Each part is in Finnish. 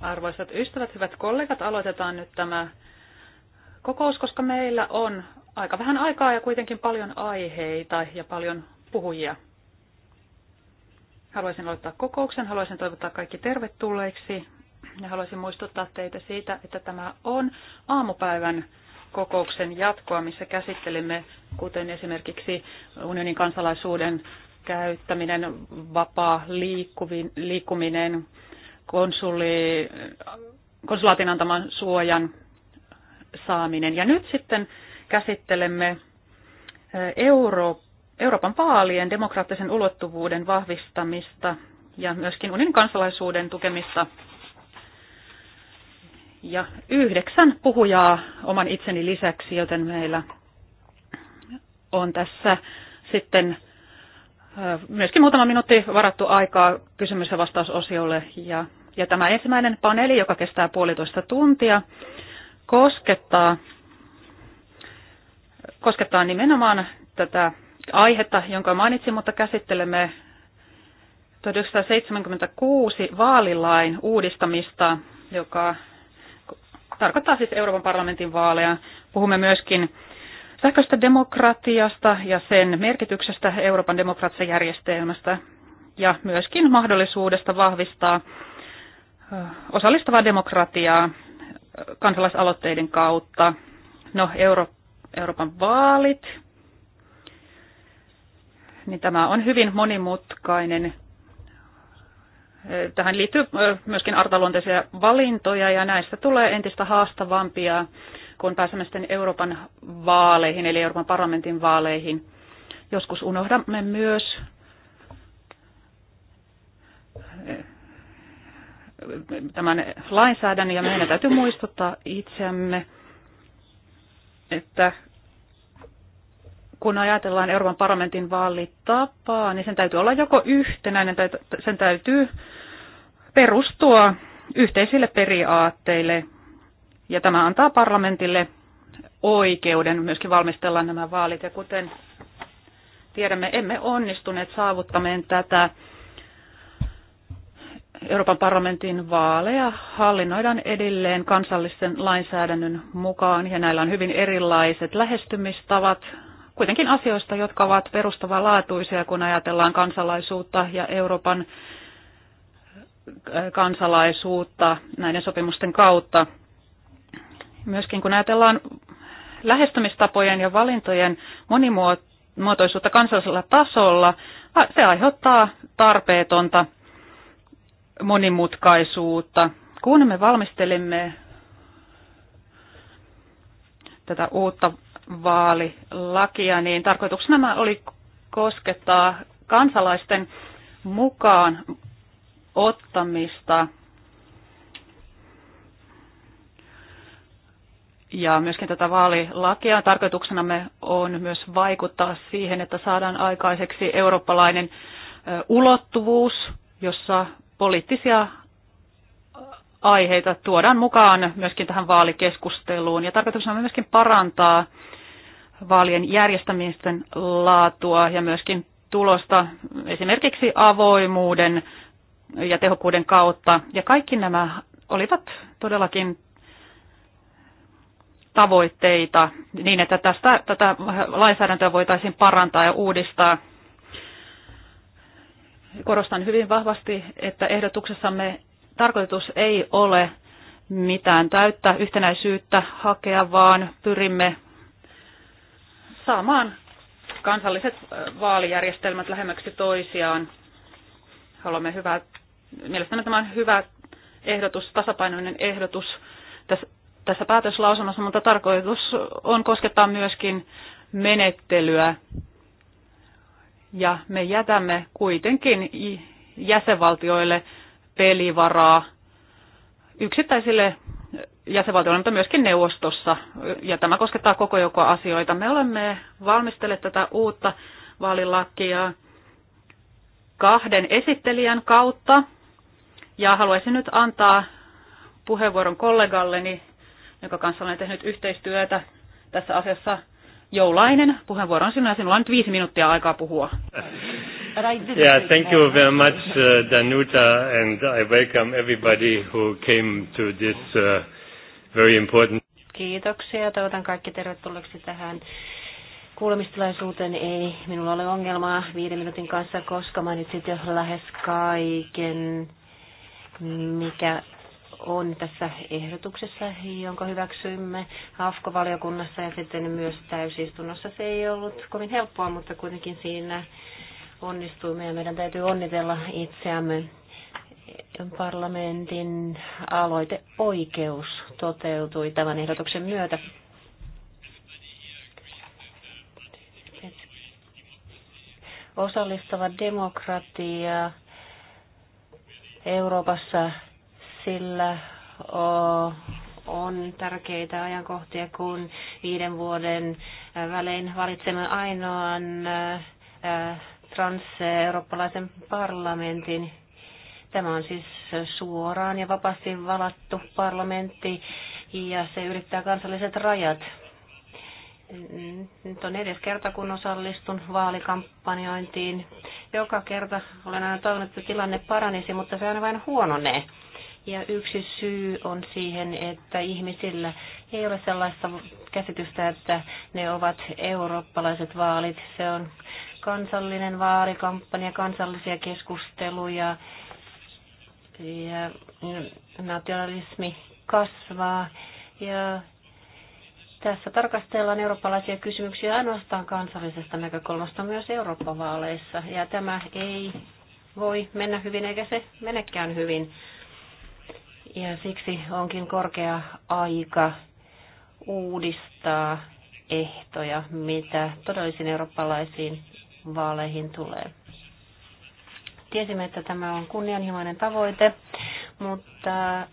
Arvoisat ystävät, hyvät kollegat, aloitetaan nyt tämä kokous, koska meillä on aika vähän aikaa ja kuitenkin paljon aiheita ja paljon puhujia. Haluaisin aloittaa kokouksen, haluaisin toivottaa kaikki tervetulleiksi ja haluaisin muistuttaa teitä siitä, että tämä on aamupäivän kokouksen jatkoa, missä käsittelemme, kuten esimerkiksi unionin kansalaisuuden käyttäminen, vapaa liikkuminen, konsuli, konsulaatin antaman suojan saaminen. Ja nyt sitten käsittelemme Euro, Euroopan vaalien demokraattisen ulottuvuuden vahvistamista ja myöskin unin kansalaisuuden tukemista. Ja yhdeksän puhujaa oman itseni lisäksi, joten meillä on tässä sitten myöskin muutama minuutti varattu aikaa kysymys- ja vastausosiolle. Ja, ja tämä ensimmäinen paneeli, joka kestää puolitoista tuntia, koskettaa, koskettaa nimenomaan tätä aihetta, jonka mainitsin, mutta käsittelemme 1976 vaalilain uudistamista, joka tarkoittaa siis Euroopan parlamentin vaaleja. Puhumme myöskin sähköistä demokratiasta ja sen merkityksestä Euroopan demokraattisen järjestelmästä ja myöskin mahdollisuudesta vahvistaa osallistavaa demokratiaa kansalaisaloitteiden kautta. No, Euro- Euroopan vaalit, niin tämä on hyvin monimutkainen. Tähän liittyy myöskin artaluonteisia valintoja ja näistä tulee entistä haastavampia kun pääsemme sitten Euroopan vaaleihin, eli Euroopan parlamentin vaaleihin. Joskus unohdamme myös eh, tämän lainsäädännön ja meidän täytyy muistuttaa itseämme, että kun ajatellaan Euroopan parlamentin vaalitapaa, niin sen täytyy olla joko yhtenäinen tai sen täytyy perustua yhteisille periaatteille. Ja tämä antaa parlamentille oikeuden myöskin valmistella nämä vaalit. Ja kuten tiedämme, emme onnistuneet saavuttamaan tätä Euroopan parlamentin vaaleja hallinnoidaan edelleen kansallisen lainsäädännön mukaan ja näillä on hyvin erilaiset lähestymistavat kuitenkin asioista, jotka ovat perustavanlaatuisia, kun ajatellaan kansalaisuutta ja Euroopan kansalaisuutta näiden sopimusten kautta. Myöskin kun ajatellaan lähestymistapojen ja valintojen monimuotoisuutta kansallisella tasolla, se aiheuttaa tarpeetonta monimutkaisuutta. Kun me valmistelimme tätä uutta vaalilakia, niin tarkoituksena nämä oli koskettaa kansalaisten mukaan ottamista ja myöskin tätä vaalilakia. Tarkoituksenamme on myös vaikuttaa siihen, että saadaan aikaiseksi eurooppalainen ulottuvuus, jossa poliittisia aiheita tuodaan mukaan myöskin tähän vaalikeskusteluun. Ja tarkoituksena on myöskin parantaa vaalien järjestämisten laatua ja myöskin tulosta esimerkiksi avoimuuden ja tehokkuuden kautta. Ja kaikki nämä olivat todellakin tavoitteita niin, että tästä, tätä lainsäädäntöä voitaisiin parantaa ja uudistaa. Korostan hyvin vahvasti, että ehdotuksessamme tarkoitus ei ole mitään täyttä yhtenäisyyttä hakea, vaan pyrimme saamaan kansalliset vaalijärjestelmät lähemmäksi toisiaan. Haluamme hyvää, mielestäni tämä on hyvä ehdotus, tasapainoinen ehdotus. Tässä tässä päätöslausunnossa, mutta tarkoitus on koskettaa myöskin menettelyä. Ja me jätämme kuitenkin jäsenvaltioille pelivaraa yksittäisille jäsenvaltioille, mutta myöskin neuvostossa. Ja tämä koskettaa koko joukkoa asioita. Me olemme valmistelleet tätä uutta vaalilakia kahden esittelijän kautta. Ja haluaisin nyt antaa puheenvuoron kollegalleni joka kanssa olen tehnyt yhteistyötä tässä asiassa. Joulainen, puheenvuoro on sinulla ja sinulla on nyt viisi minuuttia aikaa puhua. Yeah, thank you very much, uh, Danuta, and I welcome everybody who came to this uh, very important... Kiitoksia, toivotan kaikki tervetulleeksi tähän kuulemistilaisuuteen. Ei minulla ole ongelmaa viiden minuutin kanssa, koska mainitsit jo lähes kaiken, mikä on tässä ehdotuksessa, jonka hyväksyimme AFKO-valiokunnassa ja sitten myös täysistunnossa. Se ei ollut kovin helppoa, mutta kuitenkin siinä onnistuimme ja meidän täytyy onnitella itseämme. Parlamentin aloiteoikeus toteutui tämän ehdotuksen myötä. Osallistava demokratia Euroopassa sillä on tärkeitä ajankohtia, kun viiden vuoden välein valitsemme ainoan trans-eurooppalaisen parlamentin. Tämä on siis suoraan ja vapaasti valattu parlamentti ja se yrittää kansalliset rajat. Nyt on edes kerta, kun osallistun vaalikampanjointiin. Joka kerta olen aina toivonut, että tilanne paranisi, mutta se aina vain huononee. Ja yksi syy on siihen, että ihmisillä ei ole sellaista käsitystä, että ne ovat eurooppalaiset vaalit. Se on kansallinen vaalikampanja, kansallisia keskusteluja ja nationalismi kasvaa. Ja tässä tarkastellaan eurooppalaisia kysymyksiä ainoastaan kansallisesta näkökulmasta myös Euroopan vaaleissa. Ja tämä ei voi mennä hyvin eikä se menekään hyvin. Ja siksi onkin korkea aika uudistaa ehtoja, mitä todellisiin eurooppalaisiin vaaleihin tulee. Tiesimme, että tämä on kunnianhimoinen tavoite, mutta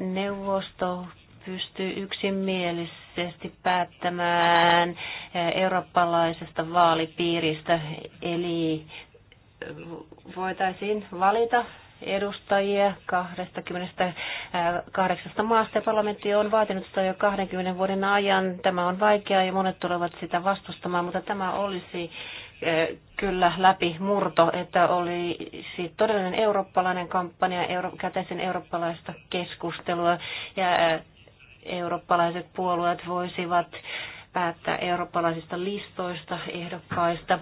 neuvosto pystyy yksimielisesti päättämään eurooppalaisesta vaalipiiristä, eli voitaisiin valita edustajia 28 maasta ja parlamentti on vaatinut sitä jo 20 vuoden ajan. Tämä on vaikeaa ja monet tulevat sitä vastustamaan, mutta tämä olisi kyllä läpi murto, että olisi todellinen eurooppalainen kampanja, euro, käteisen eurooppalaista keskustelua ja eurooppalaiset puolueet voisivat päättää eurooppalaisista listoista, ehdokkaista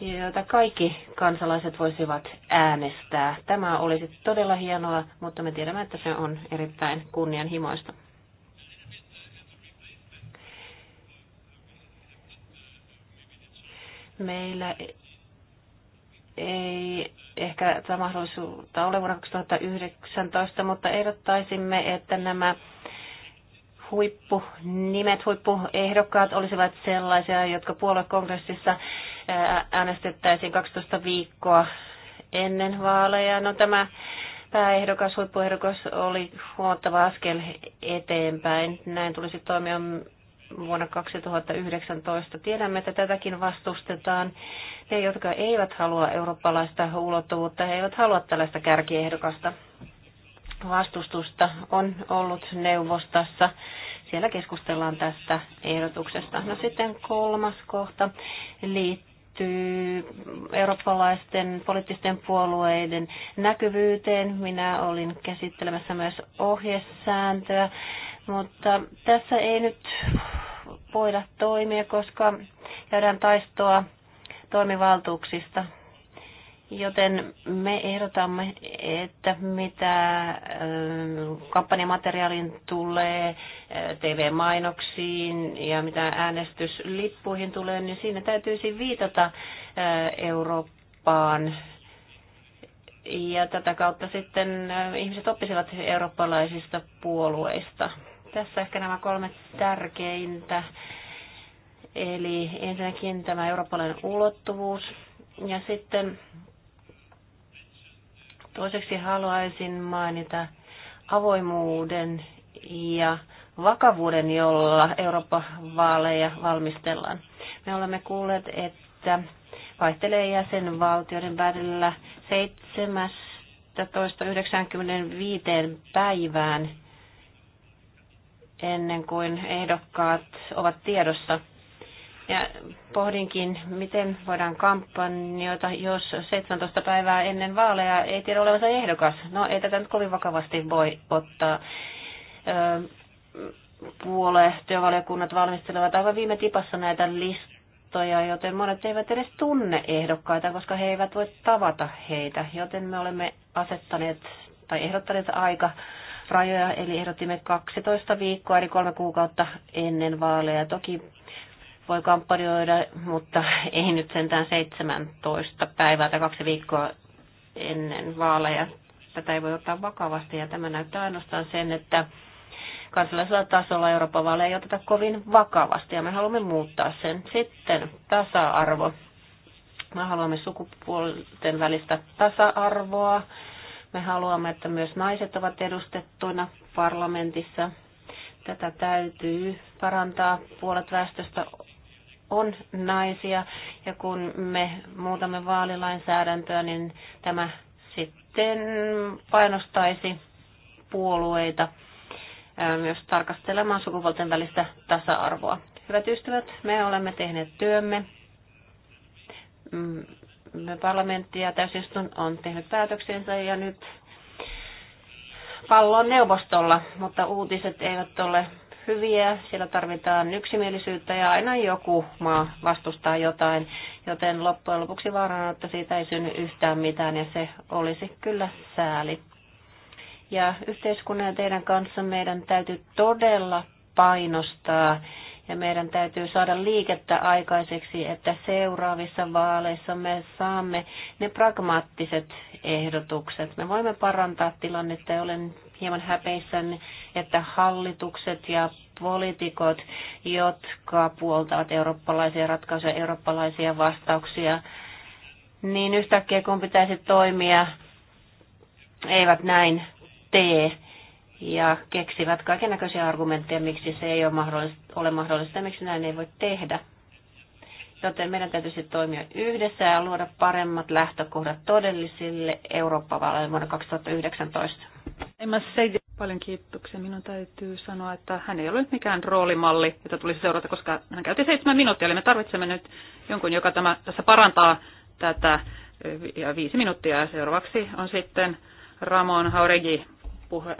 joita kaikki kansalaiset voisivat äänestää. Tämä olisi todella hienoa, mutta me tiedämme, että se on erittäin kunnianhimoista. Meillä ei ehkä tämä mahdollisuutta ole vuonna 2019, mutta ehdottaisimme, että nämä huippunimet, huippuehdokkaat olisivat sellaisia, jotka puoluekongressissa äänestettäisiin 12 viikkoa ennen vaaleja. No tämä pääehdokas, huippuehdokas oli huomattava askel eteenpäin. Näin tulisi toimia vuonna 2019. Tiedämme, että tätäkin vastustetaan. Ne, jotka eivät halua eurooppalaista ulottuvuutta, he eivät halua tällaista kärkiehdokasta. Vastustusta on ollut neuvostossa. Siellä keskustellaan tästä ehdotuksesta. No sitten kolmas kohta liittyy liittyy eurooppalaisten poliittisten puolueiden näkyvyyteen. Minä olin käsittelemässä myös ohjesääntöä, mutta tässä ei nyt voida toimia, koska käydään taistoa toimivaltuuksista Joten me ehdotamme, että mitä kampanjamateriaalin tulee, TV-mainoksiin ja mitä äänestyslippuihin tulee, niin siinä täytyisi viitata Eurooppaan. Ja tätä kautta sitten ihmiset oppisivat eurooppalaisista puolueista. Tässä ehkä nämä kolme tärkeintä. Eli ensinnäkin tämä eurooppalainen ulottuvuus ja sitten Toiseksi haluaisin mainita avoimuuden ja vakavuuden, jolla Euroopan vaaleja valmistellaan. Me olemme kuulleet, että vaihtelee jäsenvaltioiden välillä 17.95 päivään ennen kuin ehdokkaat ovat tiedossa – ja pohdinkin, miten voidaan kampanjoita, jos 17 päivää ennen vaaleja ei tiedä olevansa ehdokas. No ei tätä nyt kovin vakavasti voi ottaa. Puole, työvaliokunnat valmistelevat aivan viime tipassa näitä listoja, joten monet eivät edes tunne ehdokkaita, koska he eivät voi tavata heitä. Joten me olemme asettaneet tai ehdottaneet aika rajoja, eli ehdotimme 12 viikkoa, eli kolme kuukautta ennen vaaleja. Toki voi kampanjoida, mutta ei nyt sentään 17 päivää tai kaksi viikkoa ennen vaaleja. Tätä ei voi ottaa vakavasti ja tämä näyttää ainoastaan sen, että kansallisella tasolla Euroopan vaaleja ei oteta kovin vakavasti ja me haluamme muuttaa sen. Sitten tasa-arvo. Me haluamme sukupuolten välistä tasa-arvoa. Me haluamme, että myös naiset ovat edustettuina parlamentissa. Tätä täytyy parantaa. Puolet väestöstä on naisia. Ja kun me muutamme vaalilainsäädäntöä, niin tämä sitten painostaisi puolueita myös ähm, tarkastelemaan sukupuolten välistä tasa-arvoa. Hyvät ystävät, me olemme tehneet työmme. Mm, me parlamentti ja täysistun on tehnyt päätöksensä ja nyt pallo on neuvostolla, mutta uutiset eivät ole hyviä, siellä tarvitaan yksimielisyyttä ja aina joku maa vastustaa jotain, joten loppujen lopuksi vaarana, että siitä ei synny yhtään mitään ja se olisi kyllä sääli. Ja yhteiskunnan ja teidän kanssa meidän täytyy todella painostaa ja meidän täytyy saada liikettä aikaiseksi, että seuraavissa vaaleissa me saamme ne pragmaattiset ehdotukset. Me voimme parantaa tilannetta ja olen hieman häpeissäni, että hallitukset ja poliitikot, jotka puoltavat eurooppalaisia ratkaisuja, eurooppalaisia vastauksia, niin yhtäkkiä kun pitäisi toimia, eivät näin tee ja keksivät kaiken näköisiä argumentteja, miksi se ei ole mahdollista, ole mahdollista ja miksi näin ei voi tehdä joten meidän täytyisi toimia yhdessä ja luoda paremmat lähtökohdat todellisille Eurooppa-vaaleille vuonna 2019. En paljon kiitoksia. Minun täytyy sanoa, että hän ei ole nyt mikään roolimalli, jota tulisi seurata, koska hän käytti seitsemän minuuttia, eli me tarvitsemme nyt jonkun, joka tämä, tässä parantaa tätä ja viisi minuuttia. Ja seuraavaksi on sitten Ramon Hauregi puhe,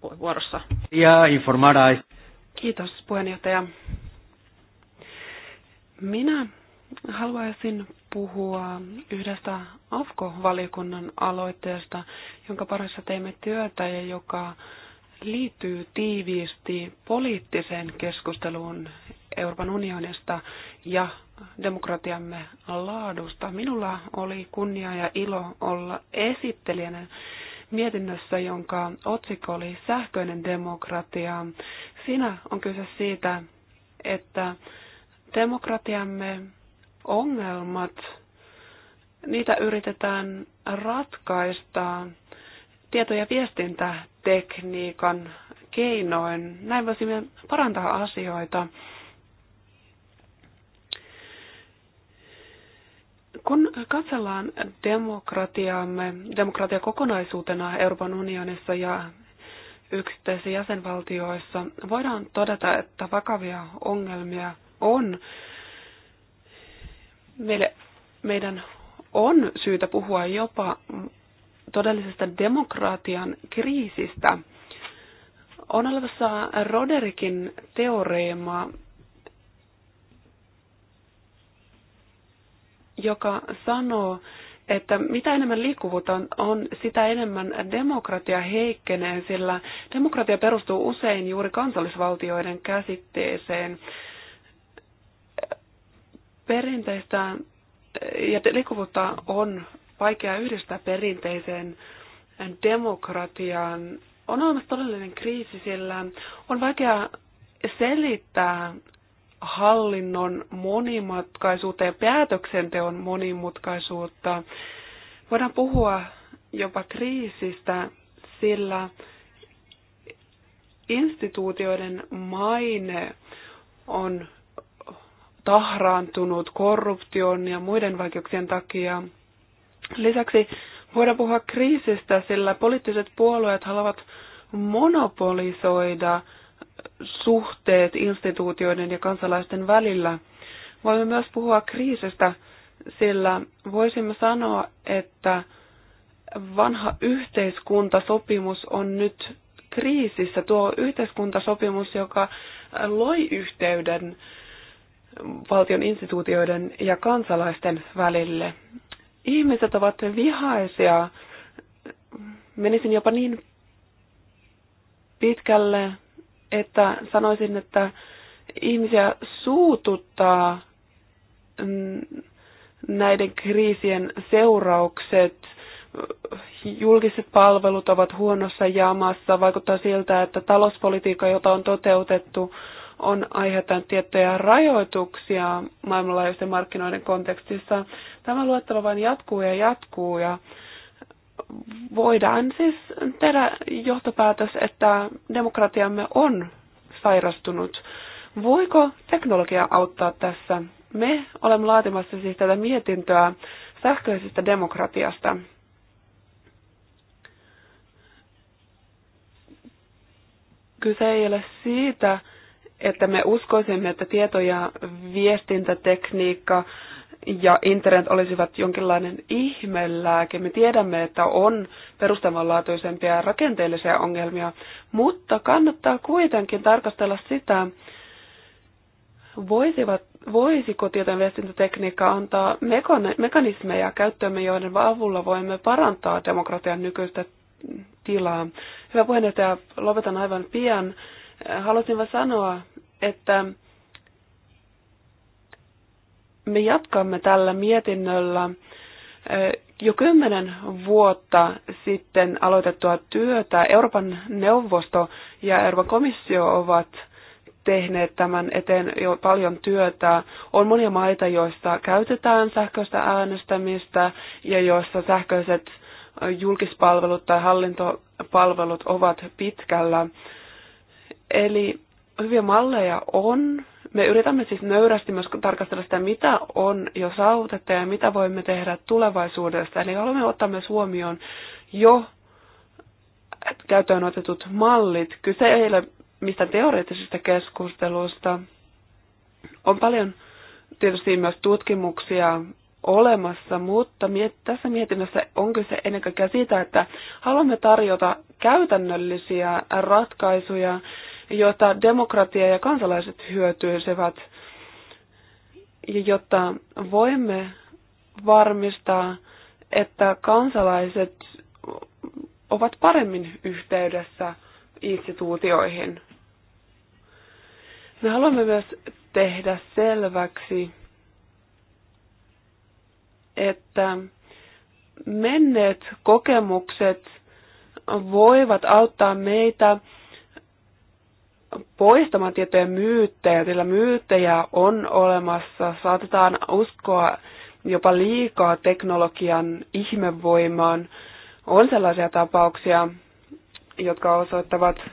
puhe, vuorossa. Ja Kiitos puheenjohtaja. Minä haluaisin puhua yhdestä AFKO-valiokunnan aloitteesta, jonka parissa teimme työtä ja joka liittyy tiiviisti poliittiseen keskusteluun Euroopan unionista ja demokratiamme laadusta. Minulla oli kunnia ja ilo olla esittelijänä mietinnössä, jonka otsikko oli Sähköinen demokratia. Siinä on kyse siitä, että Demokratiamme ongelmat, niitä yritetään ratkaista tieto- ja viestintätekniikan keinoin. Näin voisimme parantaa asioita. Kun katsellaan demokratiaamme, demokratia kokonaisuutena Euroopan unionissa ja yksittäisissä jäsenvaltioissa, voidaan todeta, että vakavia ongelmia – on. Meille, meidän on syytä puhua jopa todellisesta demokratian kriisistä. On olemassa Roderikin teoreema, joka sanoo, että mitä enemmän liikkuvuutta on, on, sitä enemmän demokratia heikkenee, sillä demokratia perustuu usein juuri kansallisvaltioiden käsitteeseen. Perinteistä ja liikkuvuutta on vaikea yhdistää perinteiseen demokratiaan. On olemassa todellinen kriisi, sillä on vaikea selittää hallinnon monimutkaisuutta ja päätöksenteon monimutkaisuutta. Voidaan puhua jopa kriisistä, sillä instituutioiden maine on tahraantunut korruption ja muiden vaikeuksien takia. Lisäksi voidaan puhua kriisistä, sillä poliittiset puolueet haluavat monopolisoida suhteet instituutioiden ja kansalaisten välillä. Voimme myös puhua kriisistä, sillä voisimme sanoa, että vanha yhteiskuntasopimus on nyt kriisissä. Tuo yhteiskuntasopimus, joka loi yhteyden valtion instituutioiden ja kansalaisten välille. Ihmiset ovat vihaisia, menisin jopa niin pitkälle, että sanoisin, että ihmisiä suututtaa näiden kriisien seuraukset. Julkiset palvelut ovat huonossa jamassa. Vaikuttaa siltä, että talouspolitiikka, jota on toteutettu, on aiheuttanut tiettyjä rajoituksia maailmanlaajuisten markkinoiden kontekstissa. Tämä luettelo vain jatkuu ja jatkuu ja voidaan siis tehdä johtopäätös, että demokratiamme on sairastunut. Voiko teknologia auttaa tässä? Me olemme laatimassa siis tätä mietintöä sähköisestä demokratiasta. Kyse ei ole siitä, että me uskoisimme, että tieto- ja viestintätekniikka ja internet olisivat jonkinlainen ihmelääke. Me tiedämme, että on perustavanlaatuisempia rakenteellisia ongelmia, mutta kannattaa kuitenkin tarkastella sitä, voisivat, voisiko ja viestintätekniikka antaa mekanismeja käyttöömme, joiden avulla voimme parantaa demokratian nykyistä tilaa. Hyvä puheenjohtaja, lopetan aivan pian. Halusin vain sanoa, että me jatkamme tällä mietinnöllä eh, jo kymmenen vuotta sitten aloitettua työtä. Euroopan neuvosto ja Euroopan komissio ovat tehneet tämän eteen jo paljon työtä. On monia maita, joissa käytetään sähköistä äänestämistä ja joissa sähköiset julkispalvelut tai hallintopalvelut ovat pitkällä. Eli hyviä malleja on. Me yritämme siis nöyrästi myös tarkastella sitä, mitä on jo saavutettu ja mitä voimme tehdä tulevaisuudessa. Eli haluamme ottaa myös huomioon jo käyttöön otetut mallit. Kyse ei ole mistään teoreettisesta keskustelusta. On paljon tietysti myös tutkimuksia olemassa, mutta tässä mietinnössä on kyse ennen kaikkea siitä, että haluamme tarjota käytännöllisiä ratkaisuja jota demokratia ja kansalaiset hyötyisivät, ja jotta voimme varmistaa, että kansalaiset ovat paremmin yhteydessä instituutioihin. Me haluamme myös tehdä selväksi, että menneet kokemukset voivat auttaa meitä poistamaan tiettyjä myyttejä, sillä myyttejä on olemassa. Saatetaan uskoa jopa liikaa teknologian ihmevoimaan. On sellaisia tapauksia, jotka osoittavat,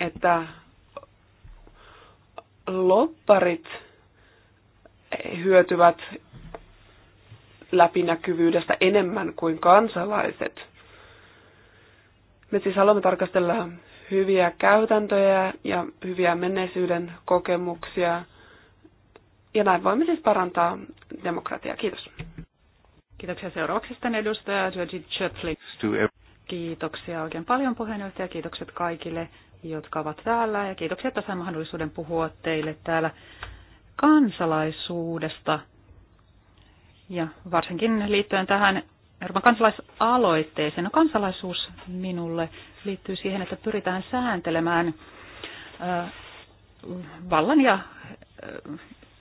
että lopparit hyötyvät läpinäkyvyydestä enemmän kuin kansalaiset. Me siis haluamme tarkastella hyviä käytäntöjä ja hyviä menneisyyden kokemuksia. Ja näin voimme siis parantaa demokratiaa. Kiitos. Kiitoksia seurauksesta edustaja Georgi Chetli. Kiitoksia oikein paljon puheenjohtaja. Kiitokset kaikille, jotka ovat täällä. Ja kiitoksia, että sain mahdollisuuden puhua teille täällä kansalaisuudesta. Ja varsinkin liittyen tähän Euroopan kansalaisaloitteeseen. No kansalaisuus minulle liittyy siihen, että pyritään sääntelemään vallan ja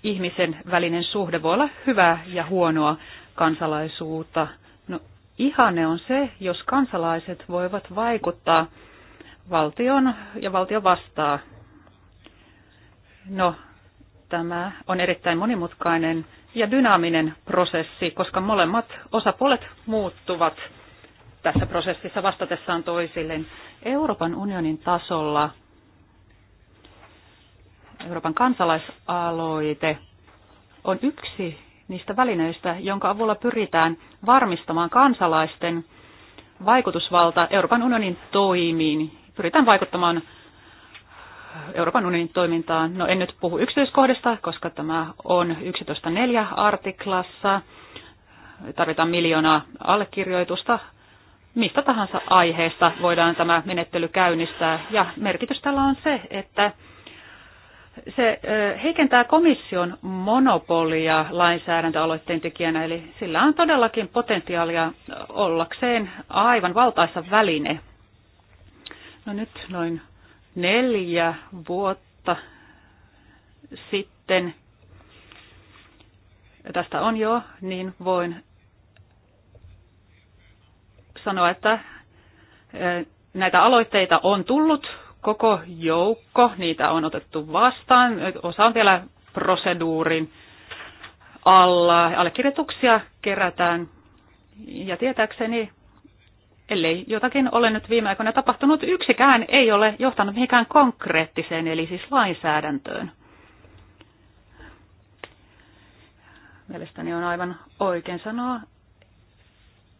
ihmisen välinen suhde. Voi olla hyvää ja huonoa kansalaisuutta. No, ihanne on se, jos kansalaiset voivat vaikuttaa valtion ja valtio vastaa. No, tämä on erittäin monimutkainen ja dynaaminen prosessi, koska molemmat osapuolet muuttuvat tässä prosessissa vastatessaan toisilleen. Euroopan unionin tasolla Euroopan kansalaisaloite on yksi niistä välineistä, jonka avulla pyritään varmistamaan kansalaisten vaikutusvalta Euroopan unionin toimiin. Pyritään vaikuttamaan Euroopan unionin toimintaan. No en nyt puhu yksityiskohdista, koska tämä on 11.4 artiklassa. Tarvitaan miljoonaa allekirjoitusta mistä tahansa aiheesta voidaan tämä menettely käynnistää. Ja merkitys tällä on se, että se heikentää komission monopolia lainsäädäntöaloitteen tekijänä, eli sillä on todellakin potentiaalia ollakseen aivan valtaisa väline. No nyt noin neljä vuotta sitten, tästä on jo, niin voin sanoa, että eh, näitä aloitteita on tullut koko joukko, niitä on otettu vastaan. Osa on vielä proseduurin alla. Allekirjoituksia kerätään ja tietääkseni, ellei jotakin ole nyt viime aikoina tapahtunut, yksikään ei ole johtanut mihinkään konkreettiseen, eli siis lainsäädäntöön. Mielestäni on aivan oikein sanoa,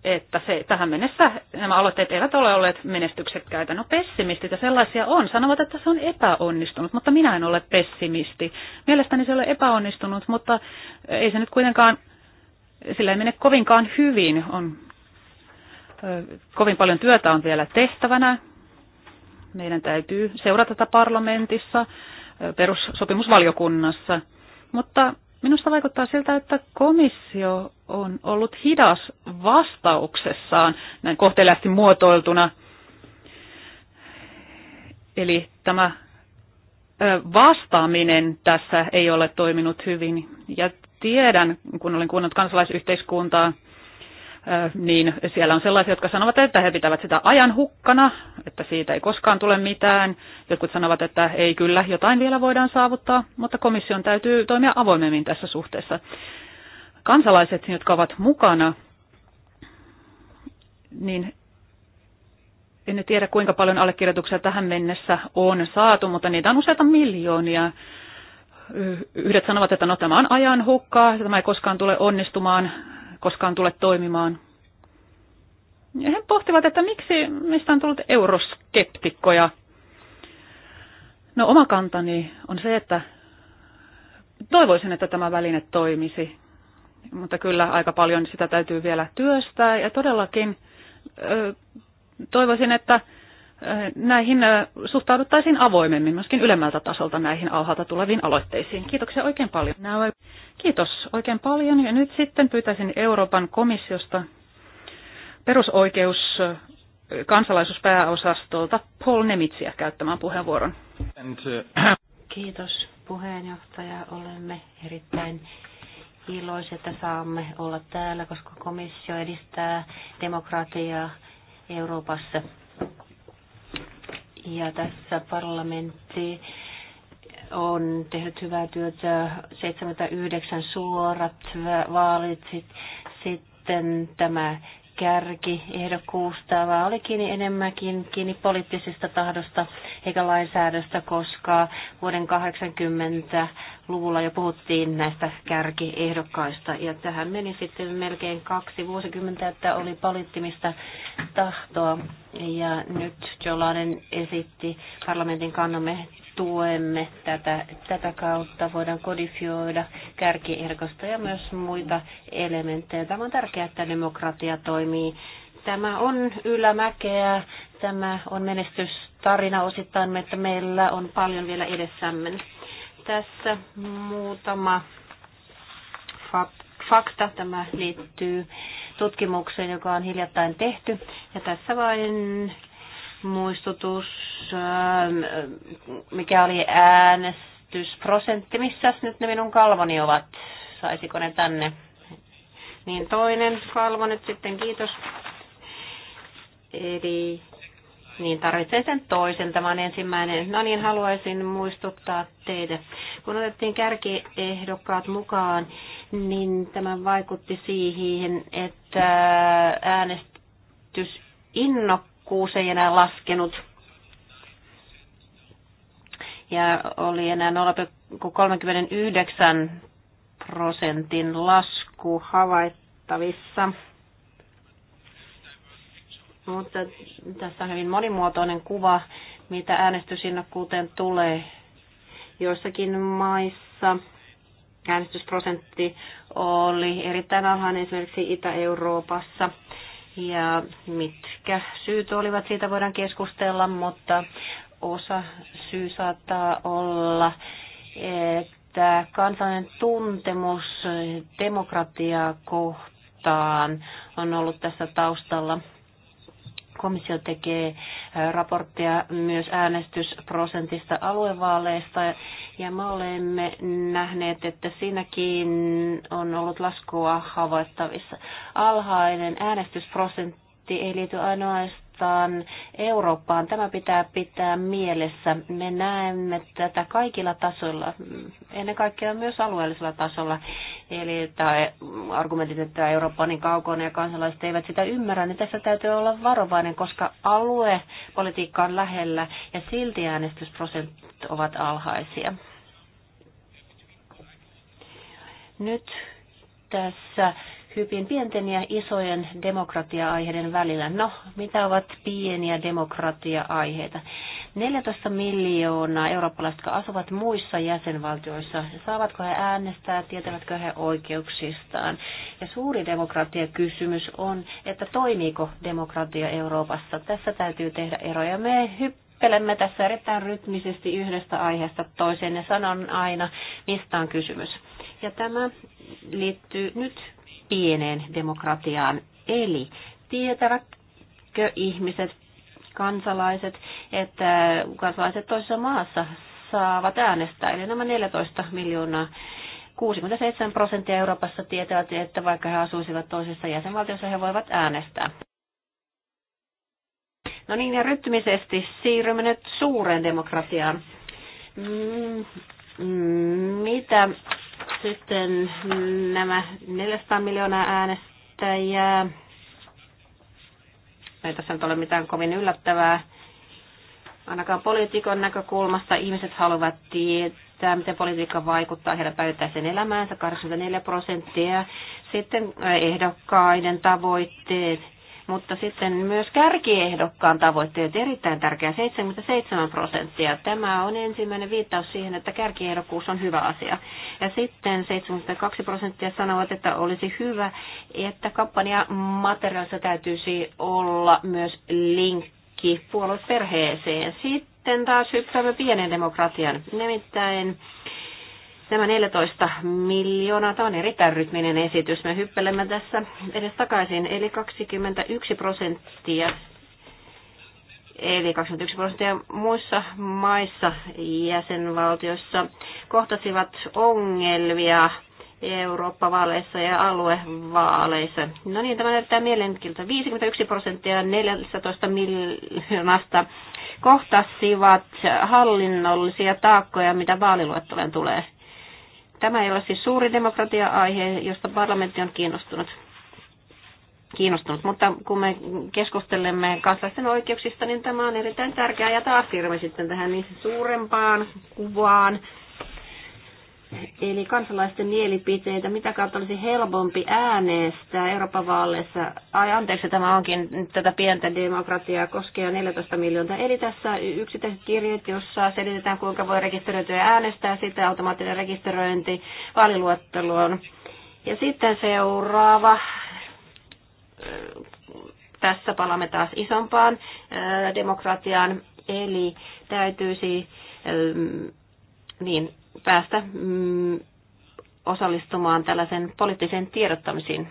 että se, tähän mennessä nämä aloitteet eivät ole olleet menestyksekkäitä. No pessimistit ja sellaisia on. Sanovat, että se on epäonnistunut, mutta minä en ole pessimisti. Mielestäni se ei ole epäonnistunut, mutta ei se nyt kuitenkaan, sillä ei mene kovinkaan hyvin. On, kovin paljon työtä on vielä tehtävänä. Meidän täytyy seurata tätä parlamentissa, perussopimusvaliokunnassa. Mutta Minusta vaikuttaa siltä, että komissio on ollut hidas vastauksessaan, näin kohteliaasti muotoiltuna. Eli tämä vastaaminen tässä ei ole toiminut hyvin. Ja tiedän, kun olen kuunnellut kansalaisyhteiskuntaa, niin siellä on sellaisia, jotka sanovat, että he pitävät sitä ajan hukkana, että siitä ei koskaan tule mitään. Jotkut sanovat, että ei kyllä, jotain vielä voidaan saavuttaa, mutta komission täytyy toimia avoimemmin tässä suhteessa. Kansalaiset, jotka ovat mukana, niin en nyt tiedä kuinka paljon allekirjoituksia tähän mennessä on saatu, mutta niitä on useita miljoonia. Yhdet sanovat, että no tämä on ajan hukkaa, tämä ei koskaan tule onnistumaan koskaan tule toimimaan. Ja he pohtivat, että miksi mistä on tullut euroskeptikkoja. No oma kantani on se, että toivoisin, että tämä väline toimisi, mutta kyllä aika paljon sitä täytyy vielä työstää ja todellakin toivoisin, että näihin suhtauduttaisiin avoimemmin myöskin ylemmältä tasolta näihin alhaalta tuleviin aloitteisiin. Kiitoksia oikein paljon. Kiitos oikein paljon. Ja nyt sitten pyytäisin Euroopan komissiosta perusoikeus kansalaisuuspääosastolta Paul Nemitsiä käyttämään puheenvuoron. Kiitos puheenjohtaja. Olemme erittäin iloisia, että saamme olla täällä, koska komissio edistää demokratiaa Euroopassa ja tässä parlamentti on tehnyt hyvää työtä. 79 suorat vaalit, sitten tämä kärkiehdokkuusta, vaan oli kiinni enemmänkin kiinni poliittisesta tahdosta eikä lainsäädöstä, koska vuoden 80-luvulla jo puhuttiin näistä kärkiehdokkaista. Ja tähän meni sitten melkein kaksi vuosikymmentä, että oli poliittimista tahtoa. Ja nyt Jolanen esitti parlamentin kannamme tuemme tätä, tätä kautta. Voidaan kodifioida kärkierkosta ja myös muita elementtejä. Tämä on tärkeää, että demokratia toimii. Tämä on ylämäkeä, tämä on menestystarina osittain, että meillä on paljon vielä edessämme. Tässä muutama fakta. Tämä liittyy tutkimukseen, joka on hiljattain tehty. Ja tässä vain muistutus, ähm, mikä oli äänestysprosentti, missä nyt ne minun kalvoni ovat, saisiko ne tänne. Niin toinen kalvo nyt sitten, kiitos. Eli niin tarvitsen sen toisen, tämä on ensimmäinen. No niin, haluaisin muistuttaa teitä. Kun otettiin kärkiehdokkaat mukaan, niin tämä vaikutti siihen, että äänestys innokkaasti kuusi ei enää laskenut ja oli enää 0,39 prosentin lasku havaittavissa. Mutta tässä on hyvin monimuotoinen kuva, mitä äänestysinnokkuuteen tulee. Joissakin maissa äänestysprosentti oli erittäin alhainen esimerkiksi Itä-Euroopassa – ja mitkä syyt olivat, siitä voidaan keskustella, mutta osa syy saattaa olla, että kansallinen tuntemus demokratiaa kohtaan on ollut tässä taustalla. Komissio tekee raporttia myös äänestysprosentista aluevaaleista ja me olemme nähneet, että siinäkin on ollut laskua havaittavissa. Alhainen äänestysprosentti ei liity ainoastaan suuntaan Eurooppaan. Tämä pitää pitää mielessä. Me näemme tätä kaikilla tasoilla, ennen kaikkea myös alueellisella tasolla. Eli tämä argumentit, että Eurooppa on niin kaukana ja kansalaiset eivät sitä ymmärrä, niin tässä täytyy olla varovainen, koska aluepolitiikka on lähellä ja silti äänestysprosentit ovat alhaisia. Nyt tässä hyvin pienten ja isojen demokratia-aiheiden välillä. No, mitä ovat pieniä demokratia-aiheita? 14 miljoonaa eurooppalaiset, jotka asuvat muissa jäsenvaltioissa, saavatko he äänestää, tietävätkö he oikeuksistaan. Ja suuri demokratiakysymys on, että toimiiko demokratia Euroopassa. Tässä täytyy tehdä eroja. Me hyppelemme tässä erittäin rytmisesti yhdestä aiheesta toiseen ja sanon aina, mistä on kysymys. Ja tämä liittyy nyt pieneen demokratiaan. Eli tietävätkö ihmiset, kansalaiset, että kansalaiset toisessa maassa saavat äänestää, eli nämä 14 miljoonaa 67 prosenttia Euroopassa tietävät, että vaikka he asuisivat toisessa jäsenvaltiossa, he voivat äänestää. No niin, ja rytmisesti siirrymme nyt suureen demokratiaan. Mm, mm, mitä sitten nämä 400 miljoonaa äänestäjää. Ei tässä nyt ole mitään kovin yllättävää. Ainakaan poliitikon näkökulmasta ihmiset haluavat tietää, miten politiikka vaikuttaa heidän päivittäiseen elämäänsä, 84 prosenttia. Sitten ehdokkaiden tavoitteet, mutta sitten myös kärkiehdokkaan tavoitteet erittäin tärkeä, 77 prosenttia. Tämä on ensimmäinen viittaus siihen, että kärkiehdokkuus on hyvä asia. Ja sitten 72 prosenttia sanovat, että olisi hyvä, että kampanjamateriaalissa täytyisi olla myös linkki puolueperheeseen. Sitten taas hyppäämme pienen demokratian, nimittäin Nämä 14 miljoonaa, tämä on erittäin rytminen esitys. Me hyppelemme tässä edes takaisin, eli 21 prosenttia. Eli 21 prosenttia muissa maissa jäsenvaltioissa kohtasivat ongelmia Eurooppa-vaaleissa ja aluevaaleissa. No niin, tämä näyttää mielenkiintoista. 51 prosenttia 14 miljoonasta kohtasivat hallinnollisia taakkoja, mitä vaaliluettelon tulee. Tämä ei ole siis suuri demokratia-aihe, josta parlamentti on kiinnostunut. kiinnostunut. Mutta kun me keskustelemme kansalaisten oikeuksista, niin tämä on erittäin tärkeää ja taas siirrymme sitten tähän niin suurempaan kuvaan eli kansalaisten mielipiteitä, mitä kautta olisi helpompi äänestää Euroopan vaaleissa. Ai anteeksi, tämä onkin tätä pientä demokratiaa koskee 14 miljoonaa. Eli tässä yksittäiset kirjeet, jossa selitetään, kuinka voi rekisteröityä ja äänestää, sitten automaattinen rekisteröinti vaaliluetteloon. Ja sitten seuraava tässä palaamme taas isompaan äh, demokratiaan, eli täytyisi ähm, niin, päästä mm, osallistumaan tällaisen poliittiseen tiedottamisiin.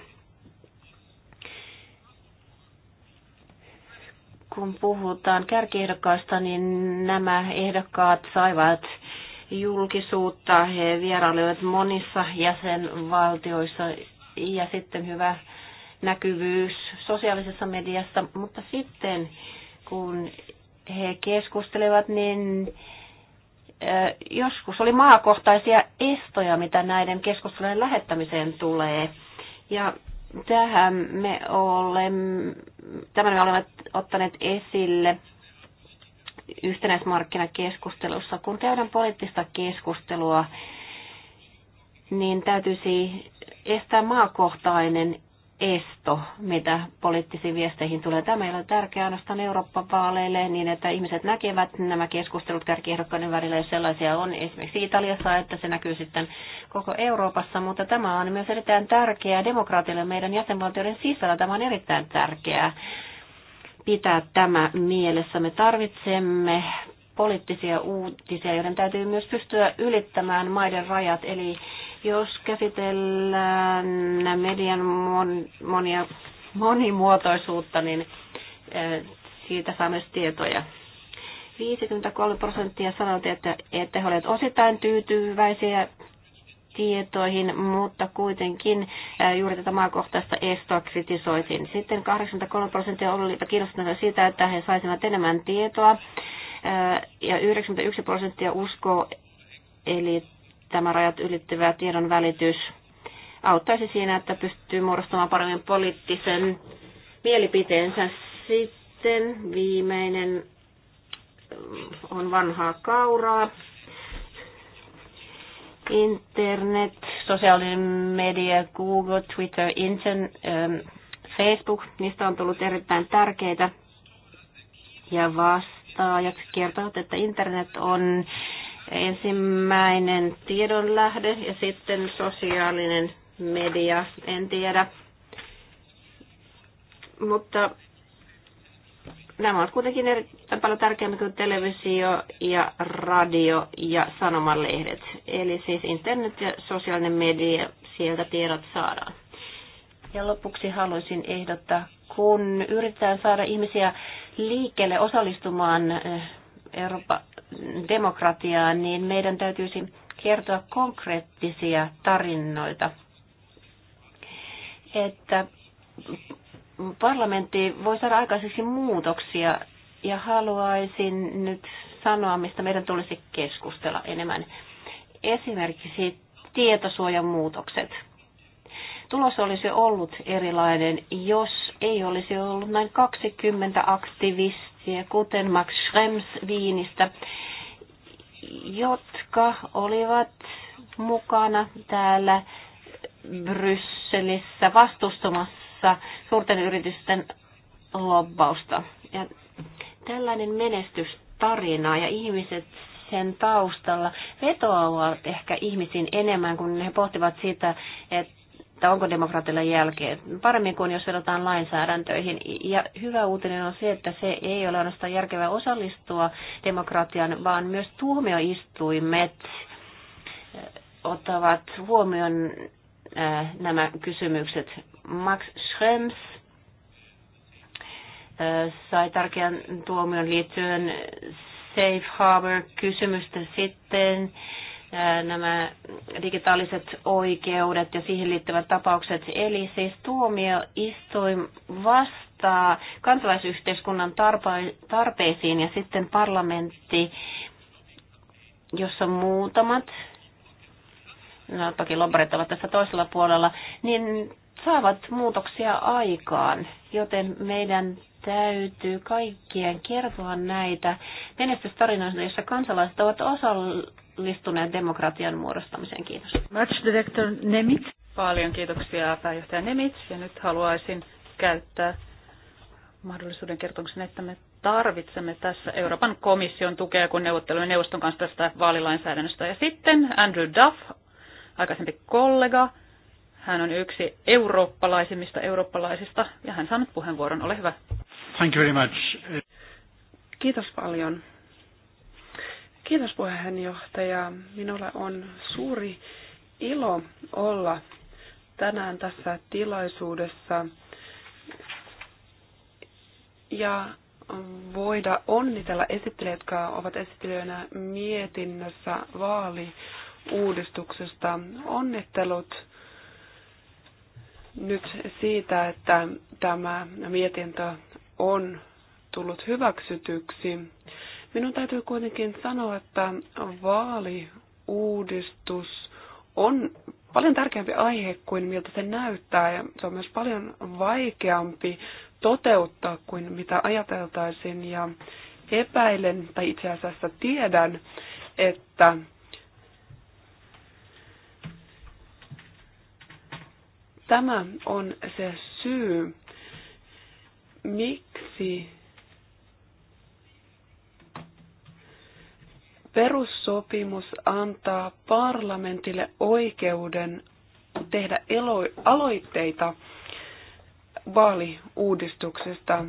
Kun puhutaan kärkiehdokkaista, niin nämä ehdokkaat saivat julkisuutta. He vierailivat monissa jäsenvaltioissa ja sitten hyvä näkyvyys sosiaalisessa mediassa, mutta sitten kun he keskustelevat, niin joskus oli maakohtaisia estoja, mitä näiden keskustelujen lähettämiseen tulee. Ja tähän me olemme, tämän me olemme ottaneet esille yhtenäismarkkinakeskustelussa. Kun käydään poliittista keskustelua, niin täytyisi estää maakohtainen esto, mitä poliittisiin viesteihin tulee. Tämä ei ole tärkeää ainoastaan Euroopan vaaleille, niin että ihmiset näkevät nämä keskustelut kärkiehdokkaiden välillä, jos sellaisia on esimerkiksi Italiassa, että se näkyy sitten koko Euroopassa, mutta tämä on myös erittäin tärkeää demokraatille meidän jäsenvaltioiden sisällä. Tämä on erittäin tärkeää pitää tämä mielessä. Me tarvitsemme poliittisia uutisia, joiden täytyy myös pystyä ylittämään maiden rajat, eli jos käsitellään median monia, monimuotoisuutta, niin siitä saa myös tietoja. 53 prosenttia sanoi, että, että he olivat osittain tyytyväisiä tietoihin, mutta kuitenkin juuri tätä maakohtaista estoa kritisoisin. Sitten 83 prosenttia oli kiinnostuneita siitä, että he saisivat enemmän tietoa ja 91 prosenttia uskoo, eli tämä rajat ylittyvä tiedon välitys auttaisi siinä, että pystyy muodostamaan paremmin poliittisen mielipiteensä. Sitten viimeinen äh, on vanhaa kauraa. Internet, sosiaalinen media, Google, Twitter, Inten, ähm, Facebook, niistä on tullut erittäin tärkeitä. Ja vasta vastaajat kertovat, että internet on Ensimmäinen tiedonlähde ja sitten sosiaalinen media, en tiedä. Mutta nämä ovat kuitenkin erittäin paljon tärkeämpiä kuin televisio ja radio ja sanomalehdet. Eli siis internet ja sosiaalinen media, sieltä tiedot saadaan. Ja lopuksi haluaisin ehdottaa, kun yritetään saada ihmisiä liikkeelle osallistumaan eh, Euroopan demokratiaan, niin meidän täytyisi kertoa konkreettisia tarinoita, että parlamentti voi saada aikaiseksi muutoksia ja haluaisin nyt sanoa, mistä meidän tulisi keskustella enemmän. Esimerkiksi tietosuojan muutokset. Tulos olisi ollut erilainen, jos ei olisi ollut näin 20 aktivistia ja kuten Max Schrems Viinistä, jotka olivat mukana täällä Brysselissä vastustamassa suurten yritysten lobbausta. Ja tällainen menestystarina ja ihmiset sen taustalla vetoavat ehkä ihmisiin enemmän, kun he pohtivat sitä, että että onko demokraatilla jälkeen, paremmin kuin jos vedotaan lainsäädäntöihin. Ja hyvä uutinen on se, että se ei ole ainoastaan järkevää osallistua demokratian, vaan myös tuomioistuimet eh, ottavat huomioon eh, nämä kysymykset. Max Schrems eh, sai tärkeän tuomion liittyen Safe Harbor-kysymystä sitten nämä digitaaliset oikeudet ja siihen liittyvät tapaukset. Eli siis tuomioistuin vastaa kansalaisyhteiskunnan tarpeisiin ja sitten parlamentti, jossa muutamat, no toki lobbarit ovat tässä toisella puolella, niin saavat muutoksia aikaan, joten meidän täytyy kaikkien kertoa näitä menestystarinoita, joissa kansalaiset ovat osallistuneet onnistuneen demokratian muodostamiseen. Kiitos. Match Director Nemitz. Paljon kiitoksia pääjohtaja Nemitz. Ja nyt haluaisin käyttää mahdollisuuden kertomuksen, että me tarvitsemme tässä Euroopan komission tukea, kun neuvottelemme neuvoston kanssa tästä vaalilainsäädännöstä. Ja sitten Andrew Duff, aikaisempi kollega, hän on yksi eurooppalaisimmista eurooppalaisista, ja hän saanut puheenvuoron. Ole hyvä. Thank you very much. Kiitos paljon. Kiitos puheenjohtaja. Minulla on suuri ilo olla tänään tässä tilaisuudessa ja voida onnitella esittelijät, jotka ovat esittelijöinä mietinnössä vaaliuudistuksesta. Onnittelut nyt siitä, että tämä mietintö on tullut hyväksytyksi. Minun täytyy kuitenkin sanoa, että vaaliuudistus on paljon tärkeämpi aihe kuin miltä se näyttää ja se on myös paljon vaikeampi toteuttaa kuin mitä ajateltaisiin ja epäilen tai itse asiassa tiedän, että tämä on se syy, miksi Perussopimus antaa parlamentille oikeuden tehdä elo- aloitteita vaaliuudistuksesta.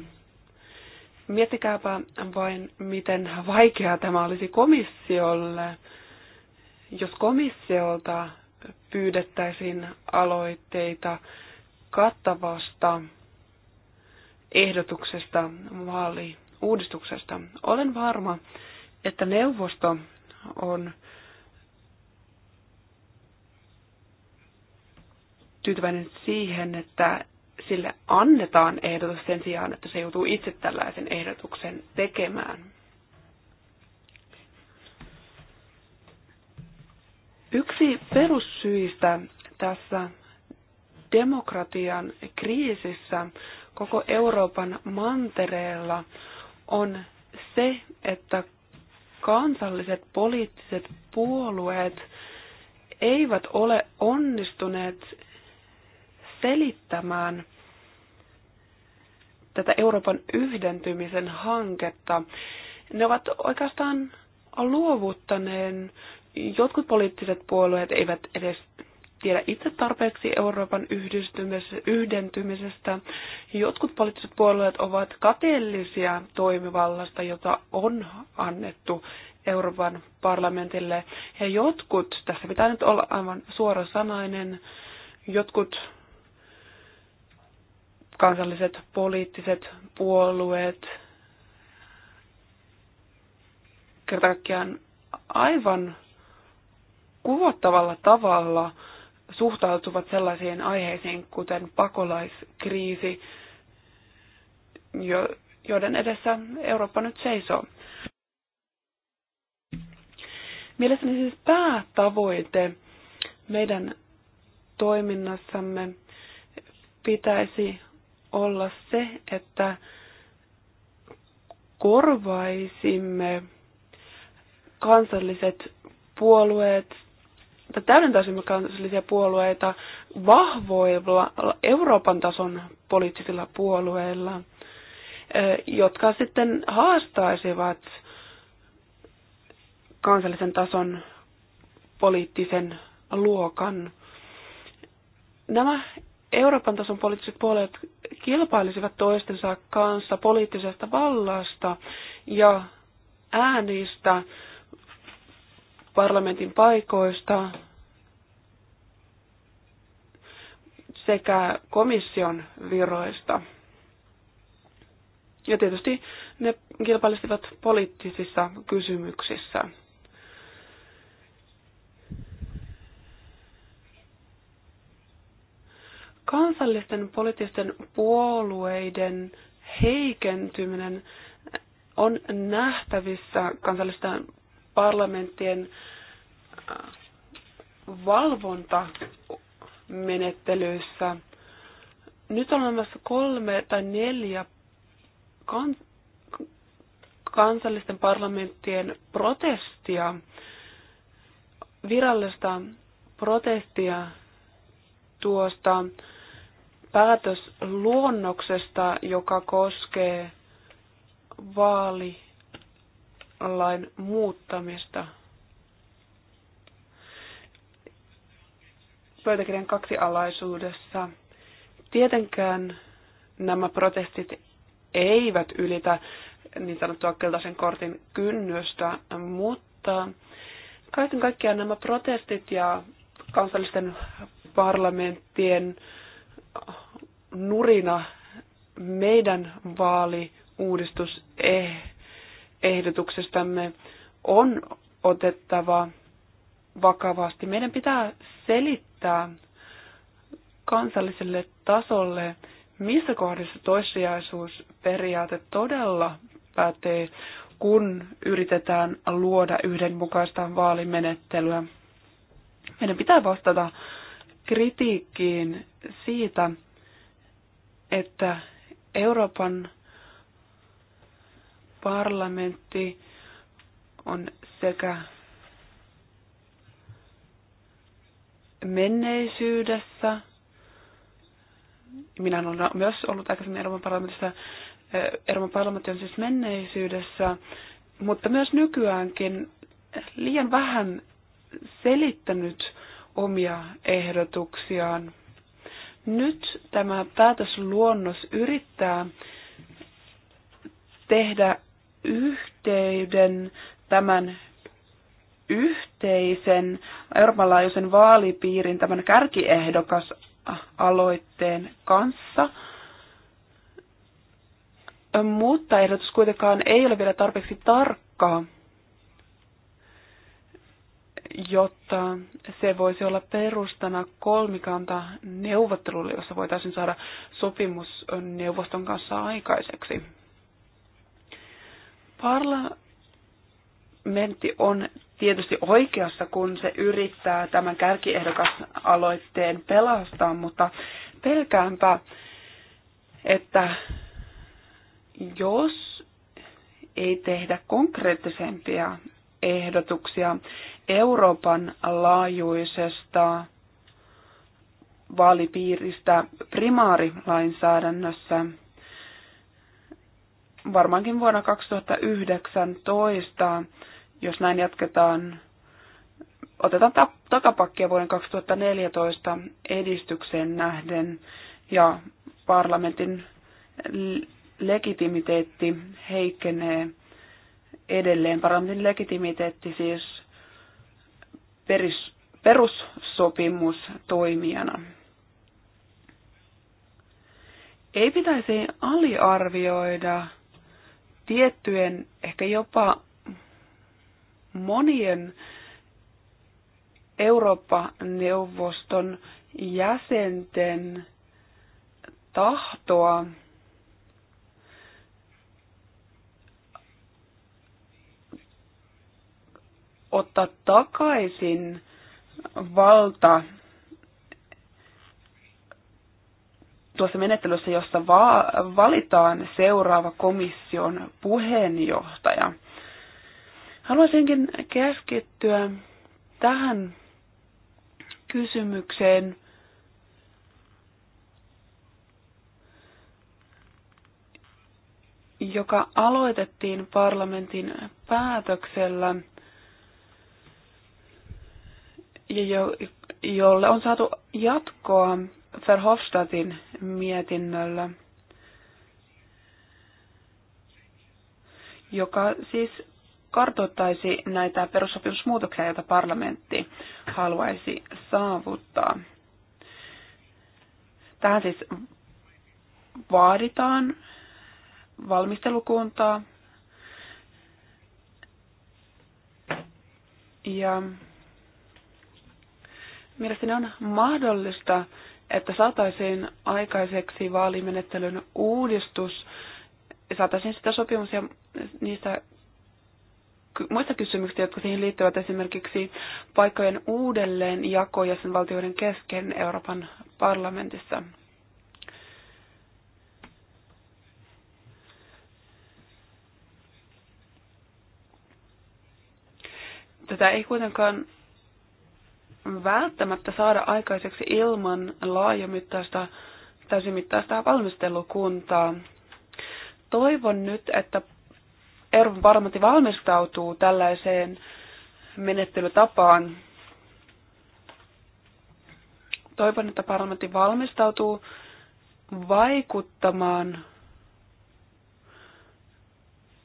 Miettikääpä vain, miten vaikeaa tämä olisi komissiolle, jos komissiolta pyydettäisiin aloitteita kattavasta ehdotuksesta vaaliuudistuksesta. Olen varma, että neuvosto on tyytyväinen siihen, että sille annetaan ehdotus sen sijaan, että se joutuu itse tällaisen ehdotuksen tekemään. Yksi perussyistä tässä demokratian kriisissä koko Euroopan mantereella on se, että kansalliset poliittiset puolueet eivät ole onnistuneet selittämään tätä Euroopan yhdentymisen hanketta. Ne ovat oikeastaan luovuttaneen. Jotkut poliittiset puolueet eivät edes tiedä itse tarpeeksi Euroopan yhdentymisestä. Jotkut poliittiset puolueet ovat kateellisia toimivallasta, jota on annettu Euroopan parlamentille. Ja jotkut, tässä pitää nyt olla aivan suorasanainen, jotkut kansalliset poliittiset puolueet kerta aivan kuvattavalla tavalla suhtautuvat sellaisiin aiheisiin, kuten pakolaiskriisi, jo, joiden edessä Eurooppa nyt seisoo. Mielestäni siis päätavoite meidän toiminnassamme pitäisi olla se, että korvaisimme kansalliset puolueet, täydentäisimme kansallisia puolueita vahvoilla Euroopan tason poliittisilla puolueilla, eh, jotka sitten haastaisivat kansallisen tason poliittisen luokan. Nämä Euroopan tason poliittiset puolueet kilpailisivat toistensa kanssa poliittisesta vallasta ja äänistä parlamentin paikoista sekä komission viroista. Ja tietysti ne kilpailisivat poliittisissa kysymyksissä. Kansallisten poliittisten puolueiden heikentyminen on nähtävissä kansallisten parlamenttien äh, valvontamenettelyissä. Nyt on olemassa kolme tai neljä kan- kansallisten parlamenttien protestia, virallista protestia tuosta päätösluonnoksesta, joka koskee vaali lain muuttamista. Pöytäkirjan alaisuudessa Tietenkään nämä protestit eivät ylitä niin sanottua keltaisen kortin kynnystä, mutta kaiken kaikkiaan nämä protestit ja kansallisten parlamenttien nurina meidän vaaliuudistus eh, ehdotuksestamme on otettava vakavasti. Meidän pitää selittää kansalliselle tasolle, missä kohdassa toissijaisuusperiaate todella pätee, kun yritetään luoda yhdenmukaista vaalimenettelyä. Meidän pitää vastata kritiikkiin siitä, että Euroopan parlamentti on sekä menneisyydessä, minä olen myös ollut aikaisemmin Euroopan parlamentissa, Euroopan parlamentti on siis menneisyydessä, mutta myös nykyäänkin liian vähän selittänyt omia ehdotuksiaan. Nyt tämä päätösluonnos yrittää tehdä yhteyden tämän yhteisen Euroopan laajuisen vaalipiirin tämän kärkiehdokas aloitteen kanssa, mutta ehdotus kuitenkaan ei ole vielä tarpeeksi tarkkaa, jotta se voisi olla perustana kolmikanta neuvottelulle, jossa voitaisiin saada sopimus neuvoston kanssa aikaiseksi. Parlamentti on tietysti oikeassa, kun se yrittää tämän aloitteen pelastaa, mutta pelkäänpä, että jos ei tehdä konkreettisempia ehdotuksia Euroopan laajuisesta vaalipiiristä primaarilainsäädännössä, varmaankin vuonna 2019, jos näin jatketaan, otetaan ta- takapakkia vuoden 2014 edistykseen nähden ja parlamentin legitimiteetti heikkenee edelleen. Parlamentin legitimiteetti siis peris, perussopimus toimijana. Ei pitäisi aliarvioida tiettyjen, ehkä jopa monien Eurooppa-neuvoston jäsenten tahtoa ottaa takaisin valta tuossa menettelyssä, jossa va- valitaan seuraava komission puheenjohtaja. Haluaisinkin keskittyä tähän kysymykseen. joka aloitettiin parlamentin päätöksellä ja jo, jolle on saatu jatkoa Verhofstadtin mietinnöllä, joka siis kartoittaisi näitä perussopimusmuutoksia, joita parlamentti haluaisi saavuttaa. Tähän siis vaaditaan valmistelukuntaa ja mielestäni on mahdollista että saataisiin aikaiseksi vaalimenettelyn uudistus, saataisiin sitä sopimus ja niistä muista kysymyksistä, jotka siihen liittyvät esimerkiksi paikkojen sen jäsenvaltioiden kesken Euroopan parlamentissa. Tätä ei kuitenkaan välttämättä saada aikaiseksi ilman laajamittaista täysimittaista valmistelukuntaa. Toivon nyt, että Euroopan parlamentti valmistautuu tällaiseen menettelytapaan. Toivon, että parlamentti valmistautuu vaikuttamaan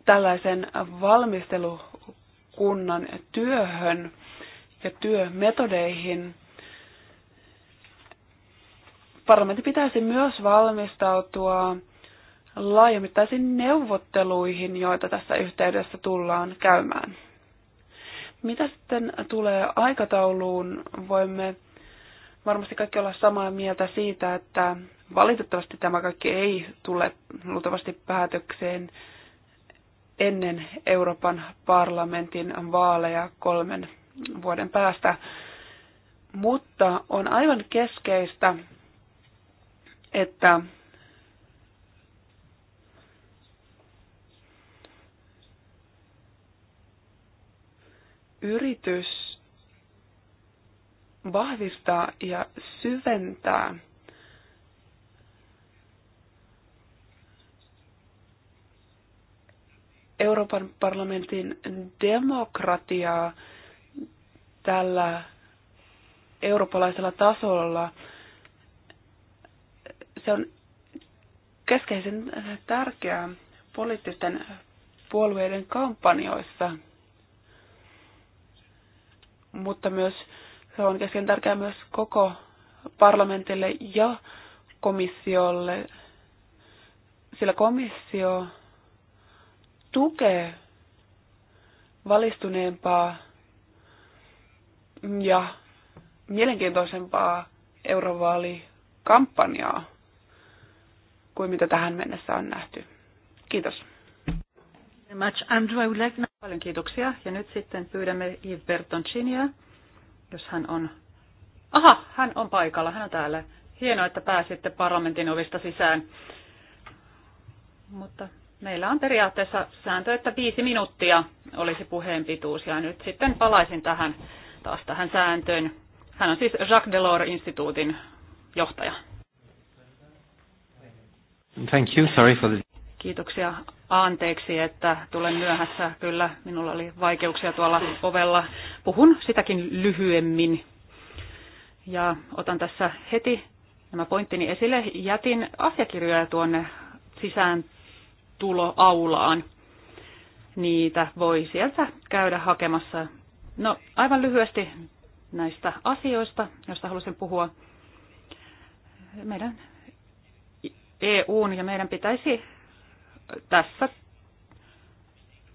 tällaisen valmistelukunnan työhön ja työmetodeihin. Parlamentti pitäisi myös valmistautua laajamittaisiin neuvotteluihin, joita tässä yhteydessä tullaan käymään. Mitä sitten tulee aikatauluun, voimme varmasti kaikki olla samaa mieltä siitä, että valitettavasti tämä kaikki ei tule luultavasti päätökseen ennen Euroopan parlamentin vaaleja kolmen vuoden päästä. Mutta on aivan keskeistä, että yritys vahvistaa ja syventää Euroopan parlamentin demokratiaa tällä eurooppalaisella tasolla. Se on keskeisen tärkeää poliittisten puolueiden kampanjoissa, mutta myös se on keskeisen tärkeää myös koko parlamentille ja komissiolle, sillä komissio tukee valistuneempaa ja mielenkiintoisempaa eurovaalikampanjaa kuin mitä tähän mennessä on nähty. Kiitos. Paljon kiitoksia. Ja nyt sitten pyydämme Yves Bertoncinia, jos hän on... Aha, hän on paikalla, hän on täällä. Hienoa, että pääsitte parlamentin ovista sisään. Mutta meillä on periaatteessa sääntö, että viisi minuuttia olisi puheen pituus. Ja nyt sitten palaisin tähän taas tähän sääntöön. Hän on siis Jacques Delors-instituutin johtaja. Thank you, sorry for the... Kiitoksia. Anteeksi, että tulen myöhässä. Kyllä, minulla oli vaikeuksia tuolla ovella. Puhun sitäkin lyhyemmin. Ja otan tässä heti nämä pointtini esille. Jätin asiakirjoja tuonne sisään tuloaulaan. Niitä voi sieltä käydä hakemassa No aivan lyhyesti näistä asioista, joista halusin puhua. Meidän EUn ja meidän pitäisi tässä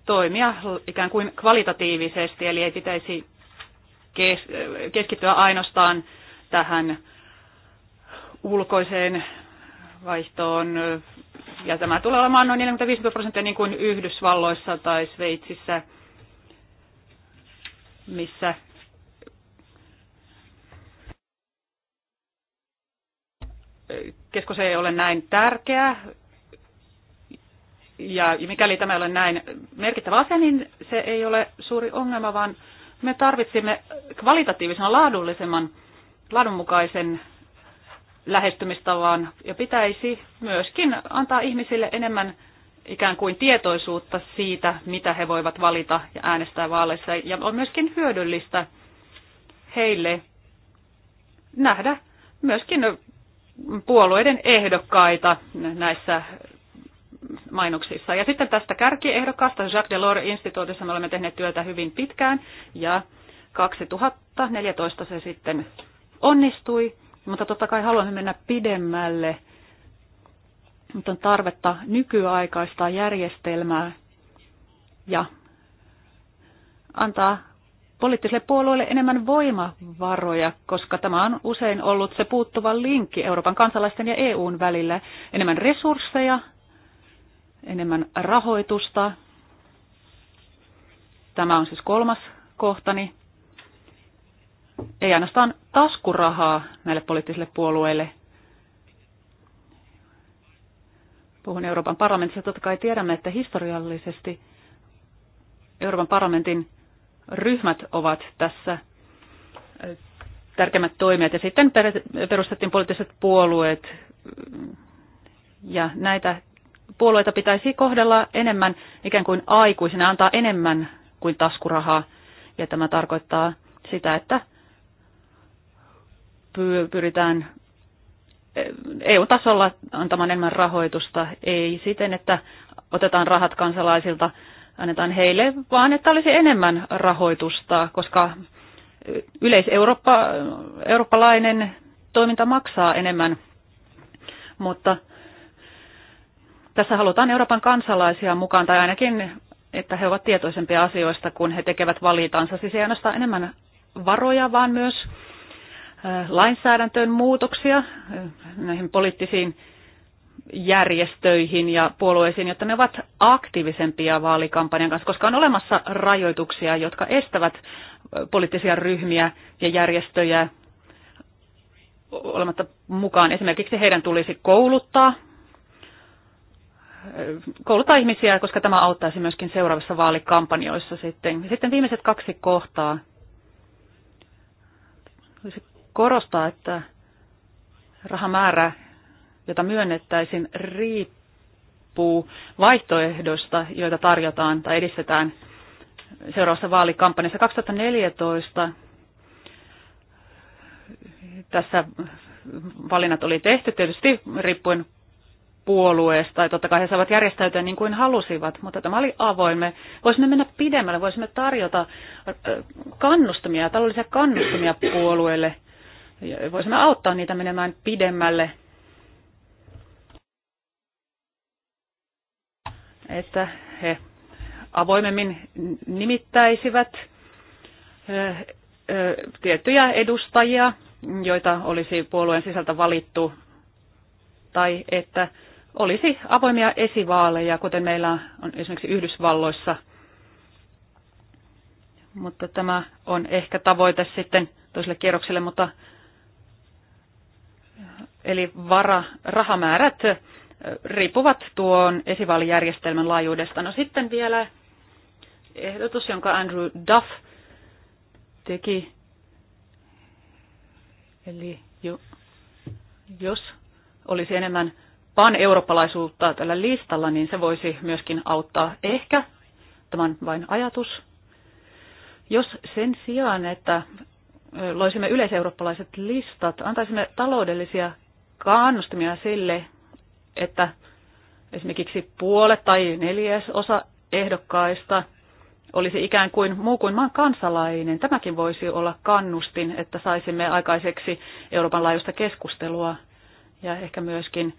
toimia ikään kuin kvalitatiivisesti, eli ei pitäisi keskittyä ainoastaan tähän ulkoiseen vaihtoon. Ja tämä tulee olemaan noin 45 prosenttia niin kuin Yhdysvalloissa tai Sveitsissä – missä keskus ei ole näin tärkeä, ja mikäli tämä ei ole näin merkittävä asia, niin se ei ole suuri ongelma, vaan me tarvitsimme kvalitatiivisen laadullisemman, laadunmukaisen lähestymistavan ja pitäisi myöskin antaa ihmisille enemmän ikään kuin tietoisuutta siitä, mitä he voivat valita ja äänestää vaaleissa. Ja on myöskin hyödyllistä heille nähdä myöskin puolueiden ehdokkaita näissä mainoksissa. Ja sitten tästä kärkiehdokasta Jacques Delors-instituutissa me olemme tehneet työtä hyvin pitkään ja 2014 se sitten onnistui, mutta totta kai haluamme mennä pidemmälle – mutta on tarvetta nykyaikaistaa järjestelmää ja antaa poliittiselle puolueelle enemmän voimavaroja, koska tämä on usein ollut se puuttuva linkki Euroopan kansalaisten ja EUn välillä. Enemmän resursseja, enemmän rahoitusta. Tämä on siis kolmas kohtani. Ei ainoastaan taskurahaa näille poliittisille puolueille, Puhun Euroopan parlamentissa. Totta kai tiedämme, että historiallisesti Euroopan parlamentin ryhmät ovat tässä tärkeimmät toimijat. Ja sitten perustettiin poliittiset puolueet. Ja näitä puolueita pitäisi kohdella enemmän ikään kuin aikuisena antaa enemmän kuin taskurahaa. Ja tämä tarkoittaa sitä, että pyritään EU-tasolla antamaan enemmän rahoitusta, ei siten, että otetaan rahat kansalaisilta, annetaan heille, vaan että olisi enemmän rahoitusta, koska yleiseurooppalainen toiminta maksaa enemmän, mutta tässä halutaan Euroopan kansalaisia mukaan, tai ainakin, että he ovat tietoisempia asioista, kun he tekevät valitansa. Siis ei ainoastaan enemmän varoja, vaan myös lainsäädäntöön muutoksia näihin poliittisiin järjestöihin ja puolueisiin, jotta ne ovat aktiivisempia vaalikampanjan kanssa, koska on olemassa rajoituksia, jotka estävät poliittisia ryhmiä ja järjestöjä olematta mukaan. Esimerkiksi heidän tulisi kouluttaa, kouluttaa ihmisiä, koska tämä auttaisi myöskin seuraavissa vaalikampanjoissa sitten. Sitten viimeiset kaksi kohtaa korostaa, että rahamäärä, jota myönnettäisiin, riippuu vaihtoehdoista, joita tarjotaan tai edistetään seuraavassa vaalikampanjassa 2014. Tässä valinnat oli tehty tietysti riippuen puolueesta, ja totta kai he saavat järjestäytyä niin kuin halusivat, mutta tämä oli avoin. Me voisimme mennä pidemmälle, voisimme tarjota kannustamia, taloudellisia kannustamia puolueelle voisimme auttaa niitä menemään pidemmälle. Että he avoimemmin nimittäisivät tiettyjä edustajia, joita olisi puolueen sisältä valittu, tai että olisi avoimia esivaaleja, kuten meillä on esimerkiksi Yhdysvalloissa. Mutta tämä on ehkä tavoite sitten toiselle kierrokselle, mutta Eli vara, rahamäärät riippuvat tuon esivaalijärjestelmän laajuudesta. No sitten vielä ehdotus, jonka Andrew Duff teki. Eli jo, jos olisi enemmän pan-eurooppalaisuutta tällä listalla, niin se voisi myöskin auttaa ehkä, tämä on vain ajatus, jos sen sijaan, että loisimme yleiseurooppalaiset listat, antaisimme taloudellisia kannustimia sille, että esimerkiksi puolet tai neljäs osa ehdokkaista olisi ikään kuin muu kuin maan kansalainen. Tämäkin voisi olla kannustin, että saisimme aikaiseksi Euroopan laajuista keskustelua ja ehkä myöskin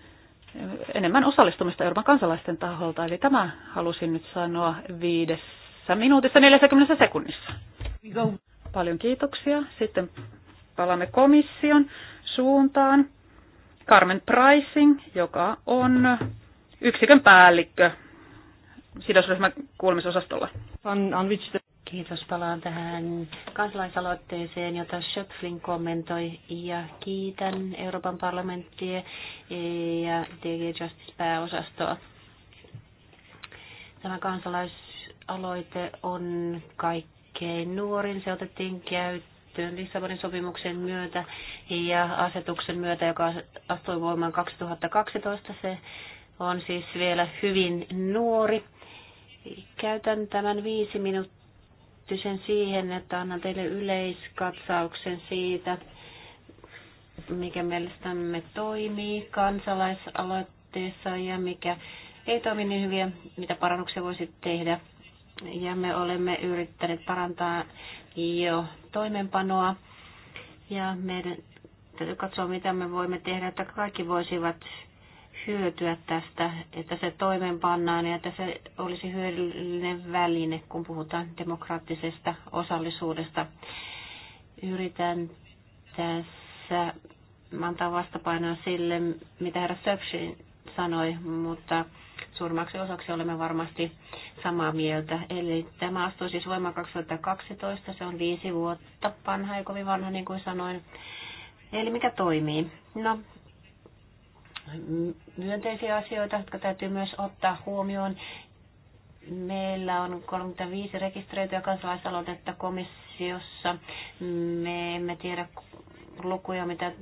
enemmän osallistumista Euroopan kansalaisten taholta. Eli tämä halusin nyt sanoa viidessä minuutissa 40 sekunnissa. Paljon kiitoksia. Sitten palaamme komission suuntaan. Carmen Pricing, joka on yksikön päällikkö sidosryhmän kuulemisosastolla. On, on Kiitos. Palaan tähän kansalaisaloitteeseen, jota Schöpflin kommentoi ja kiitän Euroopan parlamenttia ja DG Justice-pääosastoa. Tämä kansalaisaloite on kaikki kaikkein nuorin. Se otettiin käyttöön Lissabonin sopimuksen myötä ja asetuksen myötä, joka astui voimaan 2012. Se on siis vielä hyvin nuori. Käytän tämän viisi minuuttisen siihen, että annan teille yleiskatsauksen siitä, mikä mielestämme toimii kansalaisaloitteessa ja mikä ei toimi niin hyviä, mitä parannuksia voisi tehdä ja me olemme yrittäneet parantaa jo toimenpanoa ja meidän täytyy katsoa, mitä me voimme tehdä, että kaikki voisivat hyötyä tästä, että se toimeenpannaan ja että se olisi hyödyllinen väline, kun puhutaan demokraattisesta osallisuudesta. Yritän tässä antaa vastapainoa sille, mitä herra Söpsin sanoi, mutta suurimmaksi osaksi olemme varmasti samaa mieltä. Eli tämä astui siis voimaan 2012, se on viisi vuotta vanha, ja kovin vanha niin kuin sanoin. Eli mikä toimii? No, myönteisiä asioita, jotka täytyy myös ottaa huomioon. Meillä on 35 rekisteröityä kansalaisaloitetta komissiossa. Me emme tiedä lukuja, mitä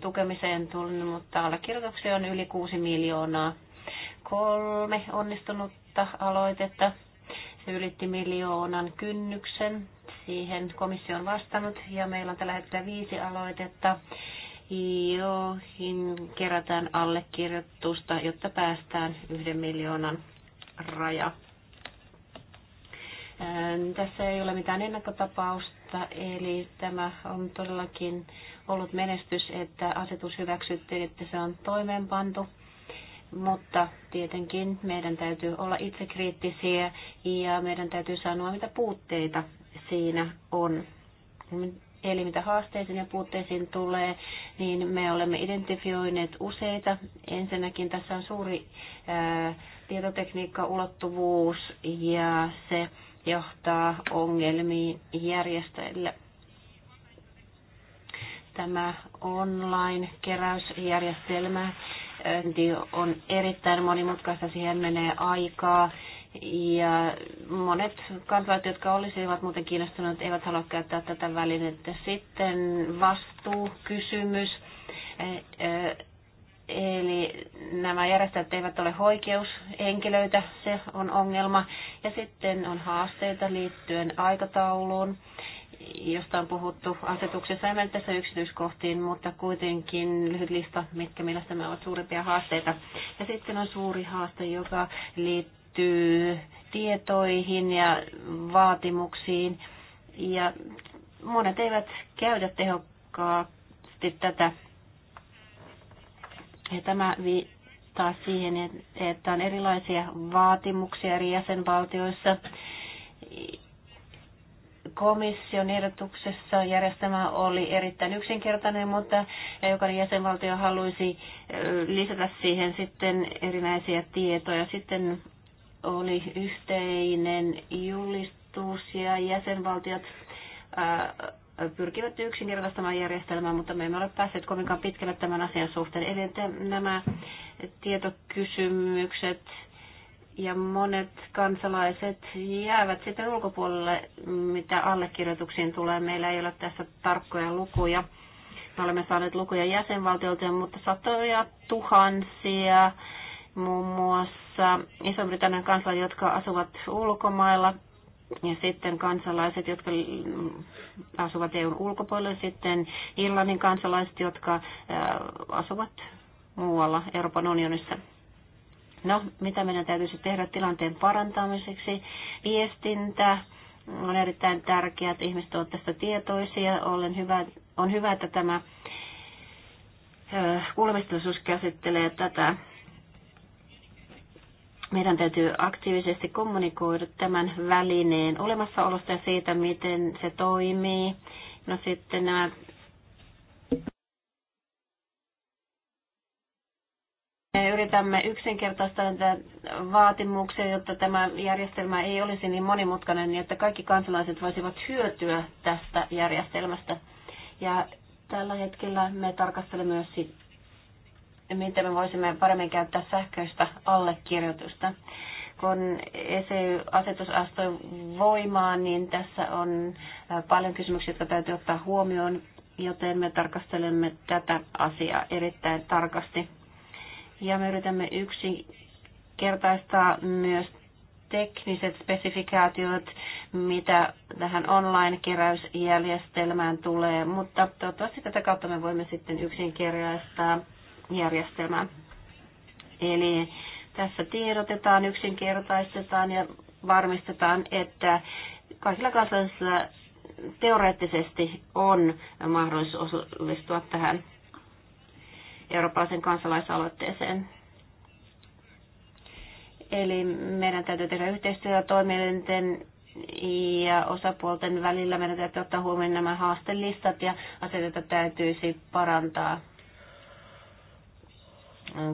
tukemiseen tulee, mutta allekirjoituksia on yli 6 miljoonaa kolme onnistunutta aloitetta. Se ylitti miljoonan kynnyksen. Siihen komissio on vastannut ja meillä on tällä hetkellä viisi aloitetta, joihin kerätään allekirjoitusta, jotta päästään yhden miljoonan raja. Ähm, tässä ei ole mitään ennakkotapausta, eli tämä on todellakin ollut menestys, että asetus hyväksyttiin, että se on toimeenpantu mutta tietenkin meidän täytyy olla itsekriittisiä ja meidän täytyy sanoa, mitä puutteita siinä on. Eli mitä haasteisiin ja puutteisiin tulee, niin me olemme identifioineet useita. Ensinnäkin tässä on suuri tietotekniikkaulottuvuus ja se johtaa ongelmiin järjestäjille. Tämä online-keräysjärjestelmä on erittäin monimutkaista, siihen menee aikaa. Ja monet kansalaiset, jotka olisivat muuten kiinnostuneet, eivät halua käyttää tätä välinettä. Sitten vastuukysymys. Eh, eh, eli nämä järjestäjät eivät ole oikeushenkilöitä, se on ongelma. Ja sitten on haasteita liittyen aikatauluun josta on puhuttu asetuksessa. ja tässä yksityiskohtiin, mutta kuitenkin lyhyt lista, mitkä mielestäni ovat suurimpia haasteita. Ja sitten on suuri haaste, joka liittyy tietoihin ja vaatimuksiin. Ja monet eivät käytä tehokkaasti tätä. Ja tämä viittaa siihen, että on erilaisia vaatimuksia eri jäsenvaltioissa komission ehdotuksessa järjestelmä oli erittäin yksinkertainen, mutta jokainen jäsenvaltio haluaisi lisätä siihen sitten erinäisiä tietoja. Sitten oli yhteinen julistus ja jäsenvaltiot pyrkivät yksinkertaistamaan järjestelmää, mutta me emme ole päässeet kovinkaan pitkälle tämän asian suhteen. Eli nämä tietokysymykset ja monet kansalaiset jäävät sitten ulkopuolelle, mitä allekirjoituksiin tulee. Meillä ei ole tässä tarkkoja lukuja. Me olemme saaneet lukuja jäsenvaltioilta, mutta satoja tuhansia muun muassa Iso-Britannian kansalaiset, jotka asuvat ulkomailla, ja sitten kansalaiset, jotka asuvat EUn ulkopuolella, sitten Irlannin kansalaiset, jotka asuvat muualla Euroopan unionissa. No, mitä meidän täytyisi tehdä tilanteen parantamiseksi? Viestintä on erittäin tärkeää, että ihmiset ovat tästä tietoisia. Olen hyvä, on hyvä, että tämä kuulemistilaisuus käsittelee tätä. Meidän täytyy aktiivisesti kommunikoida tämän välineen olemassaolosta ja siitä, miten se toimii. No sitten nämä Me yritämme yksinkertaistaa näitä vaatimuksia, jotta tämä järjestelmä ei olisi niin monimutkainen, niin että kaikki kansalaiset voisivat hyötyä tästä järjestelmästä. Ja tällä hetkellä me tarkastelemme myös sitä, miten me voisimme paremmin käyttää sähköistä allekirjoitusta. Kun ECY-asetus astui voimaan, niin tässä on paljon kysymyksiä, jotka täytyy ottaa huomioon, joten me tarkastelemme tätä asiaa erittäin tarkasti ja me yritämme yksinkertaistaa myös tekniset spesifikaatiot, mitä tähän online-keräysjärjestelmään tulee, mutta toivottavasti tätä kautta me voimme sitten yksinkertaistaa järjestelmää. Eli tässä tiedotetaan, yksinkertaistetaan ja varmistetaan, että kaikilla kansalaisilla teoreettisesti on mahdollisuus osallistua tähän eurooppalaisen kansalaisaloitteeseen. Eli meidän täytyy tehdä yhteistyötä toimielinten ja osapuolten välillä. Meidän täytyy ottaa huomioon nämä haastelistat ja asioita täytyisi parantaa.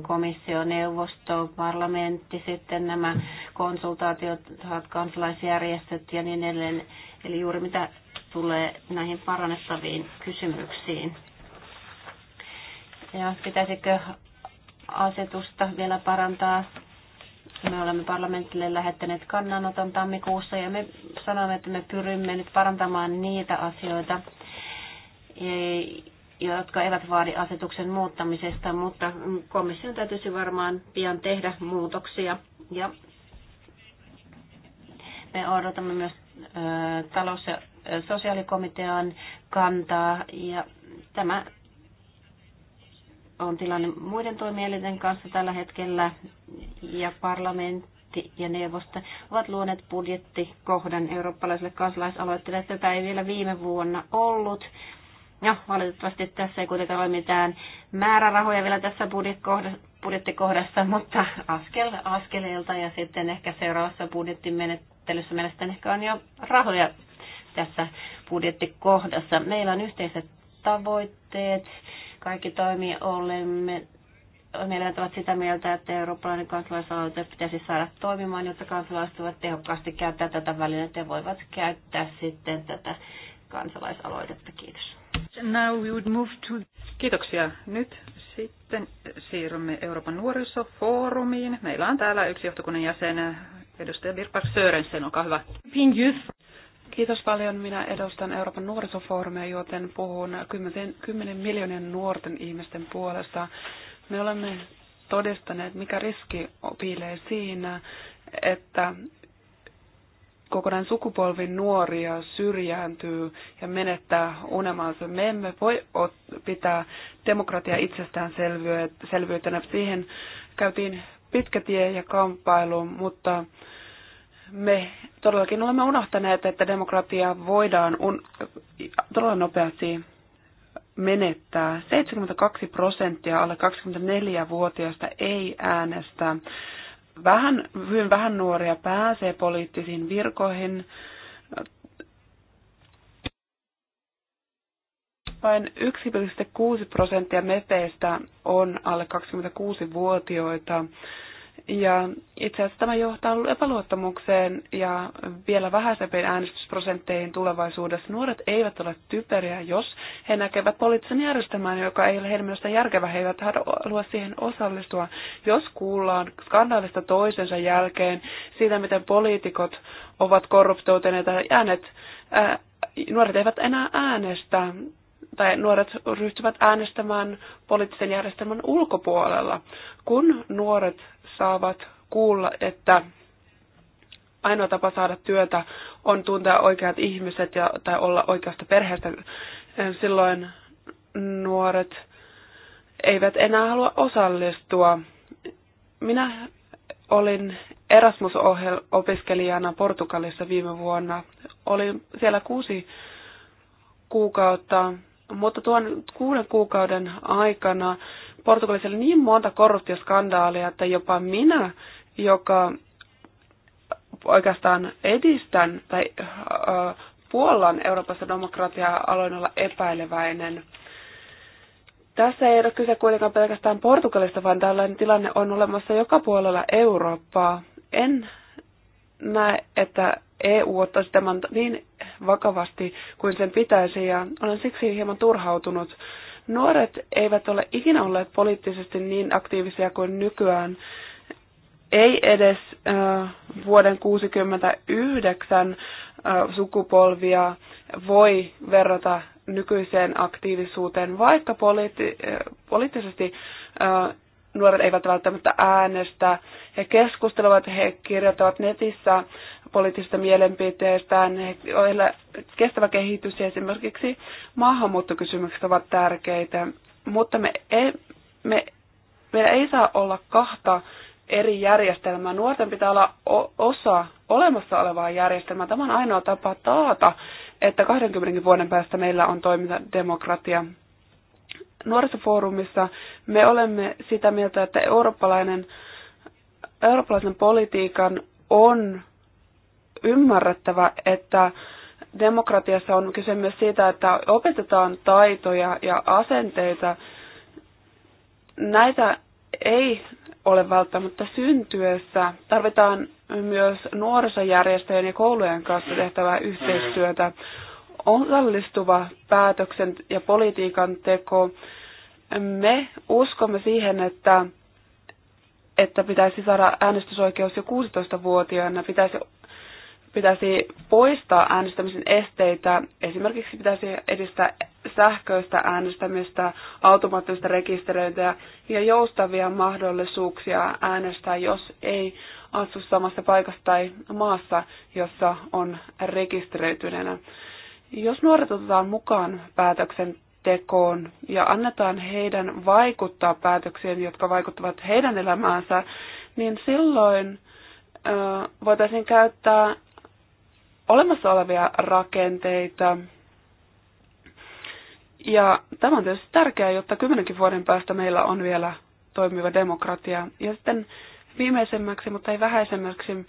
Komissio, neuvosto, parlamentti, sitten nämä konsultaatiot, kansalaisjärjestöt ja niin edelleen. Eli juuri mitä tulee näihin parannettaviin kysymyksiin ja pitäisikö asetusta vielä parantaa. Me olemme parlamentille lähettäneet kannanoton tammikuussa ja me sanomme, että me pyrimme nyt parantamaan niitä asioita, e, jotka eivät vaadi asetuksen muuttamisesta, mutta komission täytyisi varmaan pian tehdä muutoksia. Ja me odotamme myös talous- ja sosiaalikomitean kantaa ja tämä on tilanne muiden toimielinten kanssa tällä hetkellä ja parlamentti ja neuvosto ovat luoneet budjettikohdan eurooppalaiselle kansalaisaloitteelle. Tätä ei vielä viime vuonna ollut. No, valitettavasti tässä ei kuitenkaan ole mitään määrärahoja vielä tässä budjettikohdassa, mutta askel askeleelta ja sitten ehkä seuraavassa budjettimenettelyssä mielestäni ehkä on jo rahoja tässä budjettikohdassa. Meillä on yhteiset tavoitteet kaikki toimii olemme meillä ovat sitä mieltä, että eurooppalainen kansalaisaloite pitäisi saada toimimaan, jotta kansalaiset voivat tehokkaasti käyttää tätä välinettä ja voivat käyttää sitten tätä kansalaisaloitetta. Kiitos. Now we would move to... Kiitoksia. Nyt sitten siirrymme Euroopan nuorisofoorumiin. Meillä on täällä yksi johtokunnan jäsen, edustaja Birpa Sörensen, olkaa hyvä. Kiitos paljon. Minä edustan Euroopan nuorisofoorumia, joten puhun 10, 10 miljoonien nuorten ihmisten puolesta. Me olemme todistaneet, mikä riski piilee siinä, että kokonaan sukupolvin nuoria syrjääntyy ja menettää unelmansa. Me emme voi pitää demokratia itsestäänselvyytenä. Siihen käytiin pitkä tie ja kamppailu, mutta me todellakin olemme unohtaneet, että demokratia voidaan un- todella nopeasti menettää. 72 prosenttia alle 24-vuotiaista ei äänestä. Vähän, hyvin vähän nuoria pääsee poliittisiin virkoihin. Vain 1,6 prosenttia mepeistä on alle 26-vuotiaita. Ja itse asiassa tämä johtaa epäluottamukseen ja vielä vähäisempiin äänestysprosentteihin tulevaisuudessa. Nuoret eivät ole typeriä, jos he näkevät poliittisen järjestelmän, joka ei ole heidän mielestä järkevä. He eivät halua siihen osallistua. Jos kuullaan skandaalista toisensa jälkeen siitä, miten poliitikot ovat ja äänet, ää, nuoret eivät enää äänestä tai nuoret ryhtyvät äänestämään poliittisen järjestelmän ulkopuolella. Kun nuoret saavat kuulla, että ainoa tapa saada työtä on tuntea oikeat ihmiset ja, tai olla oikeasta perheestä, eh, silloin nuoret eivät enää halua osallistua. Minä olin Erasmus-opiskelijana Portugalissa viime vuonna. Olin siellä kuusi kuukautta mutta tuon kuuden kuukauden aikana Portugalissa oli niin monta korruptioskandaalia, että jopa minä, joka oikeastaan edistän tai äh, puollan Euroopassa demokratiaa, aloin olla epäileväinen. Tässä ei ole kyse kuitenkaan pelkästään Portugalista, vaan tällainen tilanne on olemassa joka puolella Eurooppaa. En näe, että EU ottaisi tämän niin vakavasti kuin sen pitäisi ja olen siksi hieman turhautunut. Nuoret eivät ole ikinä olleet poliittisesti niin aktiivisia kuin nykyään. Ei edes äh, vuoden 1969 äh, sukupolvia voi verrata nykyiseen aktiivisuuteen, vaikka poliitti, äh, poliittisesti äh, nuoret eivät välttämättä äänestä. He keskustelevat, he kirjoittavat netissä poliittisista mielipiteistään, heillä kestävä kehitys ja esimerkiksi maahanmuuttokysymykset ovat tärkeitä, mutta me ei, me, meillä ei saa olla kahta eri järjestelmää. Nuorten pitää olla osa olemassa olevaa järjestelmää. Tämä on ainoa tapa taata, että 20 vuoden päästä meillä on toiminta demokratia. Nuorisofoorumissa me olemme sitä mieltä, että eurooppalainen, eurooppalaisen politiikan on ymmärrettävä, että demokratiassa on kyse myös siitä, että opetetaan taitoja ja asenteita. Näitä ei ole välttämättä syntyessä. Tarvitaan myös nuorisojärjestöjen ja koulujen kanssa tehtävää yhteistyötä osallistuva päätöksen ja politiikan teko. Me uskomme siihen, että, että pitäisi saada äänestysoikeus jo 16-vuotiaana, pitäisi, pitäisi poistaa äänestämisen esteitä, esimerkiksi pitäisi edistää sähköistä äänestämistä, automaattista rekisteröintiä ja joustavia mahdollisuuksia äänestää, jos ei asu samassa paikassa tai maassa, jossa on rekisteröityneenä. Jos nuoret otetaan mukaan päätöksentekoon ja annetaan heidän vaikuttaa päätöksiin, jotka vaikuttavat heidän elämäänsä, niin silloin voitaisiin käyttää olemassa olevia rakenteita. Ja tämä on tietysti tärkeää, jotta kymmenenkin vuoden päästä meillä on vielä toimiva demokratia. Ja sitten viimeisemmäksi, mutta ei vähäisemmäksi,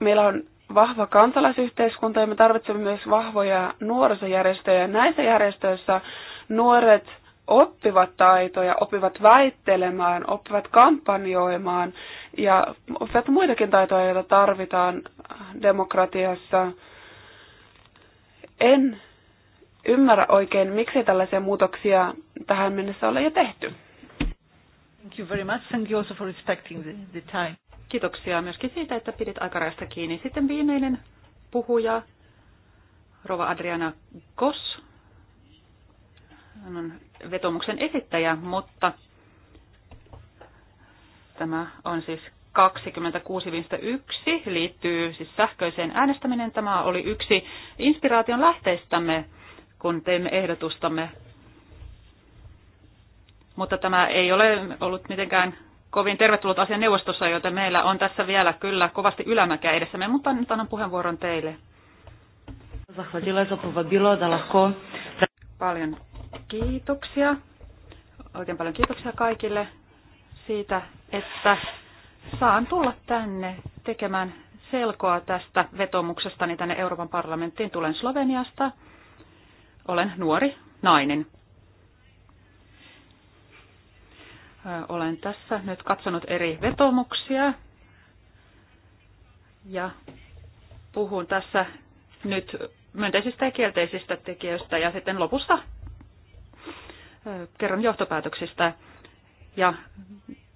meillä on vahva kansalaisyhteiskunta ja me tarvitsemme myös vahvoja nuorisojärjestöjä. Näissä järjestöissä nuoret oppivat taitoja, oppivat väittelemään, oppivat kampanjoimaan ja oppivat muitakin taitoja, joita tarvitaan demokratiassa. En ymmärrä oikein, miksi tällaisia muutoksia tähän mennessä ole jo tehty. Thank you very much. Thank you also for respecting the, the time. Kiitoksia myöskin siitä, että pidit aikarajasta kiinni. Sitten viimeinen puhuja, Rova Adriana Kos. Hän on vetomuksen esittäjä, mutta tämä on siis 261 liittyy siis sähköiseen äänestäminen. Tämä oli yksi inspiraation lähteistämme, kun teimme ehdotustamme. Mutta tämä ei ole ollut mitenkään kovin tervetullut asia neuvostossa, joten meillä on tässä vielä kyllä kovasti ylämäkeä edessämme, mutta nyt annan puheenvuoron teille. Paljon kiitoksia. Oikein paljon kiitoksia kaikille siitä, että saan tulla tänne tekemään selkoa tästä vetomuksestani tänne Euroopan parlamenttiin. Tulen Sloveniasta. Olen nuori nainen. olen tässä nyt katsonut eri vetomuksia ja puhun tässä nyt myönteisistä ja kielteisistä tekijöistä ja sitten lopussa kerron johtopäätöksistä. Ja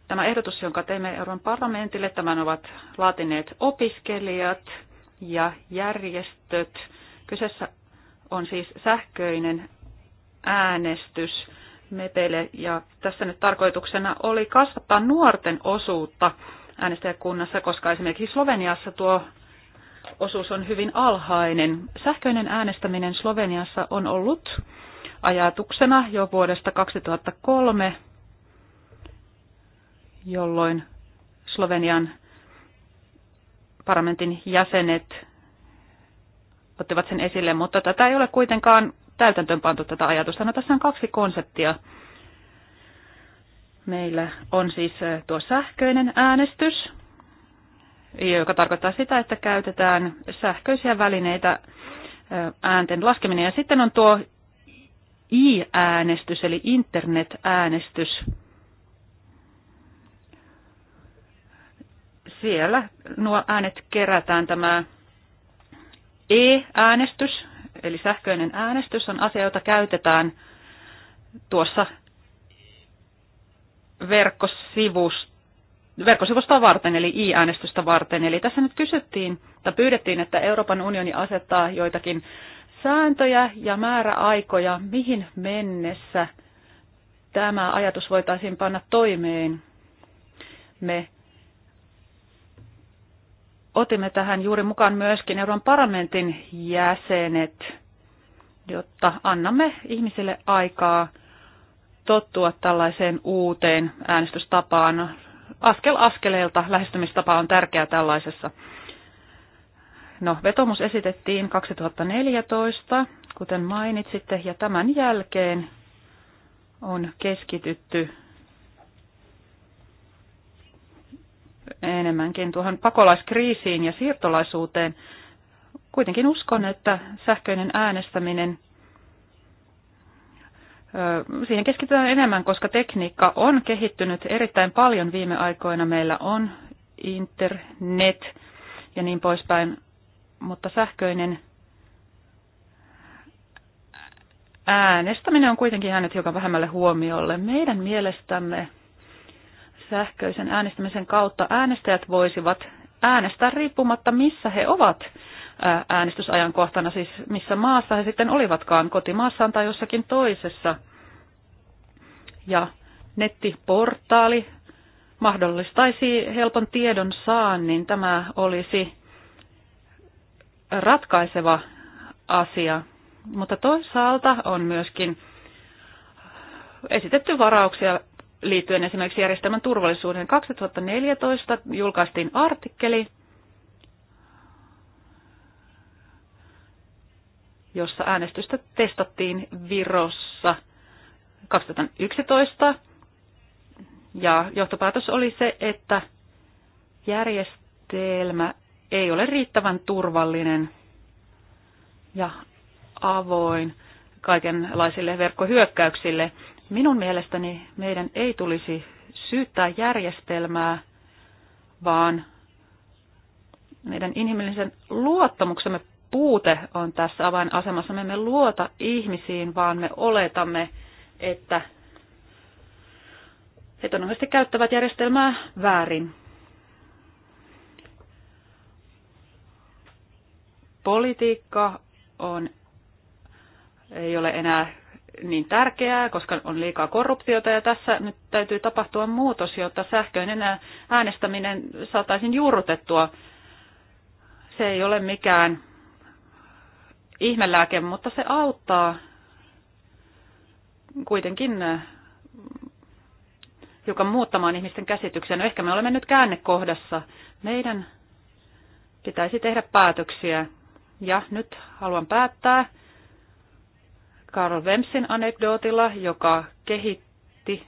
tämä ehdotus, jonka teimme Euroopan parlamentille, tämän ovat laatineet opiskelijat ja järjestöt. Kyseessä on siis sähköinen äänestys mepeille. Ja tässä nyt tarkoituksena oli kasvattaa nuorten osuutta äänestäjäkunnassa, koska esimerkiksi Sloveniassa tuo osuus on hyvin alhainen. Sähköinen äänestäminen Sloveniassa on ollut ajatuksena jo vuodesta 2003, jolloin Slovenian parlamentin jäsenet ottivat sen esille, mutta tätä ei ole kuitenkaan täytäntöönpantu tätä ajatusta. No tässä on kaksi konseptia. Meillä on siis tuo sähköinen äänestys, joka tarkoittaa sitä, että käytetään sähköisiä välineitä äänten laskeminen. Ja sitten on tuo i-äänestys, eli internet-äänestys. Siellä nuo äänet kerätään tämä e-äänestys Eli sähköinen äänestys on asia, jota käytetään tuossa verkkosivusta, verkkosivusta varten, eli i-äänestystä varten. Eli tässä nyt kysyttiin tai pyydettiin, että Euroopan unioni asettaa joitakin sääntöjä ja määräaikoja, mihin mennessä tämä ajatus voitaisiin panna toimeen. Me otimme tähän juuri mukaan myöskin Euroopan parlamentin jäsenet, jotta annamme ihmisille aikaa tottua tällaiseen uuteen äänestystapaan. Askel askeleelta lähestymistapa on tärkeä tällaisessa. No, vetomus esitettiin 2014, kuten mainitsitte, ja tämän jälkeen on keskitytty enemmänkin tuohon pakolaiskriisiin ja siirtolaisuuteen. Kuitenkin uskon, että sähköinen äänestäminen Siihen keskitytään enemmän, koska tekniikka on kehittynyt erittäin paljon viime aikoina. Meillä on internet ja niin poispäin, mutta sähköinen äänestäminen on kuitenkin jäänyt hiukan vähemmälle huomiolle. Meidän mielestämme sähköisen äänestämisen kautta äänestäjät voisivat äänestää riippumatta, missä he ovat äänestysajankohtana, siis missä maassa he sitten olivatkaan, kotimaassaan tai jossakin toisessa. Ja nettiportaali mahdollistaisi helpon tiedon saannin. Tämä olisi ratkaiseva asia, mutta toisaalta on myöskin esitetty varauksia liittyen esimerkiksi järjestelmän turvallisuuden. 2014 julkaistiin artikkeli, jossa äänestystä testattiin Virossa 2011. Ja johtopäätös oli se, että järjestelmä ei ole riittävän turvallinen ja avoin kaikenlaisille verkkohyökkäyksille. Minun mielestäni meidän ei tulisi syyttää järjestelmää, vaan meidän inhimillisen luottamuksemme puute on tässä avainasemassa. Me emme luota ihmisiin, vaan me oletamme, että he todennäköisesti käyttävät järjestelmää väärin. Politiikka on, ei ole enää niin tärkeää, koska on liikaa korruptiota ja tässä nyt täytyy tapahtua muutos, jotta sähköinen äänestäminen saataisiin juurrutettua. Se ei ole mikään ihmelääke, mutta se auttaa kuitenkin äh, hiukan muuttamaan ihmisten käsityksiä. No ehkä me olemme nyt käännekohdassa. Meidän pitäisi tehdä päätöksiä. Ja nyt haluan päättää. Karl Wemsin anekdootilla, joka kehitti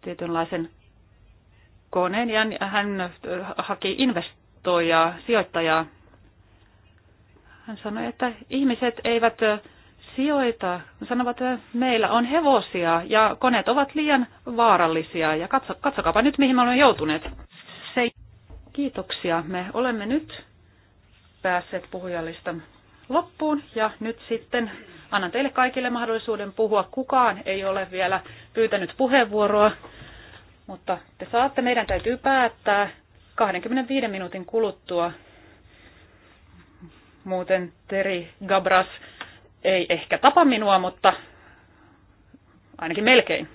tietynlaisen koneen ja hän haki investoijaa, sijoittajaa. Hän sanoi, että ihmiset eivät sijoita, sanovat, että meillä on hevosia ja koneet ovat liian vaarallisia ja katso, katsokaapa nyt, mihin me olemme joutuneet. Se, kiitoksia. Me olemme nyt päässeet puhujallista loppuun ja nyt sitten Annan teille kaikille mahdollisuuden puhua. Kukaan ei ole vielä pyytänyt puheenvuoroa, mutta te saatte. Meidän täytyy päättää 25 minuutin kuluttua. Muuten Teri Gabras ei ehkä tapa minua, mutta ainakin melkein.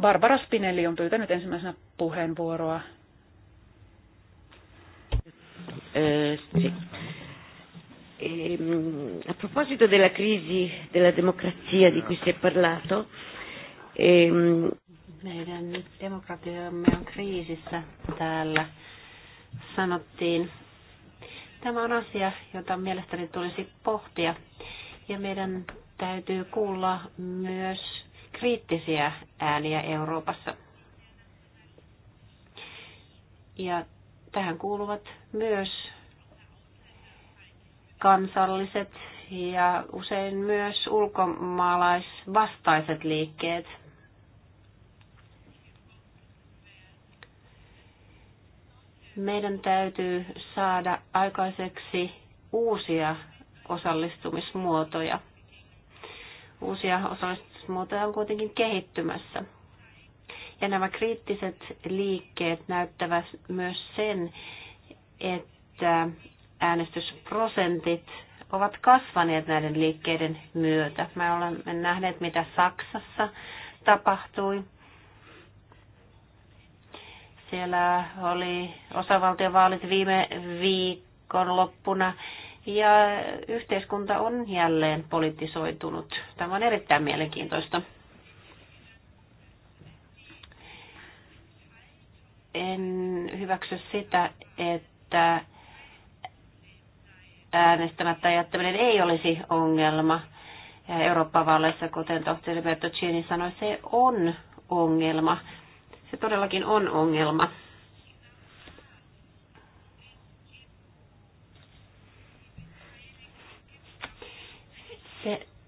Barbara Spinelli on pyytänyt ensimmäisenä puheenvuoroa. Eh, E, a proposito della crisi della democrazia di cui si è parlato, e, meidän demokratiamme on kriisissä täällä, sanottiin. Tämä on asia, jota mielestäni tulisi pohtia. Ja meidän täytyy kuulla myös kriittisiä ääniä Euroopassa. Ja tähän kuuluvat myös kansalliset ja usein myös ulkomaalaisvastaiset liikkeet. Meidän täytyy saada aikaiseksi uusia osallistumismuotoja. Uusia osallistumismuotoja on kuitenkin kehittymässä. Ja nämä kriittiset liikkeet näyttävät myös sen, että äänestysprosentit ovat kasvaneet näiden liikkeiden myötä. Me olemme nähneet, mitä Saksassa tapahtui. Siellä oli osavaltiovaalit viime viikon loppuna ja yhteiskunta on jälleen politisoitunut. Tämä on erittäin mielenkiintoista. En hyväksy sitä, että äänestämättä jättäminen ei olisi ongelma Eurooppa-vaaleissa, kuten tohtori Bertocini sanoi, se on ongelma. Se todellakin on ongelma.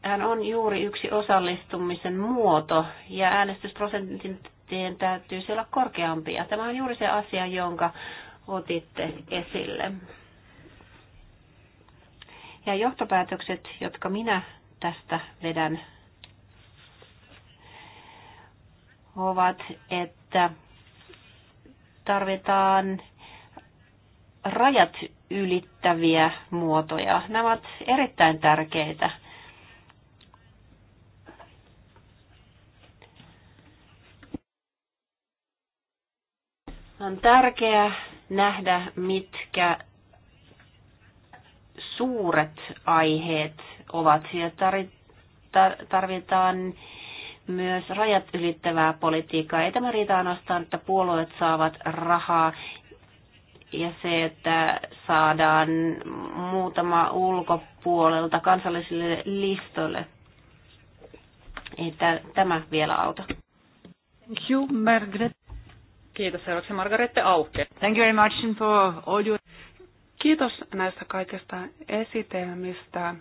Sehän on juuri yksi osallistumisen muoto ja äänestysprosenttien täytyy olla korkeampi. Ja tämä on juuri se asia, jonka otitte esille. Ja johtopäätökset, jotka minä tästä vedän, ovat, että tarvitaan rajat ylittäviä muotoja. Nämä ovat erittäin tärkeitä. On tärkeää nähdä, mitkä suuret aiheet ovat. Siellä tarvitaan myös rajat ylittävää politiikkaa. Ei tämä riitä ainoastaan, että puolueet saavat rahaa ja se, että saadaan muutama ulkopuolelta kansallisille listoille. Ei tämä vielä auta. Thank you, Margaret. Kiitos seuraavaksi Margarette Auke. Thank you very much for all your Kiitos näistä kaikista esitelmistä.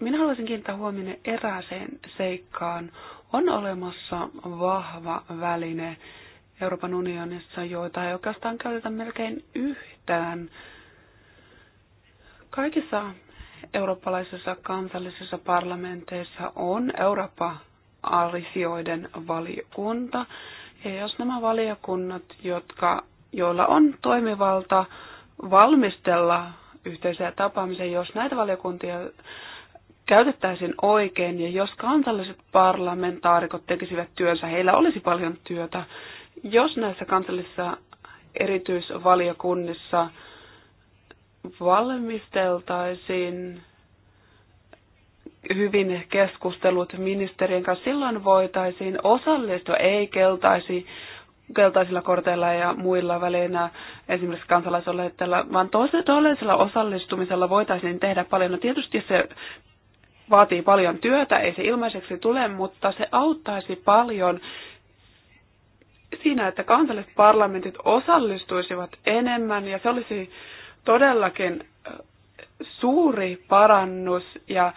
Minä haluaisin kiinnittää huomioon erääseen seikkaan. On olemassa vahva väline Euroopan unionissa, joita ei oikeastaan käytetä melkein yhtään. Kaikissa eurooppalaisissa kansallisissa parlamenteissa on Eurooppa-asioiden valiokunta. Ja jos nämä valiokunnat, jotka joilla on toimivalta valmistella yhteisiä tapaamisia, jos näitä valiokuntia käytettäisiin oikein ja jos kansalliset parlamentaarikot tekisivät työnsä, heillä olisi paljon työtä. Jos näissä kansallisissa erityisvaliokunnissa valmisteltaisiin hyvin keskustelut ministerien kanssa, silloin voitaisiin osallistua, ei keltaisi keltaisilla korteilla ja muilla välinä esimerkiksi kansalaisaloitteella, vaan todellisella osallistumisella voitaisiin tehdä paljon. No tietysti se vaatii paljon työtä, ei se ilmaiseksi tule, mutta se auttaisi paljon siinä, että kansalliset parlamentit osallistuisivat enemmän ja se olisi todellakin äh, suuri parannus ja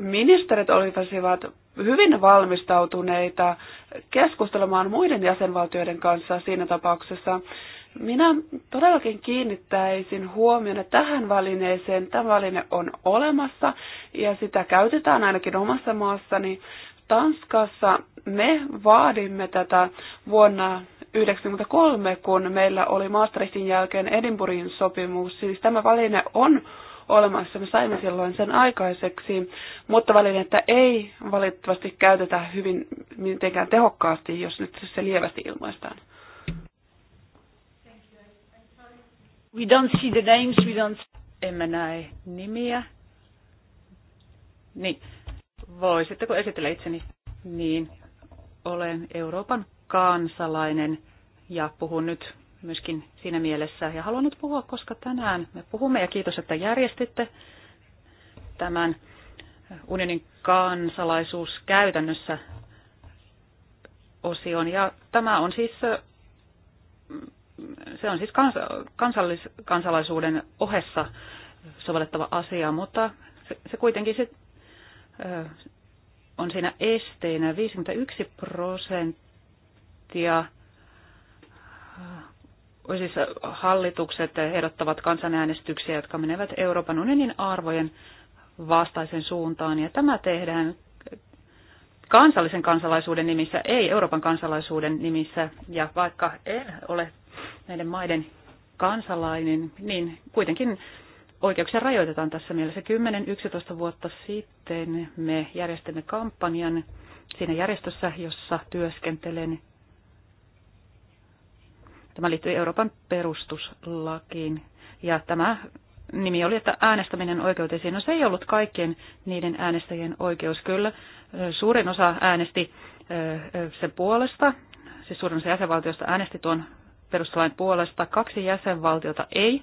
ministerit olisivat hyvin valmistautuneita keskustelemaan muiden jäsenvaltioiden kanssa siinä tapauksessa. Minä todellakin kiinnittäisin huomiota tähän välineeseen. Tämä väline on olemassa ja sitä käytetään ainakin omassa maassani. Tanskassa me vaadimme tätä vuonna 1993, kun meillä oli Maastrichtin jälkeen Edinburghin sopimus. Siis tämä väline on olemassa. Me saimme silloin sen aikaiseksi, mutta välinettä ei valitettavasti käytetä hyvin mitenkään tehokkaasti, jos nyt se lievästi ilmaistaan. We don't see the names, we don't... Emme näe nimiä. Niin. Voisitteko esitellä itseni? Niin. Olen Euroopan kansalainen ja puhun nyt myöskin siinä mielessä. Ja haluan nyt puhua, koska tänään me puhumme ja kiitos, että järjestitte tämän unionin kansalaisuus käytännössä osion. Ja tämä on siis, se on siis kans, kansallis, kansalaisuuden ohessa sovellettava asia, mutta se, se kuitenkin se, on siinä esteenä 51 prosenttia siis hallitukset ehdottavat kansanäänestyksiä, jotka menevät Euroopan unionin arvojen vastaisen suuntaan. Ja tämä tehdään kansallisen kansalaisuuden nimissä, ei Euroopan kansalaisuuden nimissä. Ja vaikka en ole näiden maiden kansalainen, niin kuitenkin oikeuksia rajoitetaan tässä mielessä. 10-11 vuotta sitten me järjestimme kampanjan siinä järjestössä, jossa työskentelen Tämä liittyi Euroopan perustuslakiin. Ja tämä nimi oli, että äänestäminen oikeuteisiin. No se ei ollut kaikkien niiden äänestäjien oikeus. Kyllä suurin osa äänesti sen puolesta, siis suurin osa jäsenvaltioista äänesti tuon perustuslain puolesta. Kaksi jäsenvaltiota ei,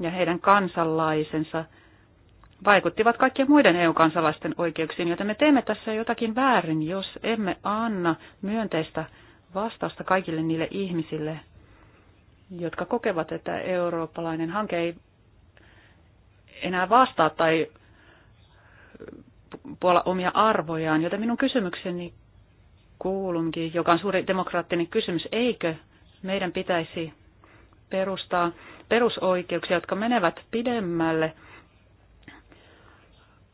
ja heidän kansalaisensa vaikuttivat kaikkien muiden EU-kansalaisten oikeuksiin, joten me teemme tässä jotakin väärin, jos emme anna myönteistä vastausta kaikille niille ihmisille, jotka kokevat, että eurooppalainen hanke ei enää vastaa tai puola omia arvojaan. Joten minun kysymykseni kuulunkin, joka on suuri demokraattinen kysymys, eikö meidän pitäisi perustaa perusoikeuksia, jotka menevät pidemmälle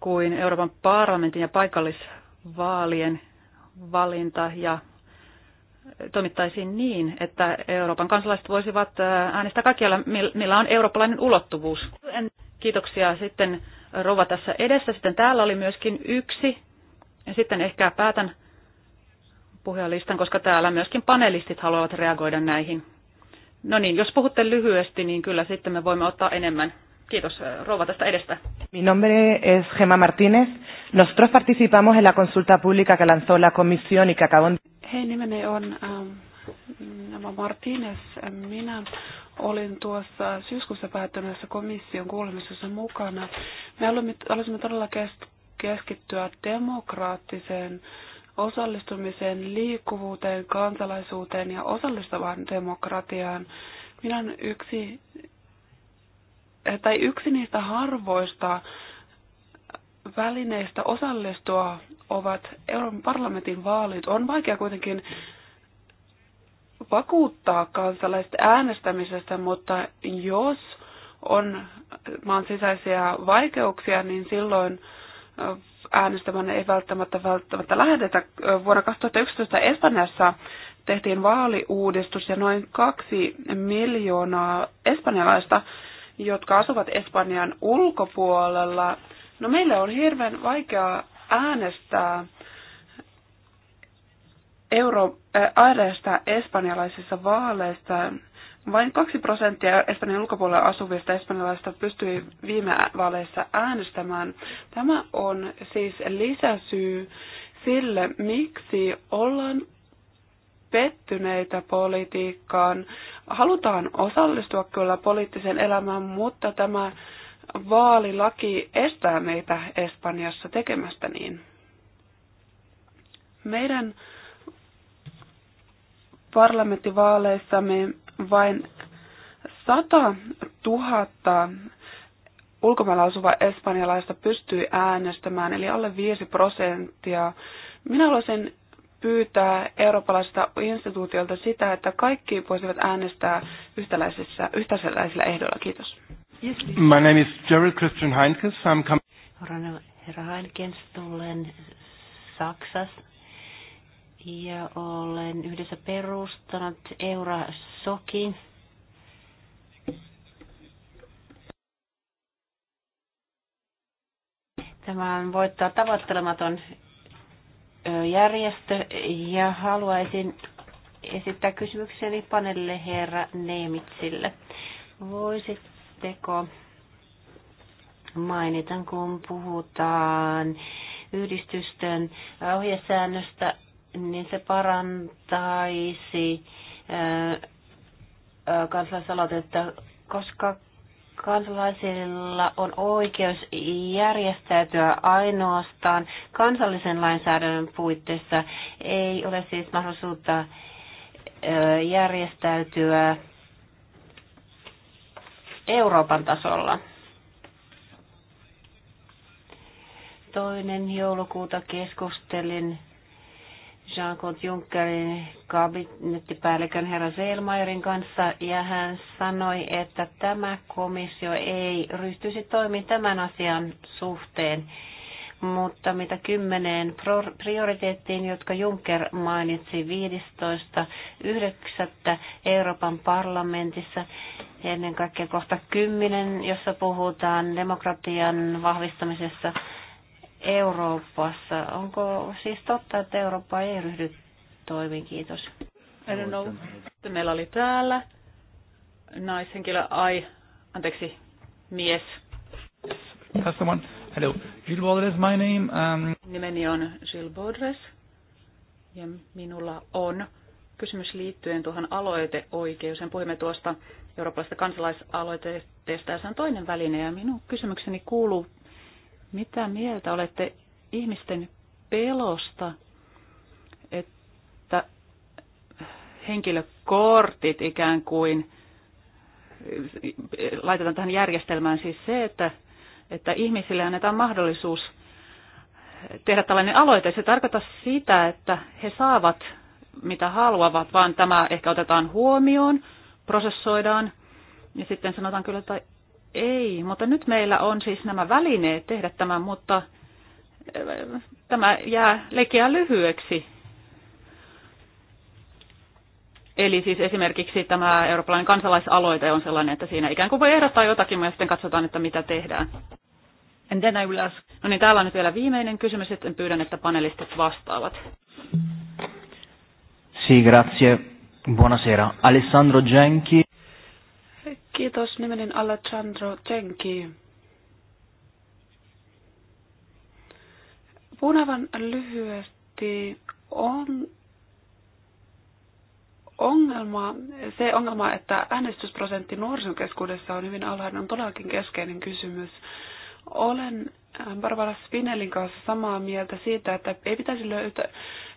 kuin Euroopan parlamentin ja paikallisvaalien valinta ja toimittaisiin niin, että Euroopan kansalaiset voisivat äh, äänestää kaikkialla, millä on eurooppalainen ulottuvuus. Kiitoksia sitten Rova tässä edessä. Sitten täällä oli myöskin yksi. Ja sitten ehkä päätän puhujalistan, koska täällä myöskin panelistit haluavat reagoida näihin. No niin, jos puhutte lyhyesti, niin kyllä sitten me voimme ottaa enemmän. Kiitos äh, Rova tästä edestä. Mi nombre es Gemma Martínez. Nosotros participamos en la consulta pública que lanzó la comisión y que acabó Hei, nimeni on Nämä Martínez, minä olin tuossa syyskuussa päättyneessä komission kuulemisessa mukana. Me halusimme todella keskittyä demokraattiseen osallistumiseen, liikkuvuuteen, kansalaisuuteen ja osallistavaan demokratiaan. Minä olen yksi, tai yksi niistä harvoista välineistä osallistua ovat Euroopan parlamentin vaalit. On vaikea kuitenkin vakuuttaa kansalaiset äänestämisestä, mutta jos on maan sisäisiä vaikeuksia, niin silloin äänestämään ei välttämättä, välttämättä lähdetä. Vuonna 2011 Espanjassa tehtiin vaaliuudistus ja noin kaksi miljoonaa espanjalaista, jotka asuvat Espanjan ulkopuolella, No meillä on hirveän vaikeaa äänestää euro, äh, äänestää espanjalaisissa vaaleissa. Vain kaksi prosenttia Espanjan ulkopuolella asuvista espanjalaisista pystyi viime vaaleissa äänestämään. Tämä on siis lisäsyy sille, miksi ollaan pettyneitä politiikkaan. Halutaan osallistua kyllä poliittiseen elämään, mutta tämä vaalilaki estää meitä Espanjassa tekemästä niin. Meidän parlamenttivaaleissamme vain 100 000 ulkomailla asuva espanjalaista pystyy äänestämään, eli alle 5 prosenttia. Minä haluaisin pyytää eurooppalaisilta instituutiolta sitä, että kaikki voisivat äänestää yhtäläisillä ehdoilla. Kiitos. Yes, please. My name is Gerald Christian Heinkes. I'm coming. Herra Heinkens, tulen Saksasta ja olen yhdessä perustanut Eurasokin. Tämä on voittaa tavoittelematon järjestö ja haluaisin esittää kysymykseni panelle herra Neemitsille. Voisit teko mainitan, kun puhutaan yhdistysten ohjesäännöstä, niin se parantaisi kansalaisaloitetta, koska kansalaisilla on oikeus järjestäytyä ainoastaan kansallisen lainsäädännön puitteissa. Ei ole siis mahdollisuutta järjestäytyä Euroopan tasolla. Toinen joulukuuta keskustelin Jean-Claude Junckerin kabinettipäällikön herra Selmayerin kanssa ja hän sanoi, että tämä komissio ei ryhtyisi toimiin tämän asian suhteen mutta mitä kymmeneen prioriteettiin, jotka Juncker mainitsi 15.9. Euroopan parlamentissa, ennen kaikkea kohta 10, jossa puhutaan demokratian vahvistamisessa Euroopassa. Onko siis totta, että Eurooppa ei ryhdy toimiin? Kiitos. I don't know. Meillä oli täällä naishenkilö, ai, anteeksi, mies. That's the one. Hello, Jill Baudres, my name. Um... Nimeni on Jill Baudres ja minulla on kysymys liittyen tuohon aloiteoikeuteen. Puhuimme tuosta eurooppalaisesta kansalaisaloitteesta ja se on toinen väline ja minun kysymykseni kuuluu, mitä mieltä olette ihmisten pelosta, että henkilökortit ikään kuin laitetaan tähän järjestelmään siis se, että että ihmisille annetaan mahdollisuus tehdä tällainen aloite. Se tarkoittaa sitä, että he saavat mitä haluavat, vaan tämä ehkä otetaan huomioon, prosessoidaan ja sitten sanotaan kyllä tai ei. Mutta nyt meillä on siis nämä välineet tehdä tämä, mutta eh, tämä jää lekeä lyhyeksi Eli siis esimerkiksi tämä eurooppalainen kansalaisaloite on sellainen, että siinä ikään kuin voi ehdottaa jotakin, ja sitten katsotaan, että mitä tehdään. And then I will ask... No niin, täällä on nyt vielä viimeinen kysymys, sitten pyydän, että panelistit vastaavat. Sì, grazie. Buonasera. Alessandro Genki. Kiitos, nimeni Alessandro Genki. Punavan lyhyesti on ongelma, se ongelma, että äänestysprosentti nuorisokeskuudessa on hyvin alhainen, on todellakin keskeinen kysymys. Olen äh, Barbara Spinellin kanssa samaa mieltä siitä, että ei pitäisi löytää,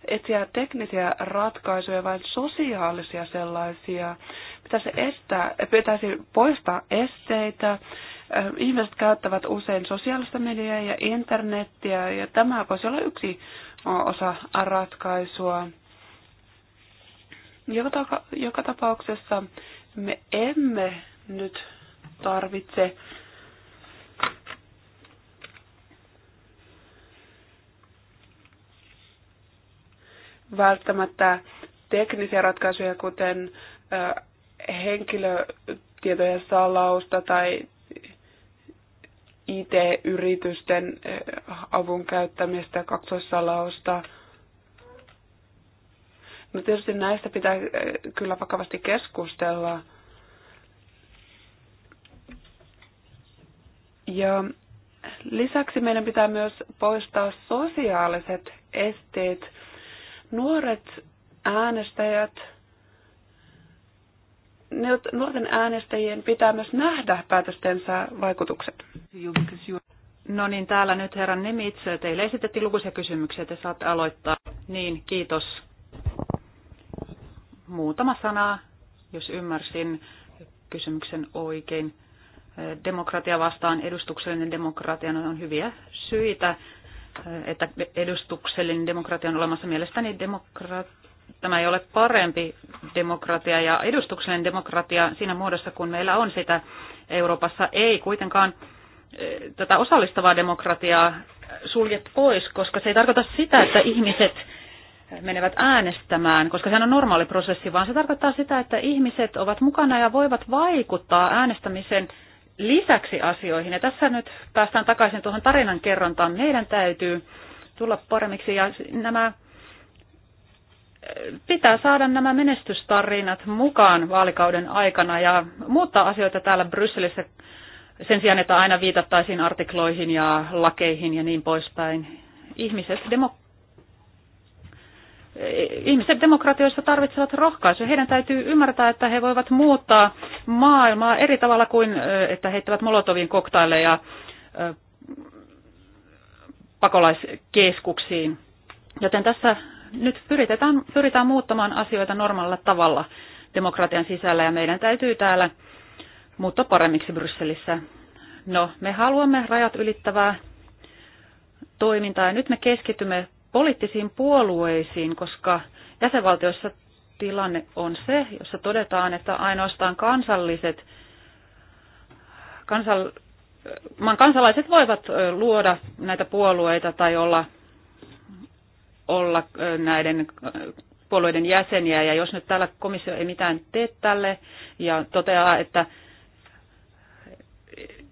etsiä teknisiä ratkaisuja, vaan sosiaalisia sellaisia. Pitäisi, estää, pitäisi poistaa esteitä. Äh, ihmiset käyttävät usein sosiaalista mediaa ja internettiä, ja tämä voisi olla yksi äh, osa ratkaisua. Joka, joka tapauksessa me emme nyt tarvitse välttämättä teknisiä ratkaisuja, kuten henkilötietojen salausta tai IT-yritysten avun käyttämistä, kaksoissalausta – No tietysti näistä pitää äh, kyllä vakavasti keskustella. Ja lisäksi meidän pitää myös poistaa sosiaaliset esteet. Nuoret äänestäjät, nuorten äänestäjien pitää myös nähdä päätöstensä vaikutukset. No niin, täällä nyt herran nimi itse. Teille esitettiin lukuisia kysymyksiä, te saatte aloittaa. Niin, kiitos muutama sana, jos ymmärsin kysymyksen oikein. Demokratia vastaan edustuksellinen demokratia no, on hyviä syitä, että edustuksellinen demokratia on olemassa. Mielestäni demokratia tämä ei ole parempi demokratia ja edustuksellinen demokratia siinä muodossa, kun meillä on sitä Euroopassa, ei kuitenkaan e, tätä osallistavaa demokratiaa sulje pois, koska se ei tarkoita sitä, että ihmiset menevät äänestämään, koska sehän on normaali prosessi, vaan se tarkoittaa sitä, että ihmiset ovat mukana ja voivat vaikuttaa äänestämisen lisäksi asioihin. Ja tässä nyt päästään takaisin tuohon tarinan kerrontaan. Meidän täytyy tulla paremmiksi ja nämä pitää saada nämä menestystarinat mukaan vaalikauden aikana ja muuttaa asioita täällä Brysselissä sen sijaan, että aina viitattaisiin artikloihin ja lakeihin ja niin poispäin. Ihmiset, demok- ihmiset demokratioissa tarvitsevat rohkaisua. Heidän täytyy ymmärtää, että he voivat muuttaa maailmaa eri tavalla kuin että heittävät Molotovin koktaileja pakolaiskeskuksiin. Joten tässä nyt pyritään, pyritään muuttamaan asioita normaalilla tavalla demokratian sisällä ja meidän täytyy täällä muuttaa paremmiksi Brysselissä. No, me haluamme rajat ylittävää toimintaa ja nyt me keskitymme poliittisiin puolueisiin, koska jäsenvaltioissa tilanne on se, jossa todetaan, että ainoastaan kansalliset, kansal, maan kansalaiset voivat luoda näitä puolueita tai olla, olla näiden puolueiden jäseniä. Ja jos nyt täällä komissio ei mitään tee tälle ja toteaa, että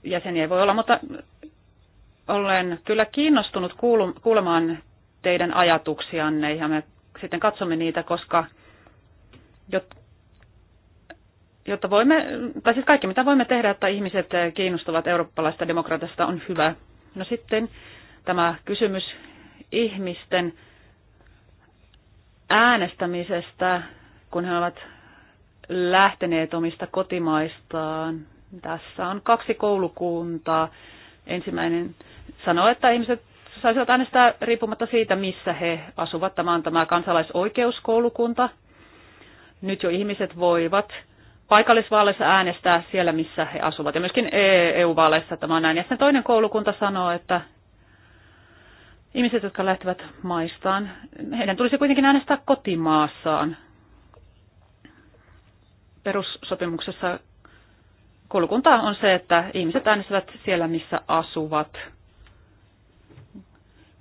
jäseniä ei voi olla, mutta olen kyllä kiinnostunut kuulemaan teidän ajatuksianne ja me sitten katsomme niitä, koska jotta voimme, tai siis kaikki mitä voimme tehdä, että ihmiset kiinnostuvat eurooppalaista demokratiasta on hyvä. No sitten tämä kysymys ihmisten äänestämisestä, kun he ovat lähteneet omista kotimaistaan. Tässä on kaksi koulukuntaa. Ensimmäinen sanoo, että ihmiset saisivat äänestää riippumatta siitä, missä he asuvat. Tämä on tämä kansalaisoikeuskoulukunta. Nyt jo ihmiset voivat paikallisvaaleissa äänestää siellä, missä he asuvat. Ja myöskin EU-vaaleissa tämä on näin. Ja sitten toinen koulukunta sanoo, että ihmiset, jotka lähtevät maistaan, heidän tulisi kuitenkin äänestää kotimaassaan. Perussopimuksessa koulukunta on se, että ihmiset äänestävät siellä, missä asuvat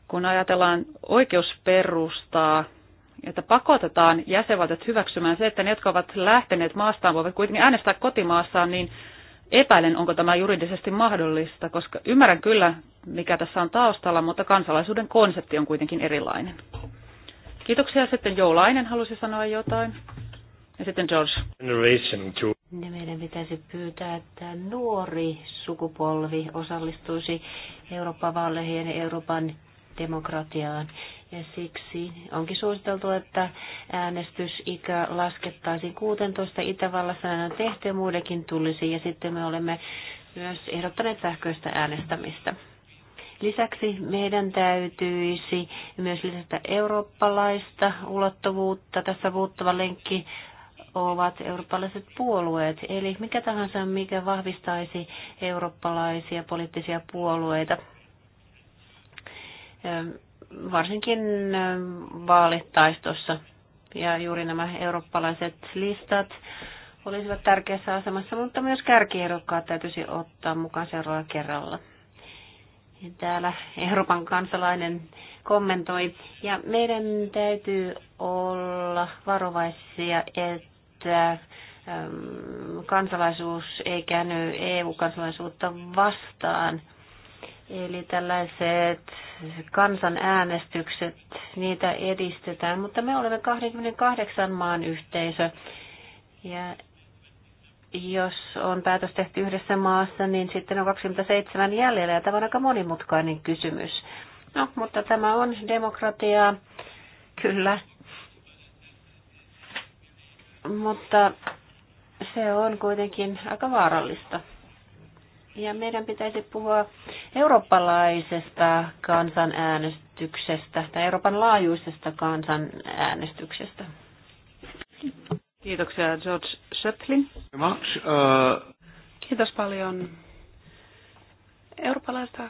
kun ajatellaan oikeusperustaa, että pakotetaan jäsenvaltiot hyväksymään se, että ne, jotka ovat lähteneet maastaan, voivat kuitenkin äänestää kotimaassaan, niin epäilen, onko tämä juridisesti mahdollista, koska ymmärrän kyllä, mikä tässä on taustalla, mutta kansalaisuuden konsepti on kuitenkin erilainen. Kiitoksia. Sitten Joulainen halusi sanoa jotain. Ja sitten George. Niin meidän pitäisi pyytää, että nuori sukupolvi osallistuisi Euroopan vaaleihin ja Euroopan demokratiaan. Ja siksi onkin suositeltu, että äänestysikä laskettaisiin 16. Itävallassa näin tehtyä muidenkin tulisi. Ja sitten me olemme myös ehdottaneet sähköistä äänestämistä. Lisäksi meidän täytyisi myös lisätä eurooppalaista ulottuvuutta. Tässä puuttuva lenkki ovat eurooppalaiset puolueet, eli mikä tahansa, mikä vahvistaisi eurooppalaisia poliittisia puolueita varsinkin vaalitaistossa. Ja juuri nämä eurooppalaiset listat olisivat tärkeässä asemassa, mutta myös kärkiehdokkaat täytyisi ottaa mukaan seuraavalla kerralla. Täällä Euroopan kansalainen kommentoi. Ja meidän täytyy olla varovaisia, että kansalaisuus ei käänny EU-kansalaisuutta vastaan – Eli tällaiset kansanäänestykset, niitä edistetään, mutta me olemme 28 maan yhteisö. Ja jos on päätös tehty yhdessä maassa, niin sitten on 27 jäljellä ja tämä on aika monimutkainen kysymys. No, mutta tämä on demokratiaa, kyllä. Mutta se on kuitenkin aika vaarallista. Ja meidän pitäisi puhua eurooppalaisesta kansanäänestyksestä tai Euroopan laajuisesta kansanäänestyksestä. Kiitoksia George Shetlin. Uh, Kiitos paljon. Eurooppalaista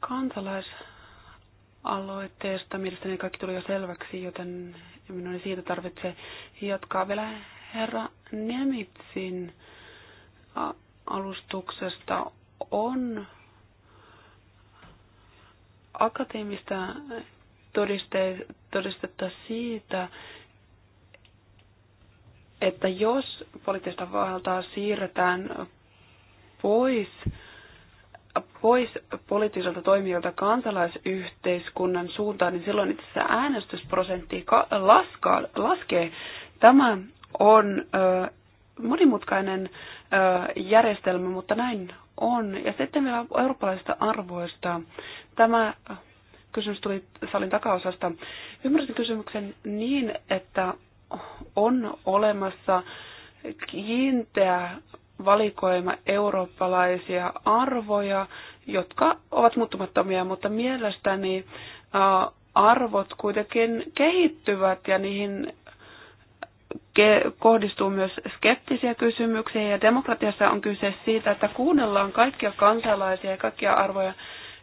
kansalaisaloitteesta mielestäni kaikki tuli jo selväksi, joten minun ei siitä tarvitse jatkaa vielä herra Nemitsin alustuksesta on akateemista todiste, todistetta siitä, että jos poliittista valtaa siirretään pois, pois poliittisilta toimijoilta kansalaisyhteiskunnan suuntaan, niin silloin itse asiassa äänestysprosentti laskee. Tämä on ö, monimutkainen järjestelmä, mutta näin on. Ja sitten vielä eurooppalaisista arvoista. Tämä kysymys tuli salin takaosasta. Ymmärsin kysymyksen niin, että on olemassa kiinteä valikoima eurooppalaisia arvoja, jotka ovat muuttumattomia, mutta mielestäni arvot kuitenkin kehittyvät ja niihin kohdistuu myös skeptisiä kysymyksiä ja demokratiassa on kyse siitä, että kuunnellaan kaikkia kansalaisia ja kaikkia arvoja.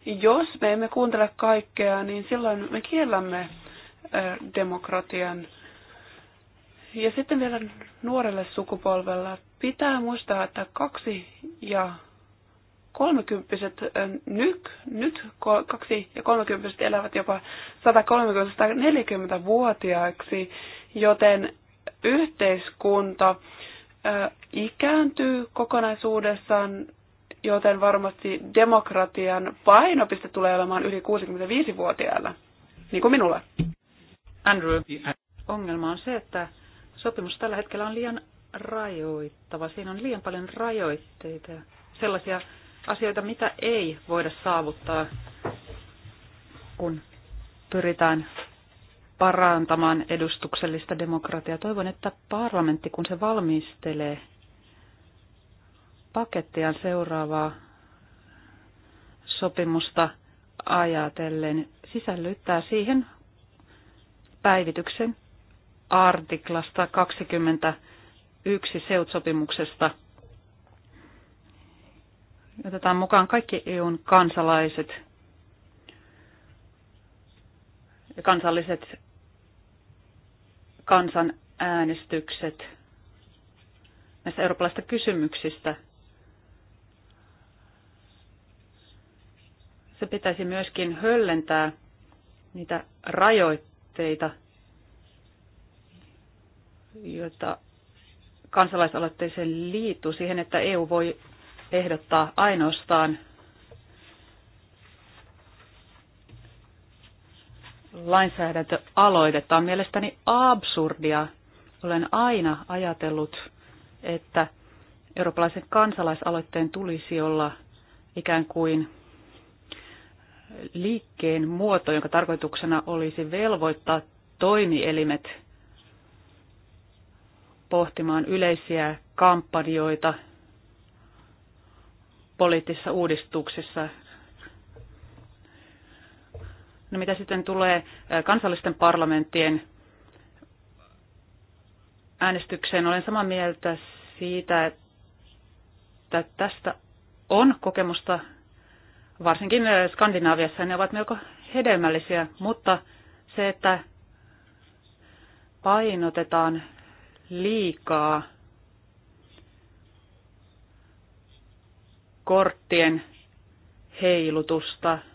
Jos me emme kuuntele kaikkea, niin silloin me kiellämme demokratian. Ja sitten vielä nuorelle sukupolvelle pitää muistaa, että kaksi ja kolmekymppiset nyt, nyt kaksi ja kolmekymppiset elävät jopa 130-140-vuotiaiksi, joten yhteiskunta ikääntyy kokonaisuudessaan, joten varmasti demokratian painopiste tulee olemaan yli 65-vuotiailla, niin kuin minulla. Andrew, ongelma on se, että sopimus tällä hetkellä on liian rajoittava. Siinä on liian paljon rajoitteita ja sellaisia asioita, mitä ei voida saavuttaa, kun pyritään parantamaan edustuksellista demokratiaa. Toivon, että parlamentti, kun se valmistelee pakettiaan seuraavaa sopimusta ajatellen, sisällyttää siihen päivityksen artiklasta 21 seutsopimuksesta. Otetaan mukaan kaikki EUn kansalaiset ja kansalliset kansanäänestykset näistä eurooppalaisista kysymyksistä. Se pitäisi myöskin höllentää niitä rajoitteita, joita kansalaisaloitteeseen liittyy siihen, että EU voi ehdottaa ainoastaan lainsäädäntöaloitetta on mielestäni absurdia. Olen aina ajatellut, että eurooppalaisen kansalaisaloitteen tulisi olla ikään kuin liikkeen muoto, jonka tarkoituksena olisi velvoittaa toimielimet pohtimaan yleisiä kampanjoita poliittisissa uudistuksissa No mitä sitten tulee äh, kansallisten parlamenttien äänestykseen, olen samaa mieltä siitä, että tästä on kokemusta, varsinkin äh, Skandinaaviassa ne ovat melko hedelmällisiä, mutta se, että painotetaan liikaa korttien heilutusta –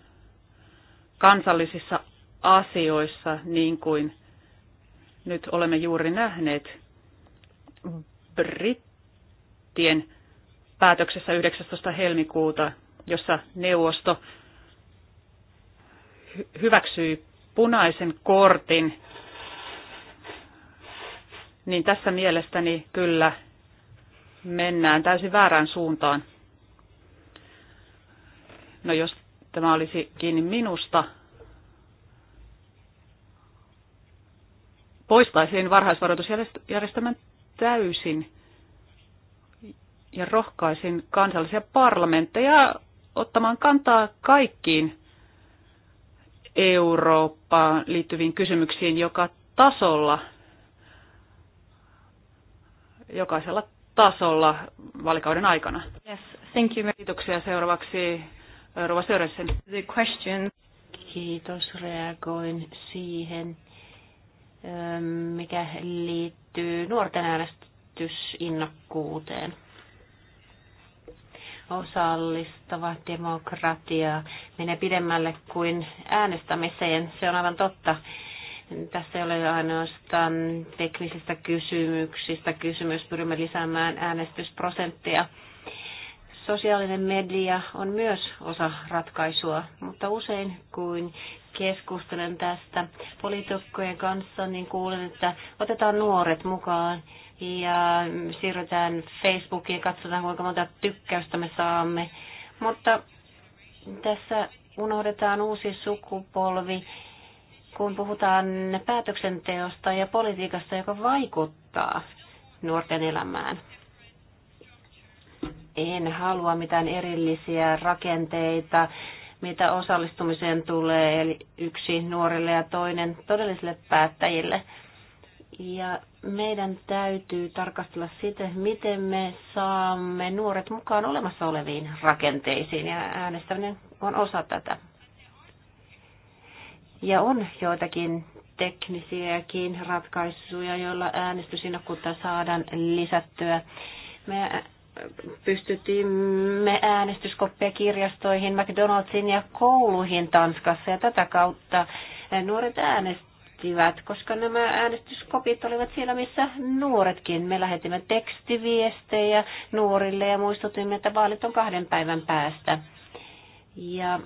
kansallisissa asioissa, niin kuin nyt olemme juuri nähneet brittien päätöksessä 19. helmikuuta, jossa neuvosto hyväksyi punaisen kortin, niin tässä mielestäni kyllä mennään täysin väärään suuntaan. No jos tämä olisi kiinni minusta, poistaisin varhaisvaroitusjärjestelmän täysin ja rohkaisin kansallisia parlamentteja ottamaan kantaa kaikkiin Eurooppaan liittyviin kysymyksiin joka tasolla, jokaisella tasolla valikauden aikana. Yes, thank you. Kiitoksia seuraavaksi Rova Sörensen. The question. Kiitos, reagoin siihen, ähm, mikä liittyy nuorten äänestysinnokkuuteen. Osallistava demokratia menee pidemmälle kuin äänestämiseen, se on aivan totta. Tässä ei ole ainoastaan teknisistä kysymyksistä kysymys, pyrimme lisäämään äänestysprosenttia Sosiaalinen media on myös osa ratkaisua, mutta usein kun keskustelen tästä poliitikkojen kanssa, niin kuulen, että otetaan nuoret mukaan ja siirrytään Facebookiin ja katsotaan, kuinka monta tykkäystä me saamme. Mutta tässä unohdetaan uusi sukupolvi, kun puhutaan päätöksenteosta ja politiikasta, joka vaikuttaa nuorten elämään en halua mitään erillisiä rakenteita, mitä osallistumiseen tulee, eli yksi nuorille ja toinen todellisille päättäjille. Ja meidän täytyy tarkastella sitä, miten me saamme nuoret mukaan olemassa oleviin rakenteisiin, ja äänestäminen on osa tätä. Ja on joitakin teknisiäkin ratkaisuja, joilla äänestysinnokkuutta saadaan lisättyä. Me pystytimme äänestyskoppia kirjastoihin, McDonaldsin ja kouluihin Tanskassa ja tätä kautta nuoret äänestivät, koska nämä äänestyskopit olivat siellä, missä nuoretkin. Me lähetimme tekstiviestejä nuorille ja muistutimme, että vaalit on kahden päivän päästä. Ja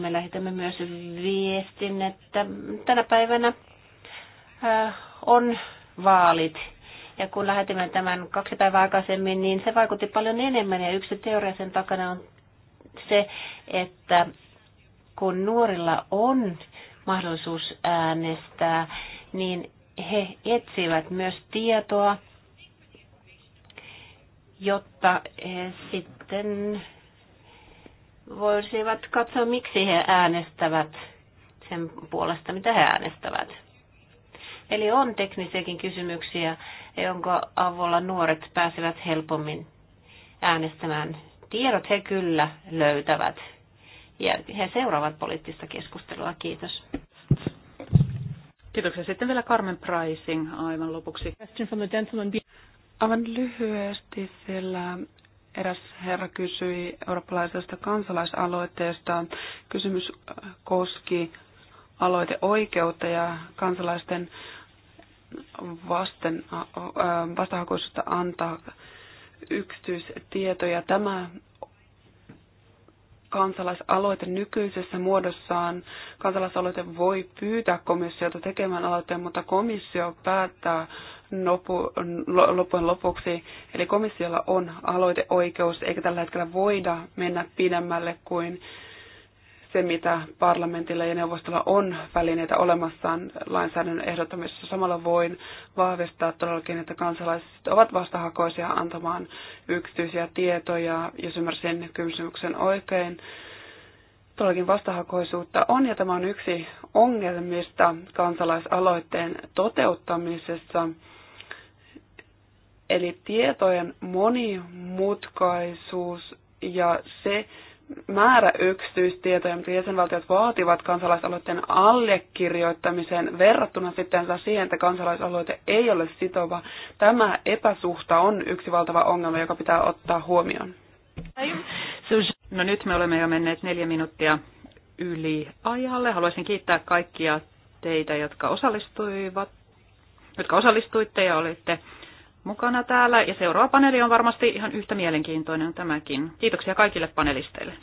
me lähetämme myös viestin, että tänä päivänä äh, on vaalit ja kun lähetimme tämän kaksi päivää aikaisemmin, niin se vaikutti paljon enemmän. Ja yksi teoria sen takana on se, että kun nuorilla on mahdollisuus äänestää, niin he etsivät myös tietoa, jotta he sitten voisivat katsoa, miksi he äänestävät sen puolesta, mitä he äänestävät. Eli on teknisiäkin kysymyksiä, jonka avulla nuoret pääsevät helpommin äänestämään. Tiedot he kyllä löytävät ja he seuraavat poliittista keskustelua. Kiitos. Kiitoksia. Sitten vielä Carmen Pricing aivan lopuksi. Aivan lyhyesti, sillä eräs herra kysyi eurooppalaisesta kansalaisaloitteesta. Kysymys koski aloiteoikeutta ja kansalaisten vasten, vastahakuisuutta antaa yksityistietoja. Tämä kansalaisaloite nykyisessä muodossaan. Kansalaisaloite voi pyytää komissiota tekemään aloitteen, mutta komissio päättää lopun lopuksi. Eli komissiolla on aloiteoikeus, eikä tällä hetkellä voida mennä pidemmälle kuin se, mitä parlamentilla ja neuvostolla on välineitä olemassaan lainsäädännön ehdottamisessa. Samalla voin vahvistaa todellakin, että kansalaiset ovat vastahakoisia antamaan yksityisiä tietoja, jos ymmärsin kysymyksen oikein. Todellakin vastahakoisuutta on, ja tämä on yksi ongelmista kansalaisaloitteen toteuttamisessa. Eli tietojen monimutkaisuus ja se, määrä yksityistietoja, mitä jäsenvaltiot vaativat kansalaisaloitteen allekirjoittamiseen verrattuna sitten siihen, että kansalaisaloite ei ole sitova. Tämä epäsuhta on yksi valtava ongelma, joka pitää ottaa huomioon. No nyt me olemme jo menneet neljä minuuttia yli ajalle. Haluaisin kiittää kaikkia teitä, jotka osallistuivat, jotka osallistuitte ja olitte mukana täällä ja seuraava paneeli on varmasti ihan yhtä mielenkiintoinen tämäkin. Kiitoksia kaikille panelisteille.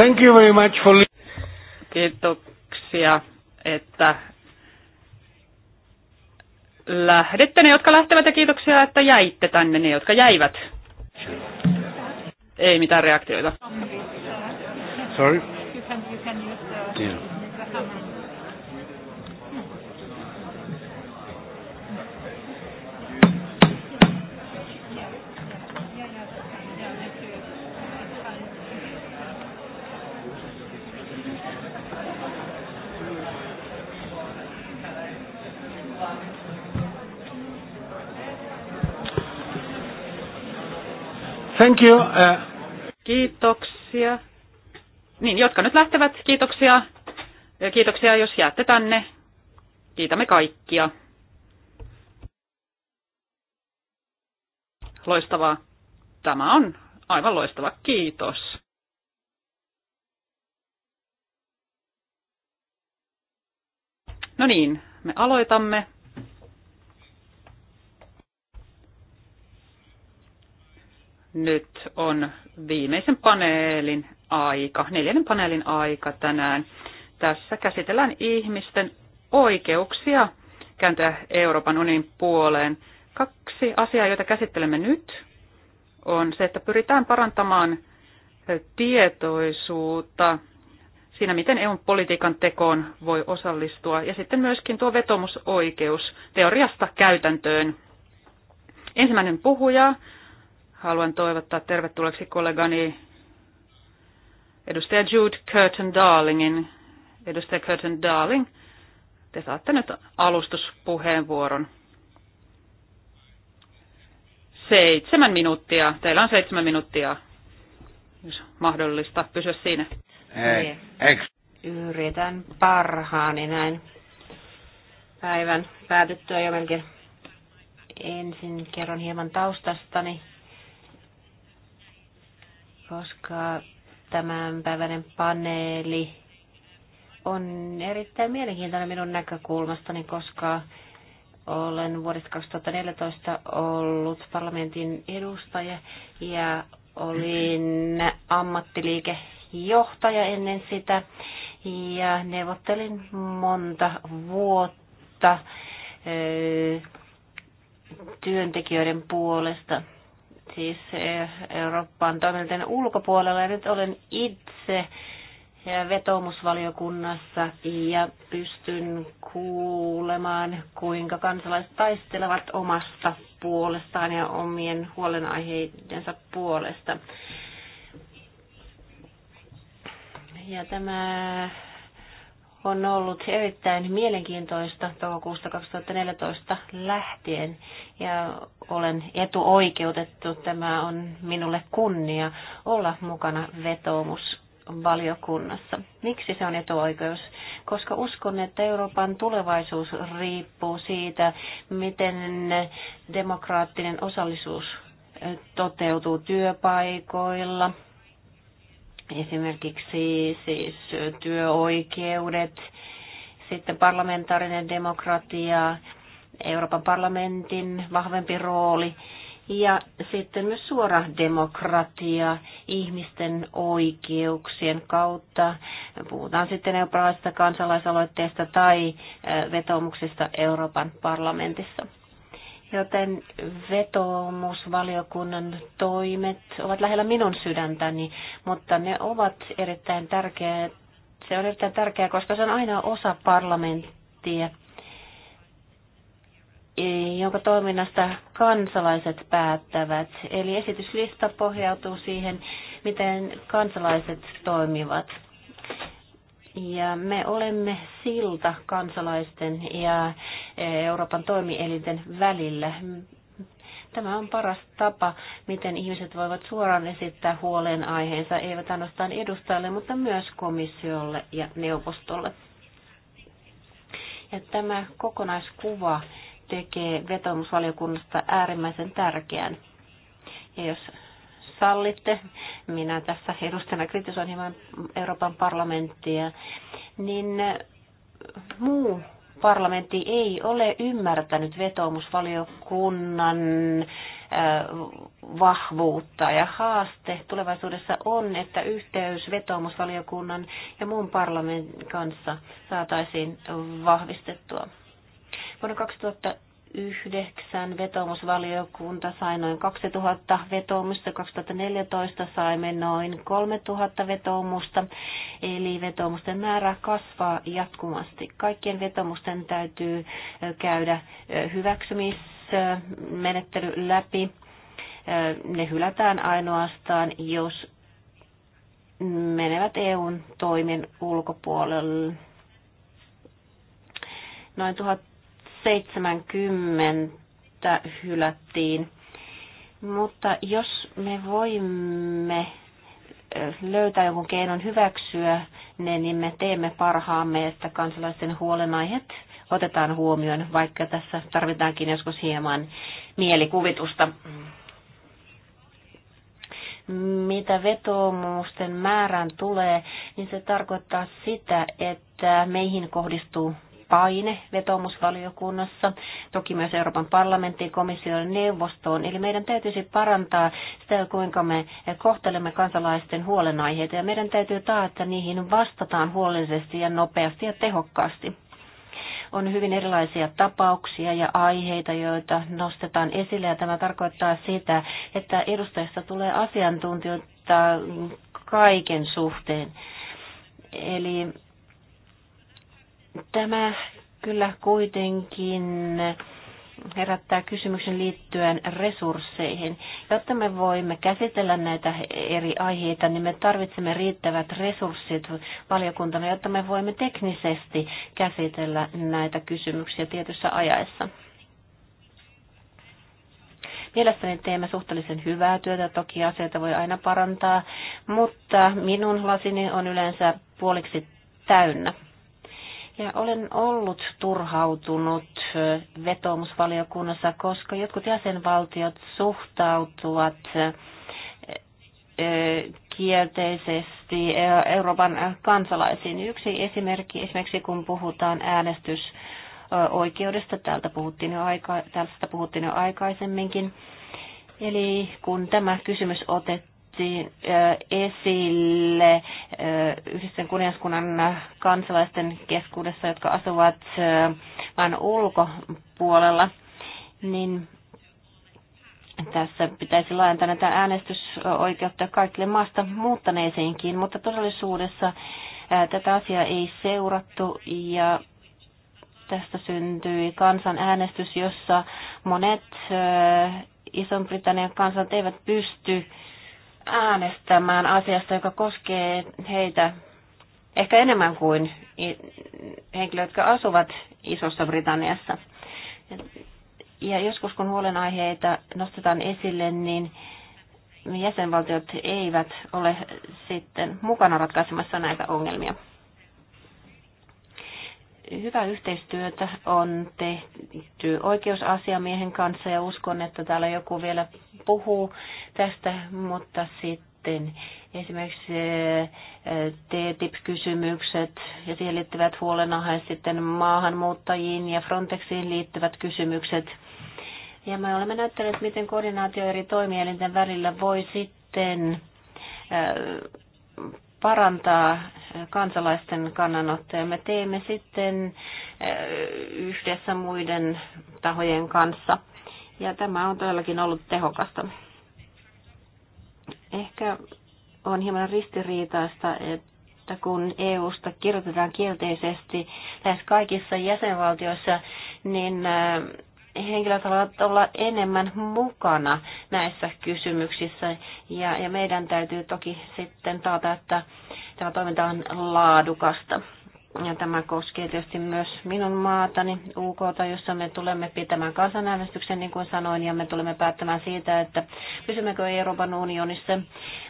Thank you very much for... Kiitoksia, että lähdette ne, jotka lähtevät, ja kiitoksia, että jäitte tänne ne, jotka jäivät. Ei mitään reaktioita. Sorry? You can, you can use the, yeah. the Thank you. Uh... Kiitoksia. Niin, jotka nyt lähtevät, kiitoksia. Kiitoksia, jos jäätte tänne. Kiitämme kaikkia. Loistavaa. Tämä on aivan loistava. Kiitos. No niin, me aloitamme. nyt on viimeisen paneelin aika, neljännen paneelin aika tänään. Tässä käsitellään ihmisten oikeuksia kääntyä Euroopan unionin puoleen. Kaksi asiaa, joita käsittelemme nyt, on se, että pyritään parantamaan tietoisuutta siinä, miten EUn politiikan tekoon voi osallistua, ja sitten myöskin tuo vetomusoikeus teoriasta käytäntöön. Ensimmäinen puhuja haluan toivottaa tervetulleeksi kollegani edustaja Jude Curtin Darlingin. Edustaja Curtin Darling, te saatte nyt alustuspuheenvuoron. Seitsemän minuuttia. Teillä on seitsemän minuuttia, jos mahdollista pysyä siinä. Ei. Yritän parhaani näin päivän päätyttyä jo melkein. Ensin kerron hieman taustastani koska tämänpäiväinen paneeli on erittäin mielenkiintoinen minun näkökulmastani, koska olen vuodesta 2014 ollut parlamentin edustaja ja olin ammattiliikejohtaja ennen sitä ja neuvottelin monta vuotta työntekijöiden puolesta siis eh, Euroopan toimintojen ulkopuolella. Ja nyt olen itse eh, vetoomusvaliokunnassa ja pystyn kuulemaan, kuinka kansalaiset taistelevat omasta puolestaan ja omien huolenaiheidensa puolesta. Ja tämä on ollut erittäin mielenkiintoista toukokuusta 2014 lähtien ja olen etuoikeutettu. Tämä on minulle kunnia olla mukana vetoomusvaliokunnassa. Miksi se on etuoikeus? Koska uskon, että Euroopan tulevaisuus riippuu siitä, miten demokraattinen osallisuus toteutuu työpaikoilla – Esimerkiksi siis työoikeudet, sitten parlamentaarinen demokratia, Euroopan parlamentin vahvempi rooli ja sitten myös suora demokratia ihmisten oikeuksien kautta. Puhutaan sitten eurooppalaisesta kansalaisaloitteesta tai vetoomuksista Euroopan parlamentissa. Joten vetoomusvaliokunnan toimet ovat lähellä minun sydäntäni, mutta ne ovat erittäin tärkeä. Se on erittäin tärkeää, koska se on aina osa parlamenttia, jonka toiminnasta kansalaiset päättävät. Eli esityslista pohjautuu siihen, miten kansalaiset toimivat. Ja me olemme silta kansalaisten ja e, Euroopan toimielinten välillä. Tämä on paras tapa, miten ihmiset voivat suoraan esittää huolenaiheensa, eivät ainoastaan edustajille, mutta myös komissiolle ja neuvostolle. Ja tämä kokonaiskuva tekee vetomusvaliokunnasta äärimmäisen tärkeän. Ja jos sallitte, minä tässä edustajana kritisoin hieman Euroopan parlamenttia, niin eh, muu parlamentti ei ole ymmärtänyt vetoomusvaliokunnan eh, vahvuutta ja haaste tulevaisuudessa on, että yhteys vetoomusvaliokunnan ja muun parlamentin kanssa saataisiin vahvistettua. Vuonna 2000 yhdeksän vetomusvaliokunta sai noin 2000 vetomusta, 2014 saimme noin 3000 vetoomusta, eli vetomusten määrä kasvaa jatkuvasti. Kaikkien vetoomusten täytyy käydä hyväksymismenettely läpi. Ne hylätään ainoastaan, jos menevät EUn toimien ulkopuolelle noin tuhat 70 hylättiin. Mutta jos me voimme löytää jonkun keinon hyväksyä ne, niin me teemme parhaamme, että kansalaisten huolenaiheet otetaan huomioon, vaikka tässä tarvitaankin joskus hieman mielikuvitusta. Mitä vetoomusten määrään tulee, niin se tarkoittaa sitä, että meihin kohdistuu paine vetomusvaliokunnassa, toki myös Euroopan parlamentin, komission neuvostoon. Eli meidän täytyisi parantaa sitä, kuinka me kohtelemme kansalaisten huolenaiheita ja meidän täytyy taata, että niihin vastataan huolellisesti ja nopeasti ja tehokkaasti on hyvin erilaisia tapauksia ja aiheita, joita nostetaan esille. Ja tämä tarkoittaa sitä, että edustajista tulee asiantuntijoita kaiken suhteen. Eli Tämä kyllä kuitenkin herättää kysymyksen liittyen resursseihin. Jotta me voimme käsitellä näitä eri aiheita, niin me tarvitsemme riittävät resurssit valiokuntana, jotta me voimme teknisesti käsitellä näitä kysymyksiä tietyssä ajassa. Mielestäni teemme suhteellisen hyvää työtä, toki asioita voi aina parantaa, mutta minun lasini on yleensä puoliksi täynnä. Ja olen ollut turhautunut vetoomusvaliokunnassa, koska jotkut jäsenvaltiot suhtautuvat kielteisesti e- Euroopan kansalaisiin. Yksi esimerkki, esimerkiksi kun puhutaan äänestysoikeudesta, täältä puhuttiin jo aika, tästä puhuttiin jo aikaisemminkin. Eli kun tämä kysymys otettiin, otti esille yhdessä kuningaskunnan kansalaisten keskuudessa, jotka asuvat vain ulkopuolella, niin tässä pitäisi laajentaa näitä äänestysoikeutta kaikille maasta muuttaneisiinkin, mutta todellisuudessa tätä asiaa ei seurattu ja tästä syntyi kansanäänestys, jossa monet Ison-Britannian kansat eivät pysty äänestämään asiasta, joka koskee heitä ehkä enemmän kuin henkilöitä, jotka asuvat Isossa Britanniassa. Ja joskus kun huolenaiheita nostetaan esille, niin jäsenvaltiot eivät ole sitten mukana ratkaisemassa näitä ongelmia hyvää yhteistyötä on tehty oikeusasiamiehen kanssa ja uskon, että täällä joku vielä puhuu tästä, mutta sitten esimerkiksi eh, TTIP-kysymykset ja siihen liittyvät ja sitten maahanmuuttajiin ja Frontexiin liittyvät kysymykset. Ja me olemme näyttäneet, miten koordinaatio eri toimielinten välillä voi sitten eh, parantaa kansalaisten kannanottoja. Me teemme sitten eh, yhdessä muiden tahojen kanssa. Ja tämä on todellakin ollut tehokasta. Ehkä on hieman ristiriitaista, että kun EUsta kirjoitetaan kielteisesti lähes kaikissa jäsenvaltioissa, niin eh, henkilöt haluavat olla enemmän mukana näissä kysymyksissä ja, ja meidän täytyy toki sitten taata, että tämä toiminta on laadukasta. Ja tämä koskee tietysti myös minun maatani, UK, jossa me tulemme pitämään kansanäänestyksen, niin kuin sanoin, ja me tulemme päättämään siitä, että pysymmekö Euroopan unionissa.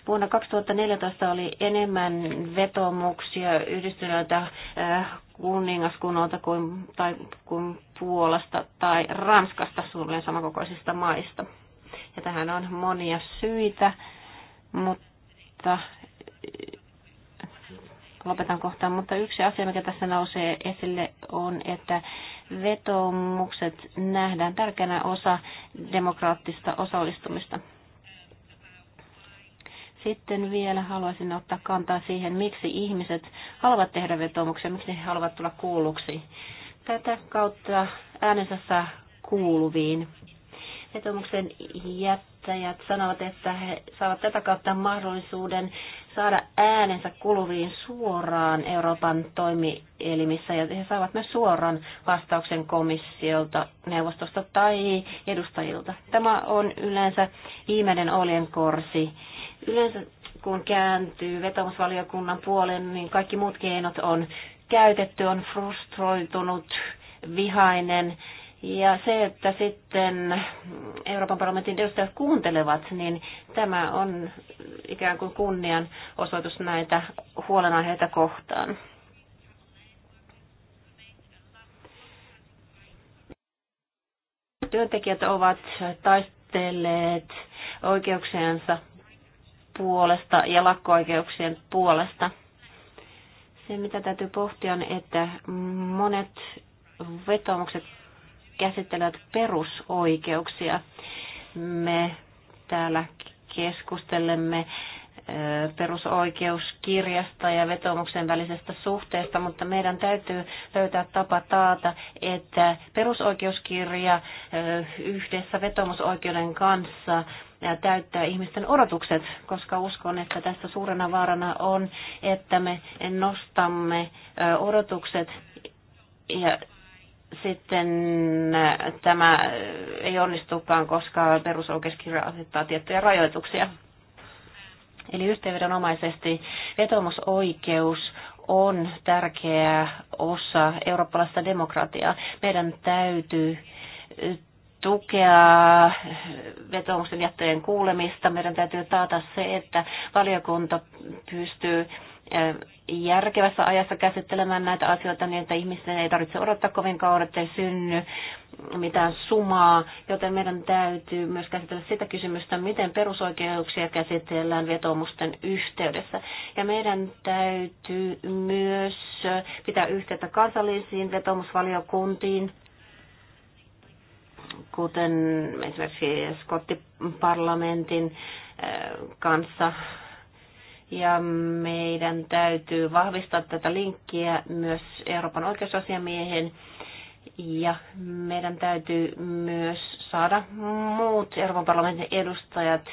Vuonna 2014 oli enemmän vetomuksia yhdistyneiltä äh, kuningaskunnalta kuin, tai kuin Puolasta tai Ranskasta suunnilleen samankokoisista maista. Ja tähän on monia syitä, mutta lopetan kohtaan, mutta yksi asia, mikä tässä nousee esille, on, että vetomukset nähdään tärkeänä osa demokraattista osallistumista. Sitten vielä haluaisin ottaa kantaa siihen, miksi ihmiset haluavat tehdä vetomuksia, miksi he haluavat tulla kuulluksi. Tätä kautta äänensä kuuluviin. Vetomuksen jättäjät sanovat, että he saavat tätä kautta mahdollisuuden saada äänensä kuuluviin suoraan Euroopan toimielimissä ja he saavat myös suoran vastauksen komissiolta, neuvostosta tai edustajilta. Tämä on yleensä viimeinen oljenkorsi Yleensä kun kääntyy vetomusvaliokunnan puolen, niin kaikki muut keinot on käytetty, on frustroitunut, vihainen. Ja se, että sitten Euroopan parlamentin edustajat kuuntelevat, niin tämä on ikään kuin kunnian osoitus näitä huolenaiheita kohtaan. Työntekijät ovat taistelleet oikeuksiensa puolesta ja lakko puolesta. Se, mitä täytyy pohtia, on, että monet vetomukset käsittelevät perusoikeuksia. Me täällä keskustelemme perusoikeuskirjasta ja vetomuksen välisestä suhteesta, mutta meidän täytyy löytää tapa taata, että perusoikeuskirja yhdessä vetomusoikeuden kanssa ja täyttää ihmisten odotukset, koska uskon, että tässä suurena vaarana on, että me nostamme odotukset ja sitten tämä ei onnistukaan, koska perusoikeuskirja asettaa tiettyjä rajoituksia. Eli yhteenvedonomaisesti vetomusoikeus on tärkeä osa eurooppalaista demokratiaa. Meidän täytyy tukea vetoomuksen jättäjien kuulemista. Meidän täytyy taata se, että valiokunta pystyy eh, järkevässä ajassa käsittelemään näitä asioita niin, että ihmisten ei tarvitse odottaa kovin kauan, ettei synny mitään sumaa, joten meidän täytyy myös käsitellä sitä kysymystä, miten perusoikeuksia käsitellään vetomusten yhteydessä. Ja meidän täytyy myös pitää yhteyttä kansallisiin vetomusvaliokuntiin, kuten esimerkiksi Skottiparlamentin eh, kanssa. Ja meidän täytyy vahvistaa tätä linkkiä myös Euroopan oikeusasiamiehen ja meidän täytyy myös saada muut Euroopan parlamentin edustajat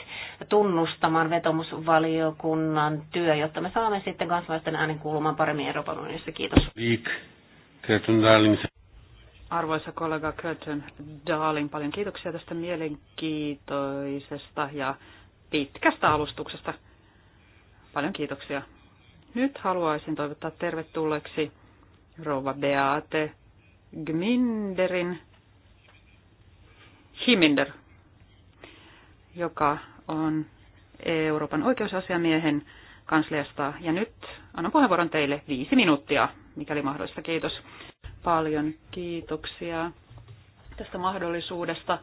tunnustamaan vetomusvaliokunnan työ, jotta me saamme sitten kansalaisten äänen kuulumaan paremmin Euroopan unionissa. Kiitos. Arvoisa kollega Kötön Daalin, paljon kiitoksia tästä mielenkiintoisesta ja pitkästä alustuksesta. Paljon kiitoksia. Nyt haluaisin toivottaa tervetulleeksi rouva Beate Gminderin Himinder, joka on Euroopan oikeusasiamiehen kansliasta. Ja nyt annan puheenvuoron teille viisi minuuttia, mikäli mahdollista. Kiitos paljon kiitoksia tästä mahdollisuudesta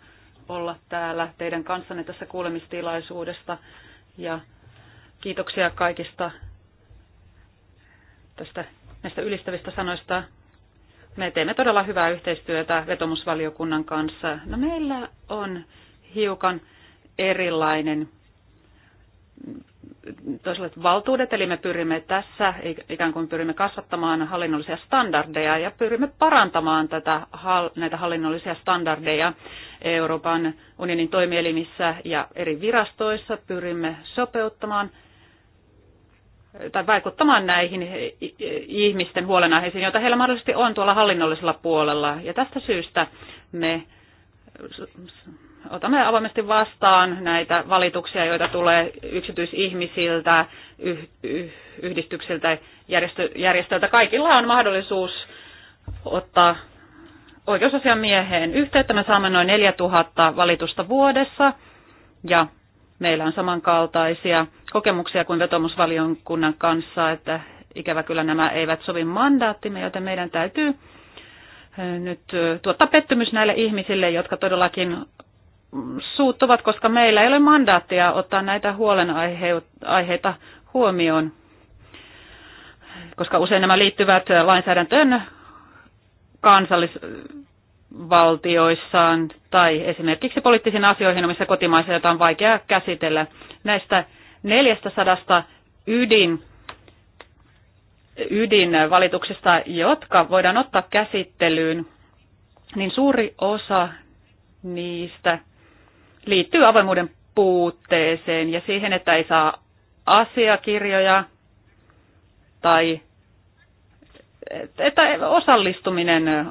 olla täällä teidän kanssanne tässä kuulemistilaisuudesta ja kiitoksia kaikista tästä, näistä ylistävistä sanoista. Me teemme todella hyvää yhteistyötä vetomusvaliokunnan kanssa. No meillä on hiukan erilainen toiset valtuudet, eli me pyrimme tässä ikään kuin pyrimme kasvattamaan hallinnollisia standardeja ja pyrimme parantamaan tätä, näitä hallinnollisia standardeja Euroopan unionin toimielimissä ja eri virastoissa. Pyrimme sopeuttamaan tai vaikuttamaan näihin ihmisten huolenaiheisiin, joita heillä mahdollisesti on tuolla hallinnollisella puolella. Ja tästä syystä me otamme avoimesti vastaan näitä valituksia, joita tulee yksityisihmisiltä, yhdistyksiltä, järjestö, järjestöiltä. Kaikilla on mahdollisuus ottaa oikeusasiamieheen yhteyttä. Me saamme noin 4000 valitusta vuodessa ja meillä on samankaltaisia kokemuksia kuin vetomusvaliokunnan kanssa, että ikävä kyllä nämä eivät sovi mandaattimme, joten meidän täytyy eh, nyt eh, tuottaa pettymys näille ihmisille, jotka todellakin suuttuvat, koska meillä ei ole mandaattia ottaa näitä huolenaiheita huomioon, koska usein nämä liittyvät lainsäädäntöön kansallisvaltioissaan tai esimerkiksi poliittisiin asioihin, missä kotimaissa jotain on vaikea käsitellä. Näistä 400 ydin ydinvalituksista, jotka voidaan ottaa käsittelyyn, niin suuri osa niistä liittyy avoimuuden puutteeseen ja siihen, että ei saa asiakirjoja tai että osallistuminen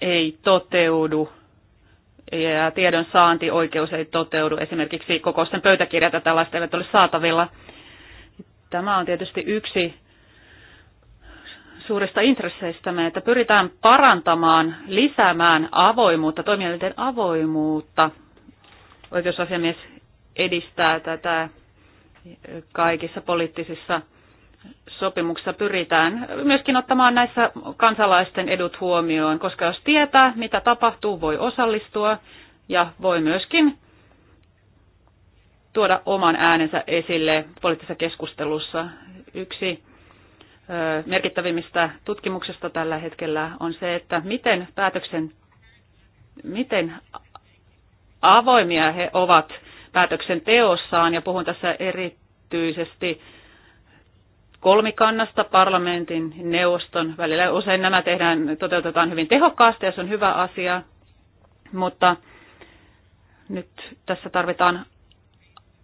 ei toteudu ja tiedon saantioikeus ei toteudu. Esimerkiksi kokousten pöytäkirjat ja tällaista eivät ole saatavilla. Tämä on tietysti yksi suurista intresseistämme, että pyritään parantamaan, lisäämään avoimuutta, toimijoiden avoimuutta oikeusasiamies edistää tätä kaikissa poliittisissa sopimuksissa pyritään myöskin ottamaan näissä kansalaisten edut huomioon, koska jos tietää, mitä tapahtuu, voi osallistua ja voi myöskin tuoda oman äänensä esille poliittisessa keskustelussa. Yksi merkittävimmistä tutkimuksista tällä hetkellä on se, että miten päätöksen, miten avoimia he ovat päätöksenteossaan, ja puhun tässä erityisesti kolmikannasta parlamentin neuvoston välillä. Usein nämä tehdään, toteutetaan hyvin tehokkaasti ja se on hyvä asia, mutta nyt tässä tarvitaan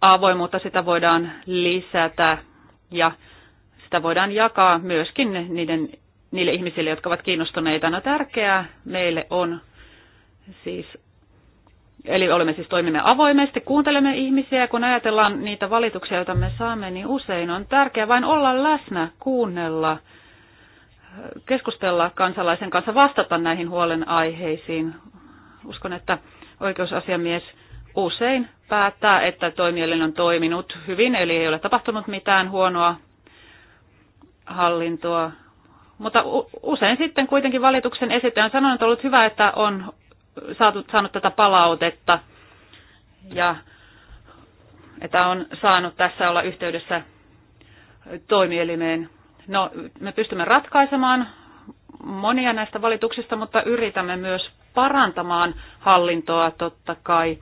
avoimuutta, sitä voidaan lisätä ja sitä voidaan jakaa myöskin niiden, niille ihmisille, jotka ovat kiinnostuneita. No tärkeää meille on siis Eli olemme siis toimimme avoimesti, kuuntelemme ihmisiä ja kun ajatellaan niitä valituksia, joita me saamme, niin usein on tärkeää vain olla läsnä, kuunnella, keskustella kansalaisen kanssa, vastata näihin huolenaiheisiin. Uskon, että oikeusasiamies usein päättää, että toimielin on toiminut hyvin, eli ei ole tapahtunut mitään huonoa hallintoa. Mutta usein sitten kuitenkin valituksen esittäjän sanon, että on ollut hyvä, että on saatu, saanut tätä palautetta ja että on saanut tässä olla yhteydessä toimielimeen. No, me pystymme ratkaisemaan monia näistä valituksista, mutta yritämme myös parantamaan hallintoa totta kai.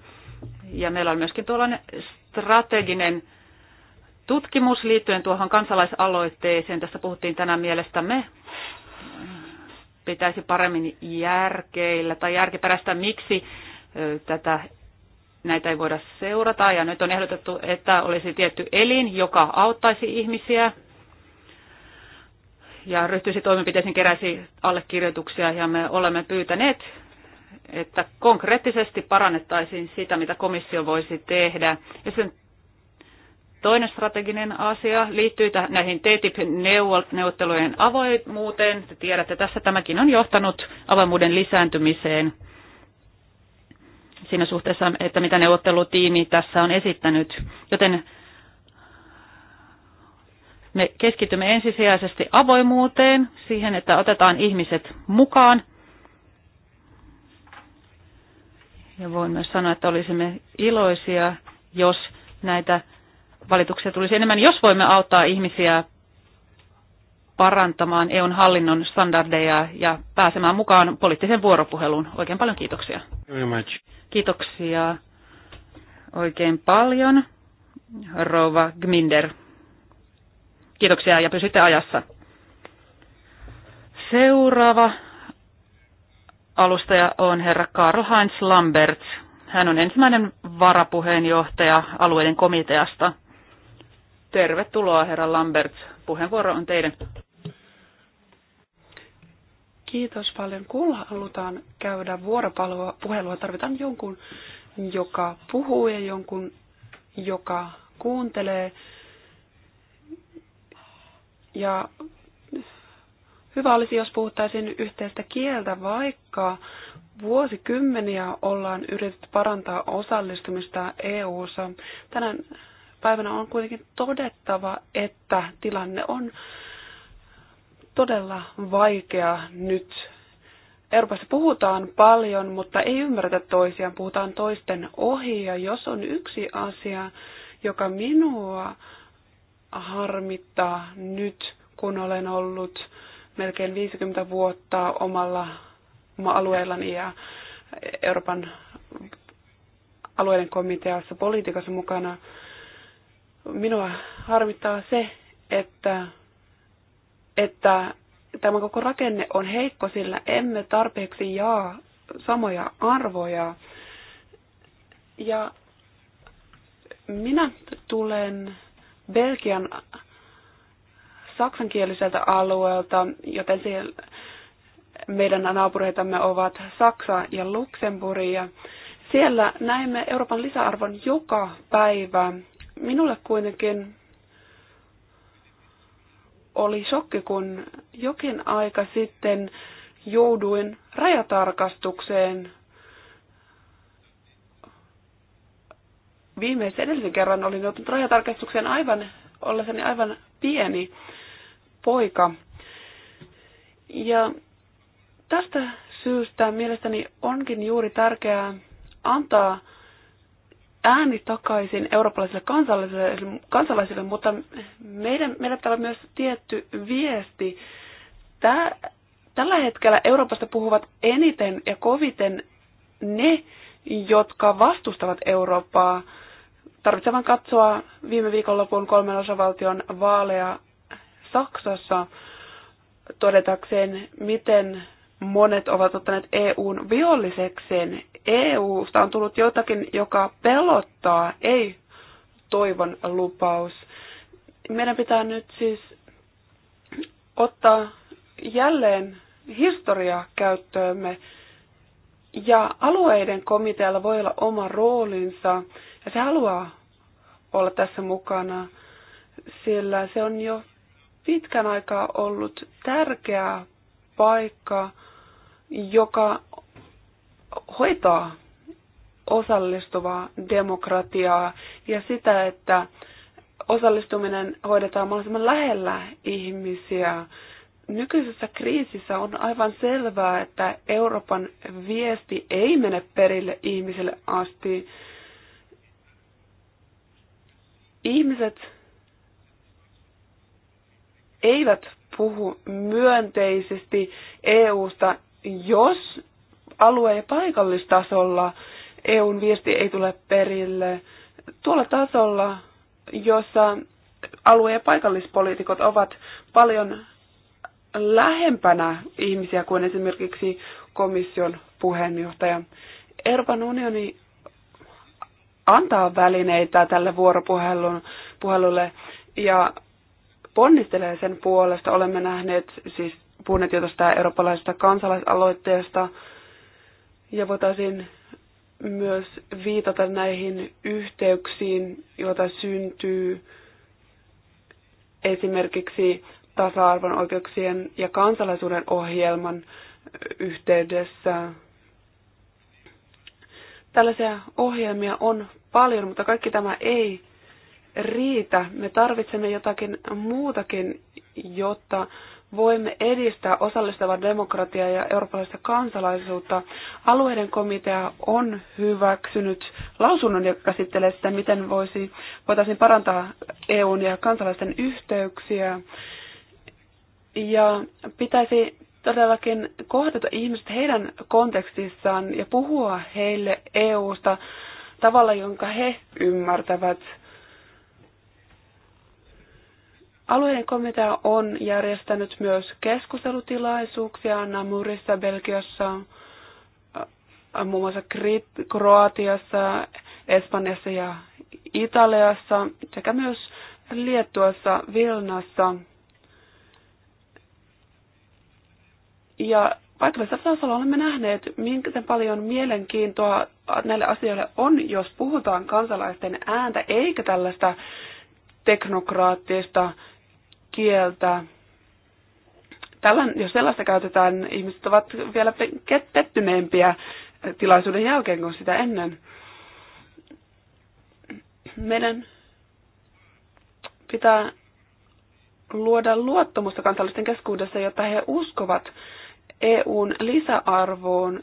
Ja meillä on myöskin tuollainen strateginen tutkimus liittyen tuohon kansalaisaloitteeseen. Tästä puhuttiin tänään mielestämme pitäisi paremmin järkeillä tai järkeperäistä, miksi tätä, näitä ei voida seurata. Ja nyt on ehdotettu, että olisi tietty elin, joka auttaisi ihmisiä ja ryhtyisi toimenpiteisiin, keräisi allekirjoituksia ja me olemme pyytäneet, että konkreettisesti parannettaisiin sitä, mitä komissio voisi tehdä. Ja sen Toinen strateginen asia liittyy näihin TTIP-neuvottelujen avoimuuteen. Te tiedätte, tässä tämäkin on johtanut avoimuuden lisääntymiseen siinä suhteessa, että mitä neuvottelutiimi tässä on esittänyt. Joten me keskitymme ensisijaisesti avoimuuteen, siihen, että otetaan ihmiset mukaan. Ja voin myös sanoa, että olisimme iloisia, jos näitä valituksia tulisi enemmän, jos voimme auttaa ihmisiä parantamaan EUn hallinnon standardeja ja pääsemään mukaan poliittiseen vuoropuheluun. Oikein paljon kiitoksia. Kiitoksia oikein paljon, rouva Gminder. Kiitoksia ja pysytte ajassa. Seuraava alustaja on herra Karl Heinz Lambert. Hän on ensimmäinen varapuheenjohtaja alueiden komiteasta. Tervetuloa, herra Lambert. Puheenvuoro on teidän. Kiitos paljon. Kun halutaan käydä vuoropalvelua, puhelua tarvitaan jonkun, joka puhuu ja jonkun, joka kuuntelee. Ja hyvä olisi, jos puhuttaisiin yhteistä kieltä, vaikka vuosikymmeniä ollaan yritetty parantaa osallistumista EU-ssa. Tänään päivänä on kuitenkin todettava, että tilanne on todella vaikea nyt. Euroopassa puhutaan paljon, mutta ei ymmärretä toisiaan, puhutaan toisten ohi. Ja jos on yksi asia, joka minua harmittaa nyt, kun olen ollut melkein 50 vuotta omalla alueellani ja Euroopan alueiden komiteassa politiikassa mukana, Minua harmittaa se, että, että tämä koko rakenne on heikko, sillä emme tarpeeksi jaa samoja arvoja. Ja minä tulen Belgian saksankieliseltä alueelta, joten siellä meidän naapureitamme ovat Saksa ja Luxemburg. Ja siellä näemme Euroopan lisäarvon joka päivä. Minulle kuitenkin oli shokki, kun jokin aika sitten jouduin rajatarkastukseen. Viimeisen edellisen kerran olin joutunut rajatarkastukseen aivan, ollessani aivan pieni poika. Ja tästä syystä mielestäni onkin juuri tärkeää antaa ääni takaisin eurooppalaisille kansalaisille, kansalaisille mutta meidän, meillä täällä on myös tietty viesti. Tää, tällä hetkellä Euroopasta puhuvat eniten ja koviten ne, jotka vastustavat Eurooppaa. Tarvitsevan katsoa viime viikonlopun kolmen osavaltion vaaleja Saksassa todetakseen, miten monet ovat ottaneet EUn vihollisekseen. EUsta on tullut jotakin, joka pelottaa, ei toivon lupaus. Meidän pitää nyt siis ottaa jälleen historia käyttöömme. Ja alueiden komitealla voi olla oma roolinsa, ja se haluaa olla tässä mukana, sillä se on jo pitkän aikaa ollut tärkeä paikka joka hoitaa osallistuvaa demokratiaa ja sitä, että osallistuminen hoidetaan mahdollisimman lähellä ihmisiä. Nykyisessä kriisissä on aivan selvää, että Euroopan viesti ei mene perille ihmisille asti. Ihmiset eivät puhu myönteisesti EUsta jos alue- ja paikallistasolla EUn viesti ei tule perille, tuolla tasolla, jossa alue- ja paikallispoliitikot ovat paljon lähempänä ihmisiä kuin esimerkiksi komission puheenjohtaja. Euroopan unioni antaa välineitä tälle vuoropuhelulle ja ponnistelee sen puolesta. Olemme nähneet siis puhuneet jo tästä eurooppalaisesta kansalaisaloitteesta. Ja voitaisiin myös viitata näihin yhteyksiin, joita syntyy esimerkiksi tasa-arvon oikeuksien ja kansalaisuuden ohjelman yhteydessä. Tällaisia ohjelmia on paljon, mutta kaikki tämä ei riitä. Me tarvitsemme jotakin muutakin, jotta voimme edistää osallistavaa demokratiaa ja eurooppalaista kansalaisuutta. Alueiden komitea on hyväksynyt lausunnon, joka käsittelee sitä, miten voisi, voitaisiin parantaa EUn ja kansalaisten yhteyksiä. Ja pitäisi todellakin kohdata ihmiset heidän kontekstissaan ja puhua heille EUsta tavalla, jonka he ymmärtävät – Alueen komitea on järjestänyt myös keskustelutilaisuuksia Namurissa, Belgiassa, äh, muun muassa Kroatiassa, Espanjassa ja Italiassa sekä myös Liettuassa, Vilnassa. Ja paikallisessa tasolla olemme nähneet, minkä paljon mielenkiintoa näille asioille on, jos puhutaan kansalaisten ääntä, eikä tällaista teknokraattista kieltä. tällä jos sellaista käytetään, ihmiset ovat vielä pettyneempiä tilaisuuden jälkeen kuin sitä ennen. Meidän pitää luoda luottamusta kansallisten keskuudessa, jotta he uskovat EUn lisäarvoon.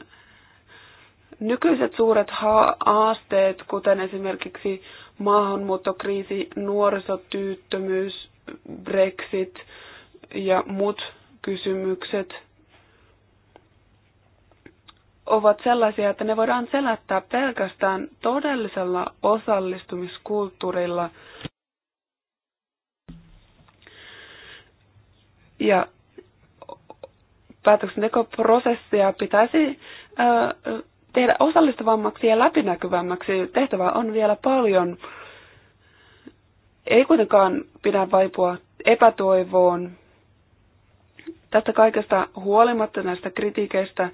Nykyiset suuret haasteet, kuten esimerkiksi maahanmuuttokriisi, nuorisotyyttömyys, Brexit ja muut kysymykset ovat sellaisia, että ne voidaan selättää pelkästään todellisella osallistumiskulttuurilla. Ja päätöksentekoprosessia pitäisi tehdä osallistuvammaksi ja läpinäkyvämmäksi. Tehtävää on vielä paljon. Ei kuitenkaan pidä vaipua epätoivoon. Tästä kaikesta huolimatta, näistä kritiikeistä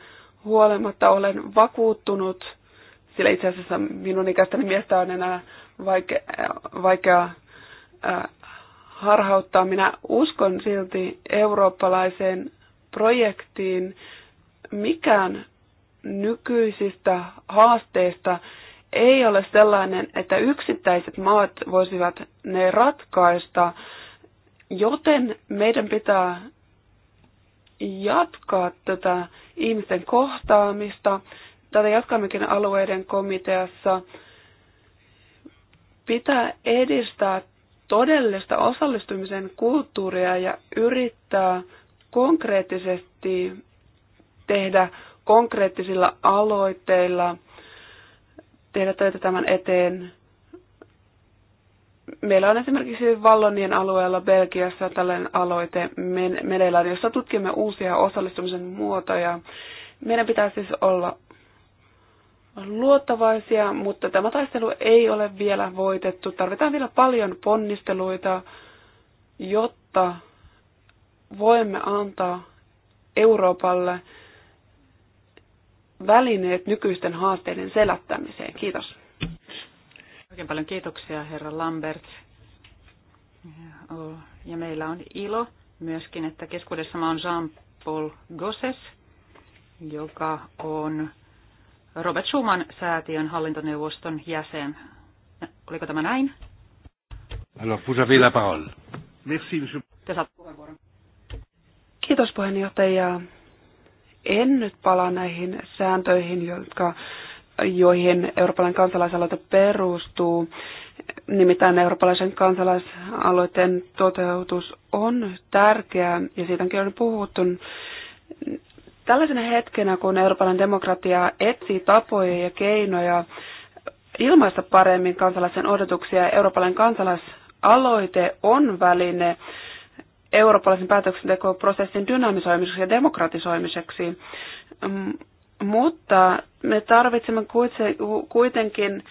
huolimatta, olen vakuuttunut, sillä itse asiassa minun ikäistäni miestä on enää vaike- vaikea äh, harhauttaa. Minä uskon silti eurooppalaiseen projektiin. Mikään nykyisistä haasteista ei ole sellainen, että yksittäiset maat voisivat ne ratkaista, joten meidän pitää jatkaa tätä ihmisten kohtaamista. Tätä jatkammekin alueiden komiteassa. Pitää edistää todellista osallistumisen kulttuuria ja yrittää konkreettisesti tehdä konkreettisilla aloitteilla tehdä töitä tämän eteen. Meillä on esimerkiksi Vallonien alueella Belgiassa tällainen aloite meneillään, jossa tutkimme uusia osallistumisen muotoja. Meidän pitää siis olla luottavaisia, mutta tämä taistelu ei ole vielä voitettu. Tarvitaan vielä paljon ponnisteluita, jotta voimme antaa Euroopalle välineet nykyisten haasteiden selättämiseen. Kiitos. Oikein paljon kiitoksia, herra Lambert. Oh, ja meillä on ilo myöskin, että keskuudessamme on Jean-Paul Gosses, joka on Robert Schumann säätiön hallintoneuvoston jäsen. Oliko tämä näin? Alors, vous avez la parole. Merci, monsieur. Te saat puheenvuoron. Kiitos puheenjohtaja. En nyt pala näihin sääntöihin, jotka, joihin eurooppalainen kansalaisaloite perustuu. Nimittäin eurooppalaisen kansalaisaloitteen toteutus on tärkeää ja siitä onkin on puhuttu. Tällaisena hetkenä, kun eurooppalainen demokratia etsii tapoja ja keinoja ilmaista paremmin kansalaisen odotuksia, eurooppalainen kansalaisaloite on väline, eurooppalaisen päätöksentekoprosessin dynamisoimiseksi ja demokratisoimiseksi. Mm, mutta me tarvitsemme kuitenkin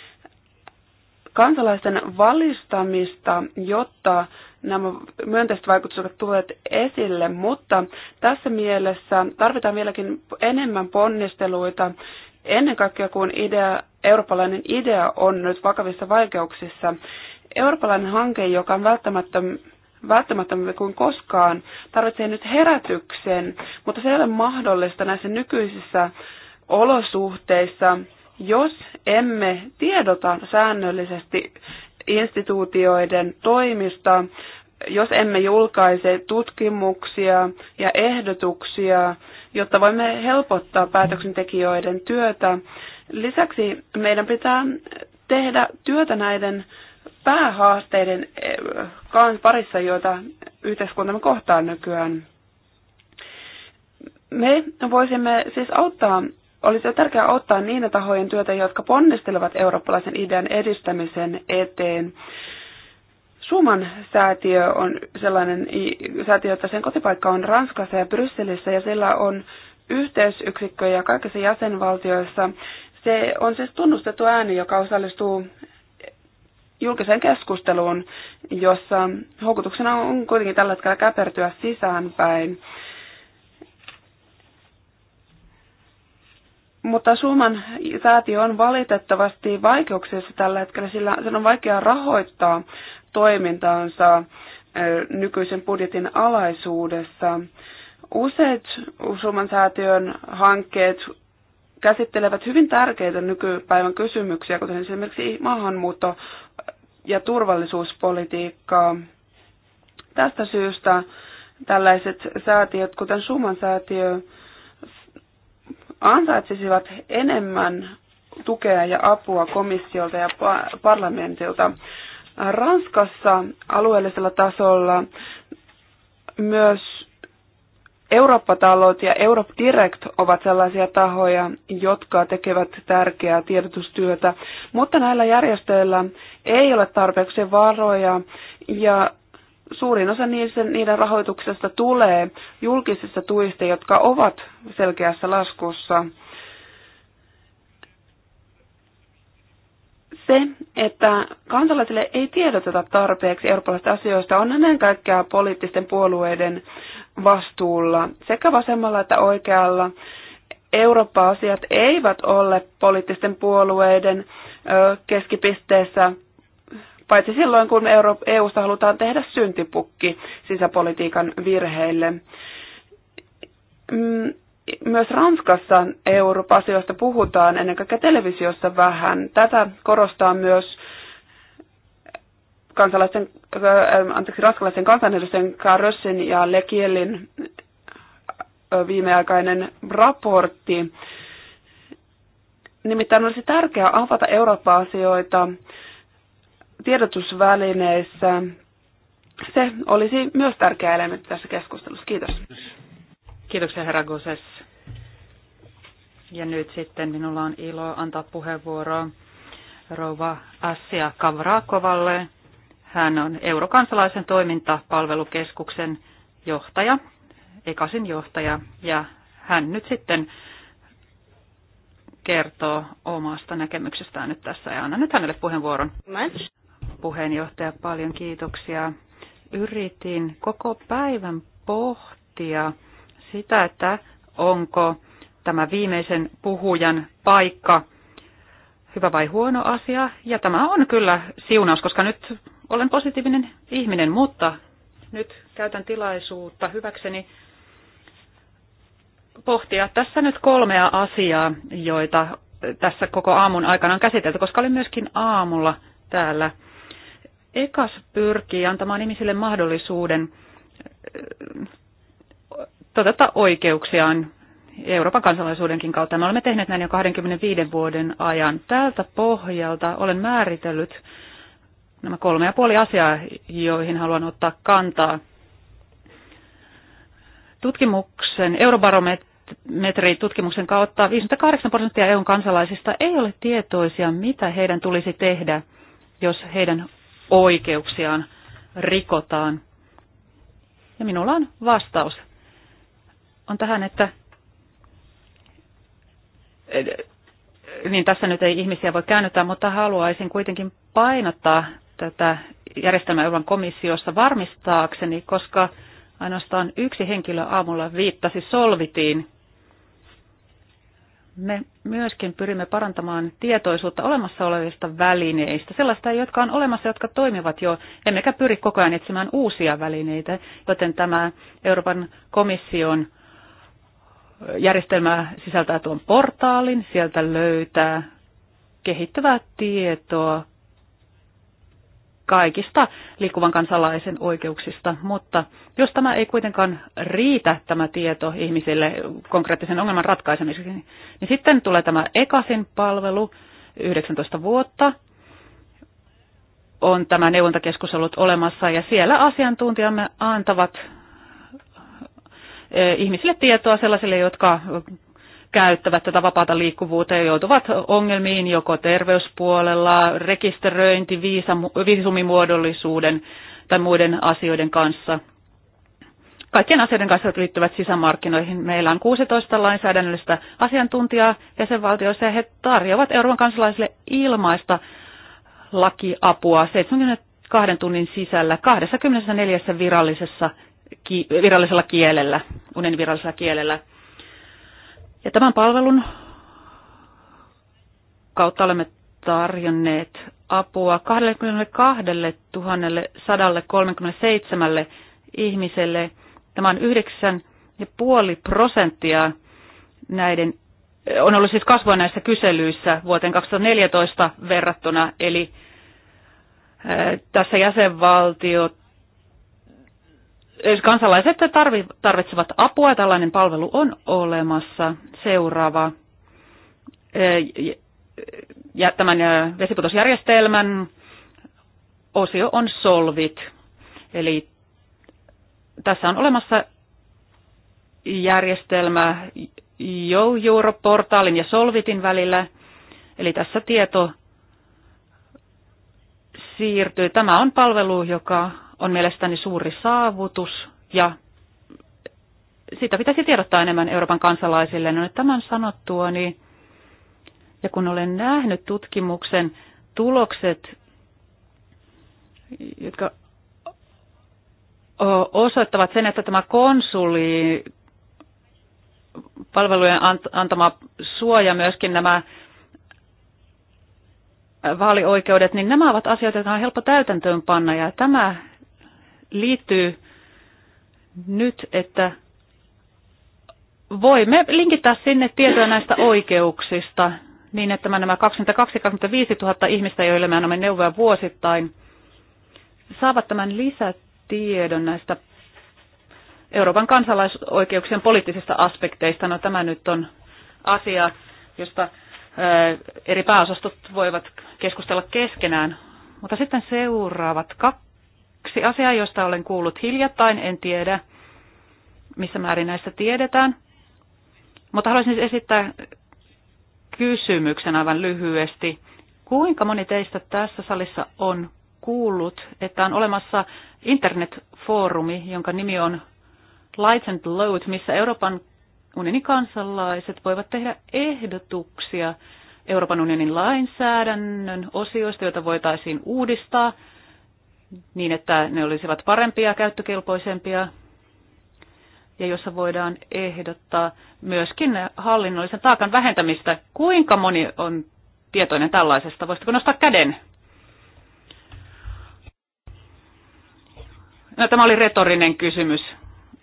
kansalaisten valistamista, jotta nämä myönteiset vaikutukset tulevat esille, mutta tässä mielessä tarvitaan vieläkin enemmän ponnisteluita, ennen kaikkea kun idea, eurooppalainen idea on nyt vakavissa vaikeuksissa. Eurooppalainen hanke, joka on välttämättä välttämättömämpi kuin koskaan. Tarvitsee nyt herätyksen, mutta se ei ole mahdollista näissä nykyisissä olosuhteissa, jos emme tiedota säännöllisesti instituutioiden toimista, jos emme julkaise tutkimuksia ja ehdotuksia, jotta voimme helpottaa päätöksentekijöiden työtä. Lisäksi meidän pitää tehdä työtä näiden päähaasteiden eh, parissa, joita yhteiskuntamme kohtaa nykyään. Me voisimme siis auttaa, olisi tärkeää auttaa niitä tahojen työtä, jotka ponnistelevat eurooppalaisen idean edistämisen eteen. Suman säätiö on sellainen säätiö, että sen kotipaikka on Ranskassa ja Brysselissä ja sillä on yhteisyksikköjä kaikissa jäsenvaltioissa. Se on siis tunnustettu ääni, joka osallistuu julkiseen keskusteluun, jossa houkutuksena on kuitenkin tällä hetkellä käpertyä sisäänpäin. Mutta Suomen säätiö on valitettavasti vaikeuksissa tällä hetkellä, sillä sen on vaikea rahoittaa toimintaansa nykyisen budjetin alaisuudessa. Useat Suomen säätiön hankkeet käsittelevät hyvin tärkeitä nykypäivän kysymyksiä, kuten esimerkiksi maahanmuutto, ja turvallisuuspolitiikkaa. Tästä syystä tällaiset säätiöt, kuten Suman säätiö, ansaitsisivat enemmän tukea ja apua komissiolta ja parlamentilta. Ranskassa alueellisella tasolla myös Eurooppa-talot ja Europe Direct ovat sellaisia tahoja, jotka tekevät tärkeää tiedotustyötä, mutta näillä järjestöillä ei ole tarpeeksi varoja ja suurin osa niiden rahoituksesta tulee julkisista tuista, jotka ovat selkeässä laskussa. se, että kansalaisille ei tiedoteta tarpeeksi eurooppalaisista asioista, on ennen kaikkea poliittisten puolueiden vastuulla sekä vasemmalla että oikealla. Eurooppa-asiat eivät ole poliittisten puolueiden keskipisteessä, paitsi silloin kun EUsta e halutaan tehdä syntipukki sisäpolitiikan virheille. Mm, myös Ranskassa Euroopan asioista puhutaan ennen kaikkea televisiossa vähän. Tätä korostaa myös kansalaisten, anteeksi, ranskalaisen kansanedustajien Karössin ja Lekielin viimeaikainen raportti. Nimittäin olisi tärkeää avata Eurooppa-asioita tiedotusvälineissä. Se olisi myös tärkeä elementti tässä keskustelussa. Kiitos. Kiitoksia herra Goses. Ja nyt sitten minulla on ilo antaa puheenvuoro rouva Assia Kavrakovalle, hän on Eurokansalaisen toimintapalvelukeskuksen johtaja, Ekasin johtaja, ja hän nyt sitten kertoo omasta näkemyksestään nyt tässä ja annan nyt hänelle puheenvuoron. Puheenjohtaja, paljon kiitoksia. Yritin koko päivän pohtia sitä, että onko tämä viimeisen puhujan paikka hyvä vai huono asia. Ja tämä on kyllä siunaus, koska nyt olen positiivinen ihminen, mutta nyt käytän tilaisuutta hyväkseni pohtia tässä nyt kolmea asiaa, joita tässä koko aamun aikana on käsitelty, koska olin myöskin aamulla täällä. Ekas pyrkii antamaan ihmisille mahdollisuuden eh, toteuttaa oikeuksiaan Euroopan kansalaisuudenkin kautta. Me olemme tehneet näin jo 25 vuoden ajan. Tältä pohjalta olen määritellyt nämä kolme ja puoli asiaa, joihin haluan ottaa kantaa. Tutkimuksen, eurobarometrin tutkimuksen kautta 58 prosenttia EUn kansalaisista ei ole tietoisia, mitä heidän tulisi tehdä, jos heidän oikeuksiaan rikotaan. Ja minulla on vastaus. On tähän, että eh, niin tässä nyt ei ihmisiä voi käännyttää, mutta haluaisin kuitenkin painottaa tätä järjestelmää Euroopan komissiossa varmistaakseni, koska ainoastaan yksi henkilö aamulla viittasi solvitiin. Me myöskin pyrimme parantamaan tietoisuutta olemassa olevista välineistä, sellaista, jotka on olemassa, jotka toimivat jo, emmekä pyri koko ajan etsimään uusia välineitä, joten tämä Euroopan komission järjestelmä sisältää tuon portaalin, sieltä löytää kehittyvää tietoa kaikista liikkuvan kansalaisen oikeuksista, mutta jos tämä ei kuitenkaan riitä tämä tieto ihmisille konkreettisen ongelman ratkaisemiseksi, niin sitten tulee tämä EKASin palvelu, 19 vuotta on tämä neuvontakeskus ollut olemassa ja siellä asiantuntijamme antavat eh, ihmisille tietoa sellaisille, jotka käyttävät tätä vapaata liikkuvuutta ja joutuvat ongelmiin joko terveyspuolella, rekisteröinti, viisumimuodollisuuden tai muiden asioiden kanssa. Kaikkien asioiden kanssa liittyvät sisämarkkinoihin. Meillä on 16 lainsäädännöllistä asiantuntijaa jäsenvaltioissa ja he tarjoavat Euroopan kansalaisille ilmaista lakiapua 72 tunnin sisällä 24 virallisessa, virallisella kielellä, unen virallisella kielellä. Ja tämän palvelun kautta olemme tarjonneet apua 22 137 ihmiselle. Tämä on 9,5 prosenttia näiden, on ollut siis kasvua näissä kyselyissä vuoteen 2014 verrattuna, eli tässä jäsenvaltiot kansalaiset tarvitsevat apua, tällainen palvelu on olemassa. Seuraava e, ja tämän e, vesiputosjärjestelmän osio on solvit. Eli tässä on olemassa järjestelmä Yo portaalin ja Solvitin välillä. Eli tässä tieto siirtyy. Tämä on palvelu, joka on mielestäni suuri saavutus ja siitä pitäisi tiedottaa enemmän Euroopan kansalaisille. No että tämän sanottua, niin, ja kun olen nähnyt tutkimuksen tulokset, jotka osoittavat sen, että tämä konsuli palvelujen antama suoja, myöskin nämä vaalioikeudet, niin nämä ovat asioita, joita on helppo täytäntöön panna ja tämä liittyy nyt, että voimme linkittää sinne tietoja näistä oikeuksista niin, että nämä 22-25 000 ihmistä, joille me annamme neuvoja vuosittain, saavat tämän lisätiedon näistä Euroopan kansalaisoikeuksien poliittisista aspekteista. No tämä nyt on asia, josta eri pääosastot voivat keskustella keskenään. Mutta sitten seuraavat Yksi asia, josta olen kuullut hiljattain, en tiedä missä määrin näistä tiedetään, mutta haluaisin siis esittää kysymyksen aivan lyhyesti. Kuinka moni teistä tässä salissa on kuullut, että on olemassa internetfoorumi, jonka nimi on Light and Load, missä Euroopan unionin kansalaiset voivat tehdä ehdotuksia Euroopan unionin lainsäädännön osioista, joita voitaisiin uudistaa – niin, että ne olisivat parempia, käyttökelpoisempia ja jossa voidaan ehdottaa myöskin hallinnollisen taakan vähentämistä. Kuinka moni on tietoinen tällaisesta? Voisitko nostaa käden? No, tämä oli retorinen kysymys.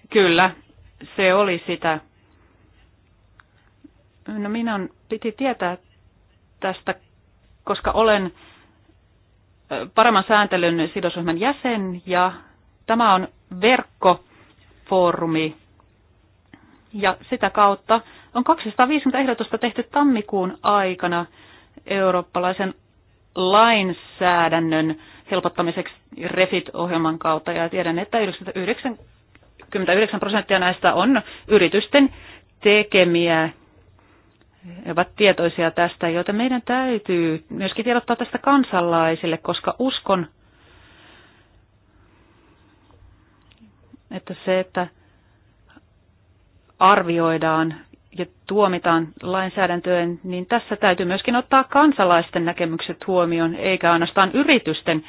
Kyllä, se oli sitä. No minun piti tietää tästä, koska olen paremman sääntelyn sidosryhmän jäsen ja tämä on verkkofoorumi ja sitä kautta on 250 ehdotusta tehty tammikuun aikana eurooppalaisen lainsäädännön helpottamiseksi REFIT-ohjelman kautta ja tiedän, että 99 prosenttia näistä on yritysten tekemiä he ovat tietoisia tästä, joita meidän täytyy myöskin tiedottaa tästä kansalaisille, koska uskon, että se, että arvioidaan ja tuomitaan lainsäädäntöön, niin tässä täytyy myöskin ottaa kansalaisten näkemykset huomioon, eikä ainoastaan yritysten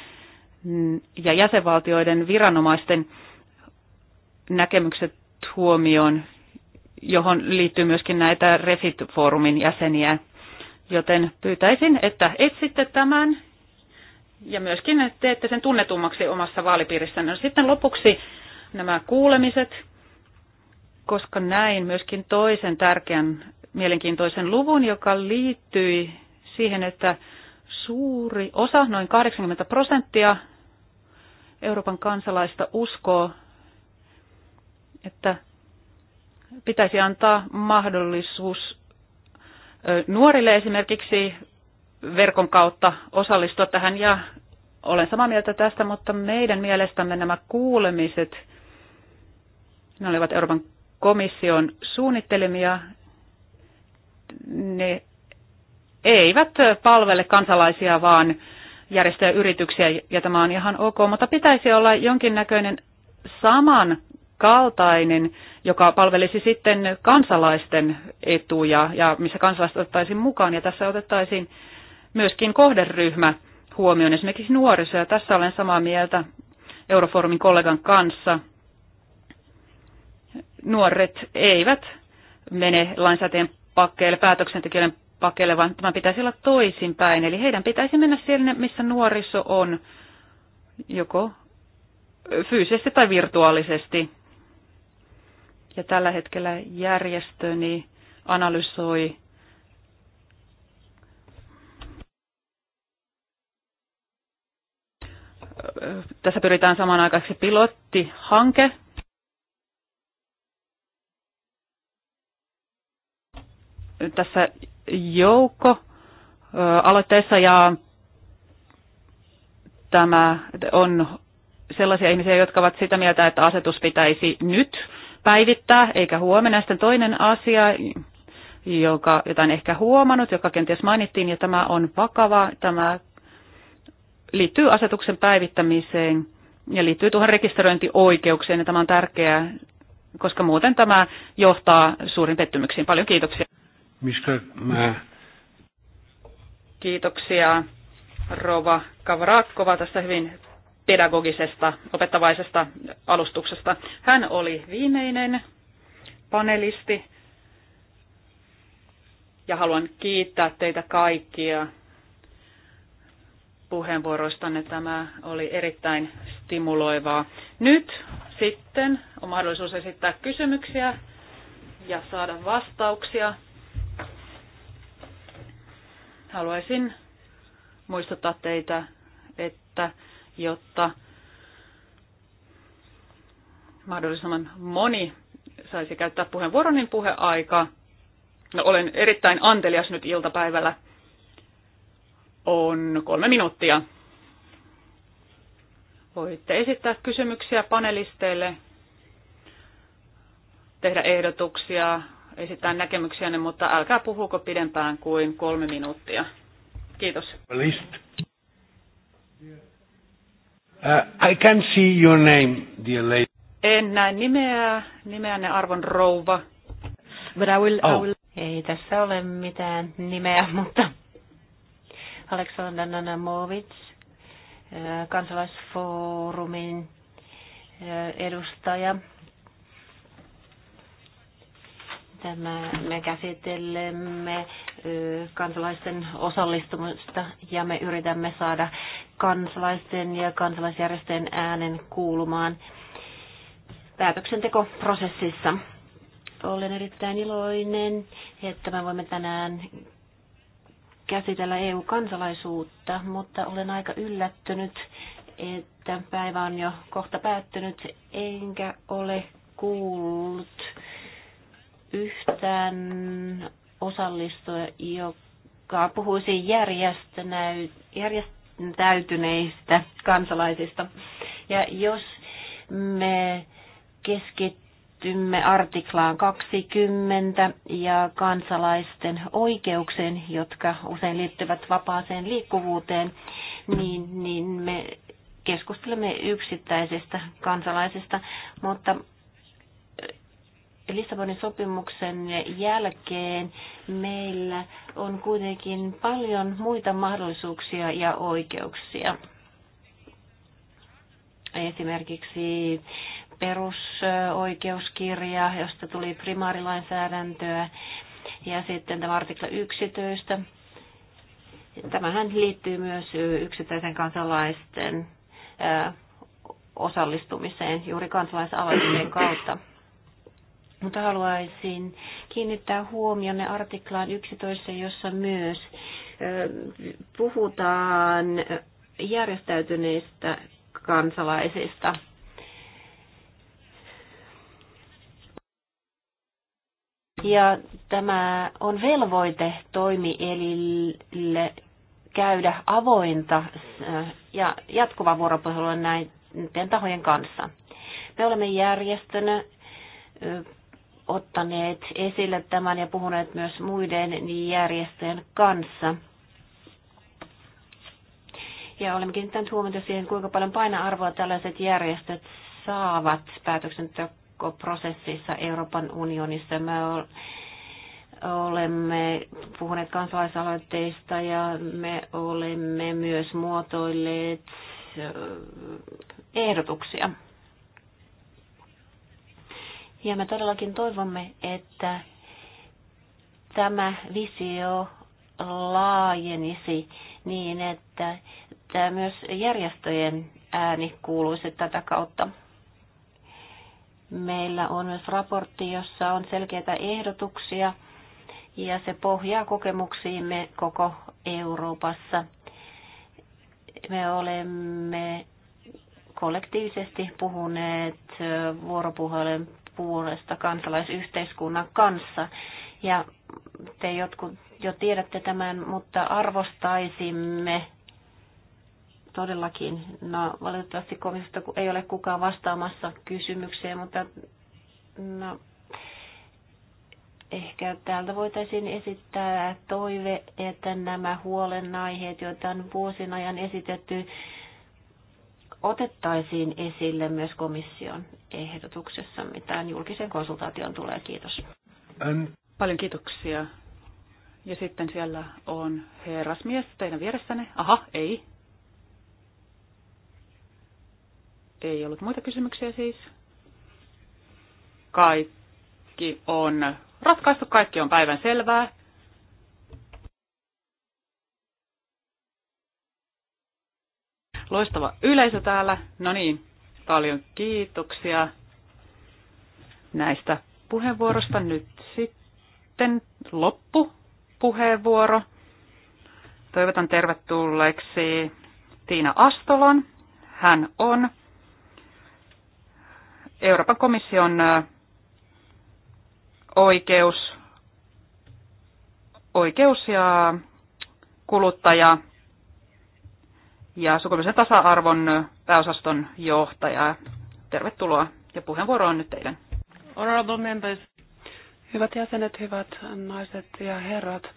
ja jäsenvaltioiden viranomaisten näkemykset huomioon johon liittyy myöskin näitä Refit-foorumin jäseniä. Joten pyytäisin, että etsitte tämän ja myöskin teette sen tunnetummaksi omassa vaalipiirissänne. No, sitten lopuksi nämä kuulemiset, koska näin myöskin toisen tärkeän mielenkiintoisen luvun, joka liittyi siihen, että suuri osa, noin 80 prosenttia Euroopan kansalaista uskoo, että pitäisi antaa mahdollisuus nuorille esimerkiksi verkon kautta osallistua tähän ja olen samaa mieltä tästä, mutta meidän mielestämme nämä kuulemiset, ne olivat Euroopan komission suunnittelemia, ne eivät palvele kansalaisia, vaan järjestöjä yrityksiä, ja tämä on ihan ok, mutta pitäisi olla jonkinnäköinen saman kaltainen, joka palvelisi sitten kansalaisten etuja ja missä kansalaiset otettaisiin mukaan. Ja tässä otettaisiin myöskin kohderyhmä huomioon, esimerkiksi nuoriso. Ja tässä olen samaa mieltä Euroformin kollegan kanssa. Nuoret eivät mene lainsäteen pakkeelle, päätöksentekijöiden pakkeelle, vaan tämä pitäisi olla toisinpäin. Eli heidän pitäisi mennä siellä, missä nuoriso on, joko fyysisesti tai virtuaalisesti. Ja tällä hetkellä järjestöni analysoi tässä pyritään samanaikaisesti pilottihanke. Tässä joukko aloitteessa ja tämä on sellaisia ihmisiä, jotka ovat sitä mieltä, että asetus pitäisi nyt päivittää, eikä huomenna. Sitten toinen asia, joka, jota en ehkä huomannut, joka kenties mainittiin, ja tämä on vakava, tämä liittyy asetuksen päivittämiseen ja liittyy tuohon rekisteröintioikeukseen, ja tämä on tärkeää, koska muuten tämä johtaa suurin pettymyksiin. Paljon kiitoksia. Mistä mä... Kiitoksia Rova Kavarakkova, tästä hyvin pedagogisesta, opettavaisesta alustuksesta. Hän oli viimeinen panelisti ja haluan kiittää teitä kaikkia puheenvuoroistanne. Tämä oli erittäin stimuloivaa. Nyt sitten on mahdollisuus esittää kysymyksiä ja saada vastauksia. Haluaisin muistuttaa teitä, että jotta mahdollisimman moni saisi käyttää puheenvuoron, niin puheaika. No, olen erittäin antelias nyt iltapäivällä. On kolme minuuttia. Voitte esittää kysymyksiä panelisteille, tehdä ehdotuksia, esittää näkemyksiä, mutta älkää puhuko pidempään kuin kolme minuuttia. Kiitos. List. Uh, I can see your name, dear lady. En näe nimeä, nimeänne arvon rouva. But I will, oh. I will... Ei tässä ole mitään nimeä, mutta Aleksandr Nanamovits, uh, kansalaisfoorumin uh, edustaja. Tämä, me käsittelemme uh, kansalaisten osallistumista ja me yritämme saada kansalaisten ja kansalaisjärjestöjen äänen kuulumaan päätöksentekoprosessissa. Olen erittäin iloinen, että me voimme tänään käsitellä EU-kansalaisuutta, mutta olen aika yllättynyt, että päivä on jo kohta päättynyt, enkä ole kuullut yhtään osallistujaa, joka puhuisi järjestönäy- järjest- täytyneistä kansalaisista. Ja jos me keskittymme artiklaan 20 ja kansalaisten oikeuksen, jotka usein liittyvät vapaaseen liikkuvuuteen, niin, niin me keskustelemme yksittäisistä kansalaisista, mutta Lissabonin sopimuksen jälkeen meillä on kuitenkin paljon muita mahdollisuuksia ja oikeuksia. Esimerkiksi perusoikeuskirja, josta tuli primaarilainsäädäntöä, ja sitten tämä artikla 11. Tämähän liittyy myös yksittäisen kansalaisten osallistumiseen juuri kansalaisaloitteen kautta. Mutta haluaisin kiinnittää ne artiklaan 11, jossa myös puhutaan järjestäytyneistä kansalaisista. Ja tämä on velvoite toimielille käydä avointa ja jatkuvaa vuoropuhelua näiden tahojen kanssa. Me olemme järjestönä ottaneet esille tämän ja puhuneet myös muiden järjestöjen kanssa. Ja olemme kiinnittäneet huomiota siihen, kuinka paljon painoarvoa tällaiset järjestöt saavat päätöksentekoprosessissa Euroopan unionissa. Me olemme puhuneet kansalaisaloitteista ja me olemme myös muotoilleet ehdotuksia. Ja me todellakin toivomme, että tämä visio laajenisi niin, että tämä myös järjestöjen ääni kuuluisi tätä kautta. Meillä on myös raportti, jossa on selkeitä ehdotuksia ja se pohjaa kokemuksiimme koko Euroopassa. Me olemme kollektiivisesti puhuneet vuoropuhelun puolesta kansalaisyhteiskunnan kanssa. Ja te jotkut jo tiedätte tämän, mutta arvostaisimme todellakin, no valitettavasti komissiosta ei ole kukaan vastaamassa kysymykseen, mutta no, ehkä täältä voitaisiin esittää toive, että nämä huolenaiheet, joita on vuosien ajan esitetty, otettaisiin esille myös komission ehdotuksessa, mitä julkisen konsultaation tulee. Kiitos. Paljon kiitoksia. Ja sitten siellä on herrasmies teidän vieressänne. Aha, ei. Ei ollut muita kysymyksiä siis. Kaikki on ratkaistu, kaikki on päivän selvää. Loistava yleisö täällä. No niin, paljon kiitoksia näistä puheenvuorosta. Nyt sitten loppupuheenvuoro. Toivotan tervetulleeksi Tiina Astolon. Hän on Euroopan komission oikeus, oikeus ja kuluttaja ja sukupuolisen tasa-arvon pääosaston johtaja. Tervetuloa ja puheenvuoro on nyt teidän. Honorable members. Hyvät jäsenet, hyvät naiset ja herrat.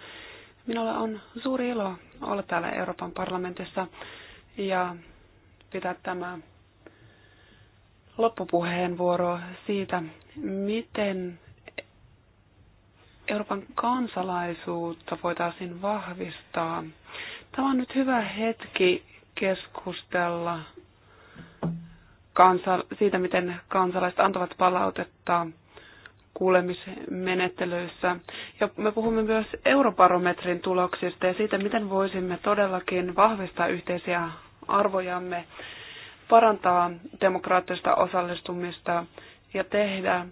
Minulla on suuri ilo olla täällä Euroopan parlamentissa ja pitää tämä loppupuheenvuoro siitä, miten Euroopan kansalaisuutta voitaisiin vahvistaa. Tämä on nyt hyvä hetki keskustella kansa, siitä, miten kansalaiset antavat palautetta kuulemismenettelyissä. Ja me puhumme myös eurobarometrin tuloksista ja siitä, miten voisimme todellakin vahvistaa yhteisiä arvojamme, parantaa demokraattista osallistumista ja tehdä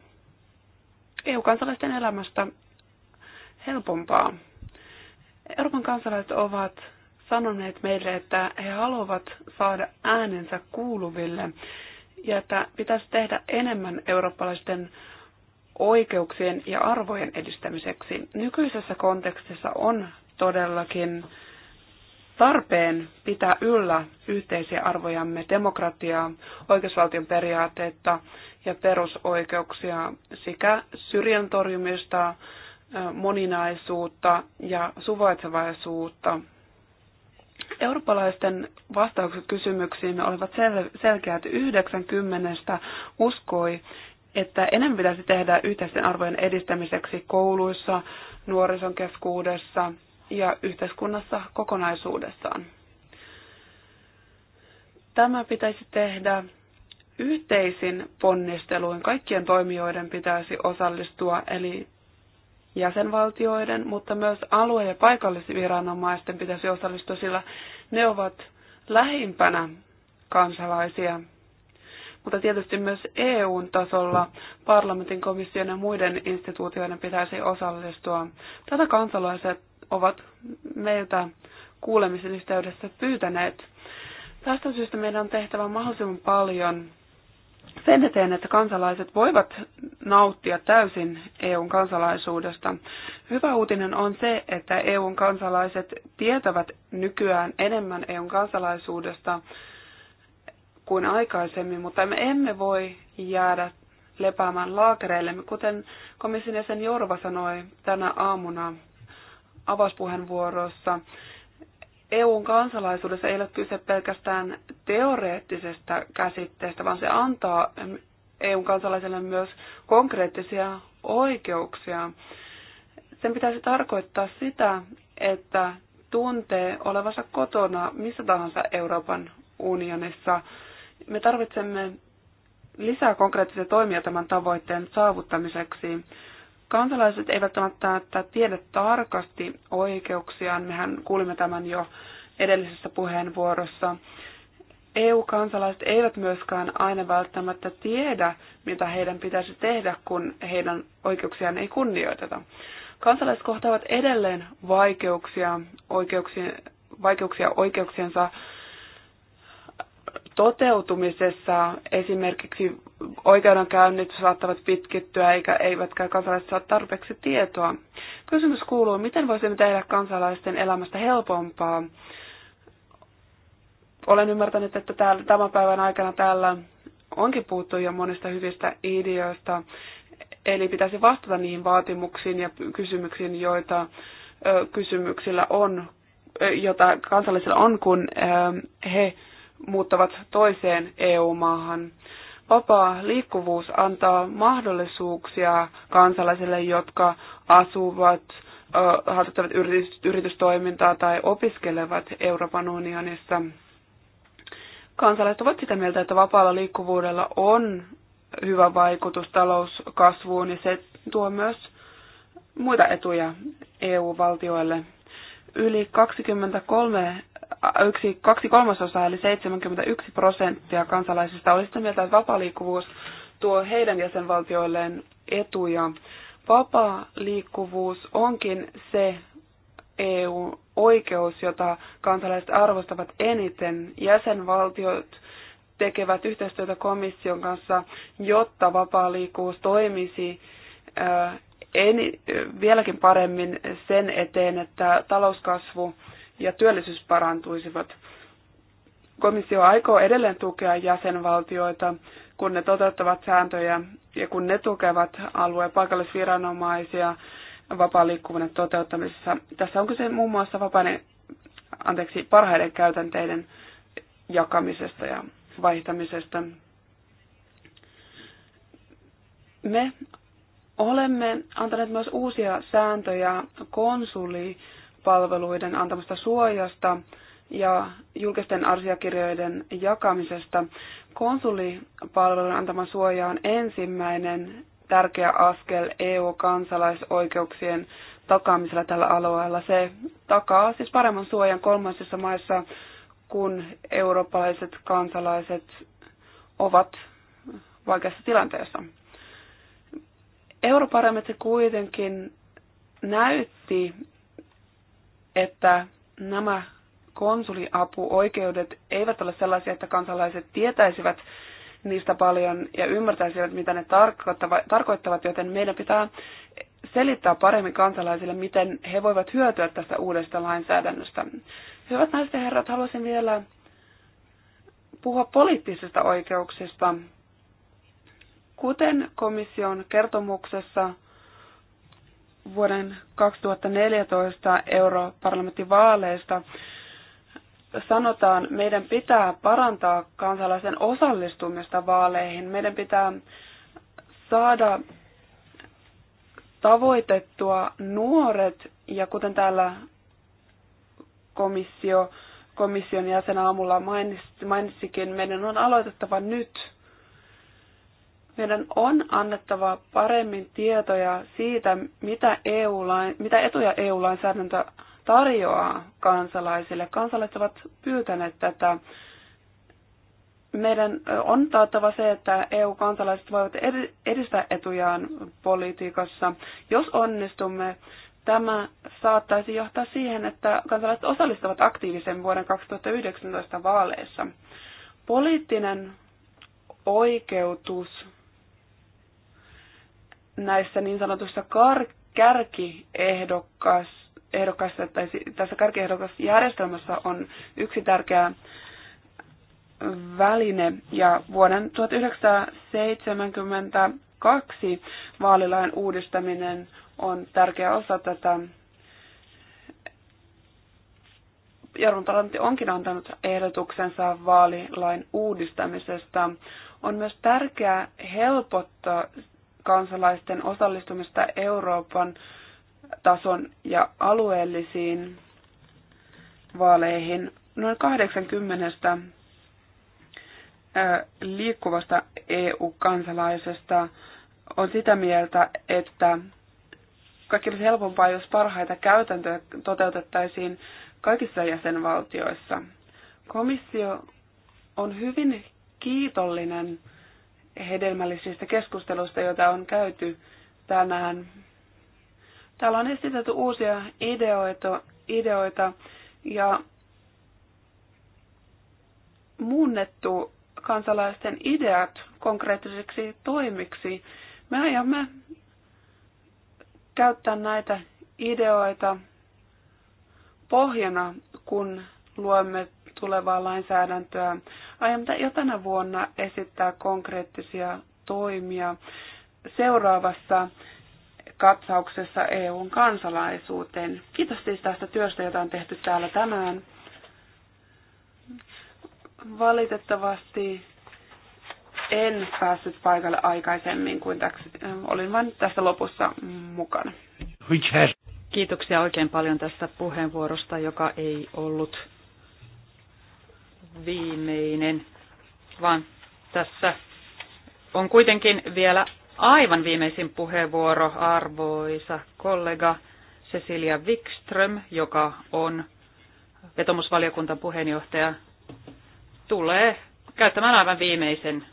EU-kansalaisten elämästä helpompaa. Euroopan kansalaiset ovat sanoneet meille, että he haluavat saada äänensä kuuluville ja että pitäisi tehdä enemmän eurooppalaisten oikeuksien ja arvojen edistämiseksi. Nykyisessä kontekstissa on todellakin tarpeen pitää yllä yhteisiä arvojamme, demokratiaa, oikeusvaltion periaatteita ja perusoikeuksia sekä syrjän torjumista, moninaisuutta ja suvaitsevaisuutta Eurooppalaisten vastaukset kysymyksiin olivat sel- selkeät. 90 uskoi, että enemmän pitäisi tehdä yhteisten arvojen edistämiseksi kouluissa, nuorison keskuudessa ja yhteiskunnassa kokonaisuudessaan. Tämä pitäisi tehdä yhteisin ponnisteluin. Kaikkien toimijoiden pitäisi osallistua, eli jäsenvaltioiden, mutta myös alue- ja paikallisviranomaisten pitäisi osallistua, sillä ne ovat lähimpänä kansalaisia. Mutta tietysti myös EUn tasolla parlamentin, komission ja muiden instituutioiden pitäisi osallistua. Tätä kansalaiset ovat meiltä kuulemisen yhteydessä pyytäneet. Tästä syystä meidän on tehtävä mahdollisimman paljon sen eteen, että kansalaiset voivat nauttia täysin EUn kansalaisuudesta. Hyvä uutinen on se, että EUn kansalaiset tietävät nykyään enemmän EUn kansalaisuudesta kuin aikaisemmin, mutta me emme voi jäädä lepäämään laakereillemme, kuten komission jäsen Jorva sanoi tänä aamuna avauspuheenvuorossa. EUn kansalaisuudessa ei ole kyse pelkästään teoreettisesta käsitteestä, vaan se antaa EUn kansalaiselle myös konkreettisia oikeuksia. Sen pitäisi tarkoittaa sitä, että tuntee olevansa kotona missä tahansa Euroopan unionissa. Me tarvitsemme lisää konkreettisia toimia tämän tavoitteen saavuttamiseksi kansalaiset eivät välttämättä tiedä tarkasti oikeuksiaan. Mehän kuulimme tämän jo edellisessä puheenvuorossa. EU-kansalaiset eivät myöskään aina välttämättä tiedä, mitä heidän pitäisi tehdä, kun heidän oikeuksiaan ei kunnioiteta. Kansalaiset kohtaavat edelleen vaikeuksia, oikeuksien, vaikeuksia oikeuksiensa toteutumisessa esimerkiksi oikeudenkäynnit saattavat pitkittyä eikä, eivätkä kansalaiset saa tarpeeksi tietoa. Kysymys kuuluu, miten voisimme tehdä kansalaisten elämästä helpompaa? Olen ymmärtänyt, että tämän päivän aikana täällä onkin puuttu jo monista hyvistä ideoista, eli pitäisi vastata niihin vaatimuksiin ja kysymyksiin, joita kysymyksillä on, jota kansalaisilla on, kun he muuttavat toiseen EU-maahan. Vapaa liikkuvuus antaa mahdollisuuksia kansalaisille, jotka asuvat, harjoittavat yritystoimintaa tai opiskelevat Euroopan unionissa. Kansalaiset ovat sitä mieltä, että vapaalla liikkuvuudella on hyvä vaikutus talouskasvuun ja se tuo myös muita etuja EU-valtioille. Yli 23 yksi, kaksi kolmasosaa eli 71 prosenttia kansalaisista oli sitä mieltä, että vapaa-liikkuvuus tuo heidän jäsenvaltioilleen etuja. Vapaa-liikkuvuus onkin se EU-oikeus, jota kansalaiset arvostavat eniten. Jäsenvaltiot tekevät yhteistyötä komission kanssa, jotta vapaa liikkuvuus toimisi en, vieläkin paremmin sen eteen, että talouskasvu ja työllisyys parantuisivat. Komissio aikoo edelleen tukea jäsenvaltioita, kun ne toteuttavat sääntöjä ja kun ne tukevat alueen paikallisviranomaisia vapaan liikkuvuuden toteuttamisessa. Tässä on kyse muun muassa vapaiden, anteeksi, parhaiden käytänteiden jakamisesta ja vaihtamisesta. Me olemme antaneet myös uusia sääntöjä konsuliin palveluiden antamasta suojasta ja julkisten asiakirjoiden jakamisesta. Konsulipalvelujen antama suoja on ensimmäinen tärkeä askel EU-kansalaisoikeuksien takaamisella tällä alueella. Se takaa siis paremman suojan kolmansissa maissa, kun eurooppalaiset kansalaiset ovat vaikeassa tilanteessa. Europarlamentti kuitenkin näytti, että nämä konsuliapuoikeudet eivät ole sellaisia, että kansalaiset tietäisivät niistä paljon ja ymmärtäisivät, mitä ne tarkoittavat, joten meidän pitää selittää paremmin kansalaisille, miten he voivat hyötyä tästä uudesta lainsäädännöstä. Hyvät naiset ja herrat, haluaisin vielä puhua poliittisista oikeuksista. Kuten komission kertomuksessa vuoden 2014 europarlamentti-vaaleista sanotaan, meidän pitää parantaa kansalaisen osallistumista vaaleihin. Meidän pitää saada tavoitettua nuoret, ja kuten täällä komissio, komission jäsen aamulla mainitsikin, meidän on aloitettava nyt. Meidän on annettava paremmin tietoja siitä, mitä, EU mitä etuja EU-lainsäädäntö tarjoaa kansalaisille. Kansalaiset ovat pyytäneet tätä. Meidän on taattava se, että EU-kansalaiset voivat edistää etujaan politiikassa. Jos onnistumme, tämä saattaisi johtaa siihen, että kansalaiset osallistuvat aktiivisen vuoden 2019 vaaleissa. Poliittinen oikeutus näissä niin sanotussa kar- ehdokas, tai tässä kärkiehdokasjärjestelmässä on yksi tärkeä väline, ja vuoden 1972 vaalilain uudistaminen on tärkeä osa tätä Jarmo Talantti onkin antanut ehdotuksensa vaalilain uudistamisesta. On myös tärkeää helpottaa kansalaisten osallistumista Euroopan tason ja alueellisiin vaaleihin noin 80 liikkuvasta EU-kansalaisesta on sitä mieltä, että kaikki olisi helpompaa, jos parhaita käytäntöjä toteutettaisiin kaikissa jäsenvaltioissa. Komissio on hyvin kiitollinen hedelmällisistä keskustelusta, joita on käyty tänään. Täällä on esitetty uusia ideoita, ideoita ja muunnettu kansalaisten ideat konkreettisiksi toimiksi. Me aiomme käyttää näitä ideoita pohjana, kun luomme tulevaa lainsäädäntöä aiomme jo tänä vuonna esittää konkreettisia toimia seuraavassa katsauksessa EUn kansalaisuuteen. Kiitos siis tästä työstä, jota on tehty täällä tänään. Valitettavasti en päässyt paikalle aikaisemmin kuin täksi. Olin vain tässä lopussa mukana. Kiitoksia oikein paljon tästä puheenvuorosta, joka ei ollut viimeinen, vaan tässä on kuitenkin vielä aivan viimeisin puheenvuoro arvoisa kollega Cecilia Wikström, joka on vetomusvaliokunnan puheenjohtaja, tulee käyttämään aivan viimeisen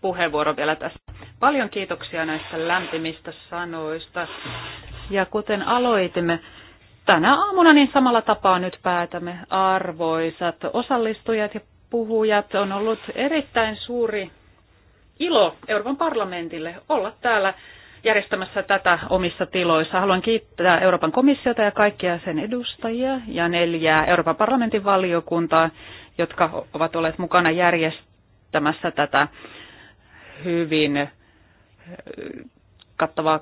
puheenvuoron vielä tässä. Paljon kiitoksia näistä lämpimistä sanoista. Ja kuten aloitimme, tänä aamuna niin samalla tapaa nyt päätämme arvoisat osallistujat ja puhujat. On ollut erittäin suuri ilo Euroopan parlamentille olla täällä järjestämässä tätä omissa tiloissa. Haluan kiittää Euroopan komissiota ja kaikkia sen edustajia ja neljää Euroopan parlamentin valiokuntaa, jotka ovat olleet mukana järjestämässä tätä hyvin kattavaa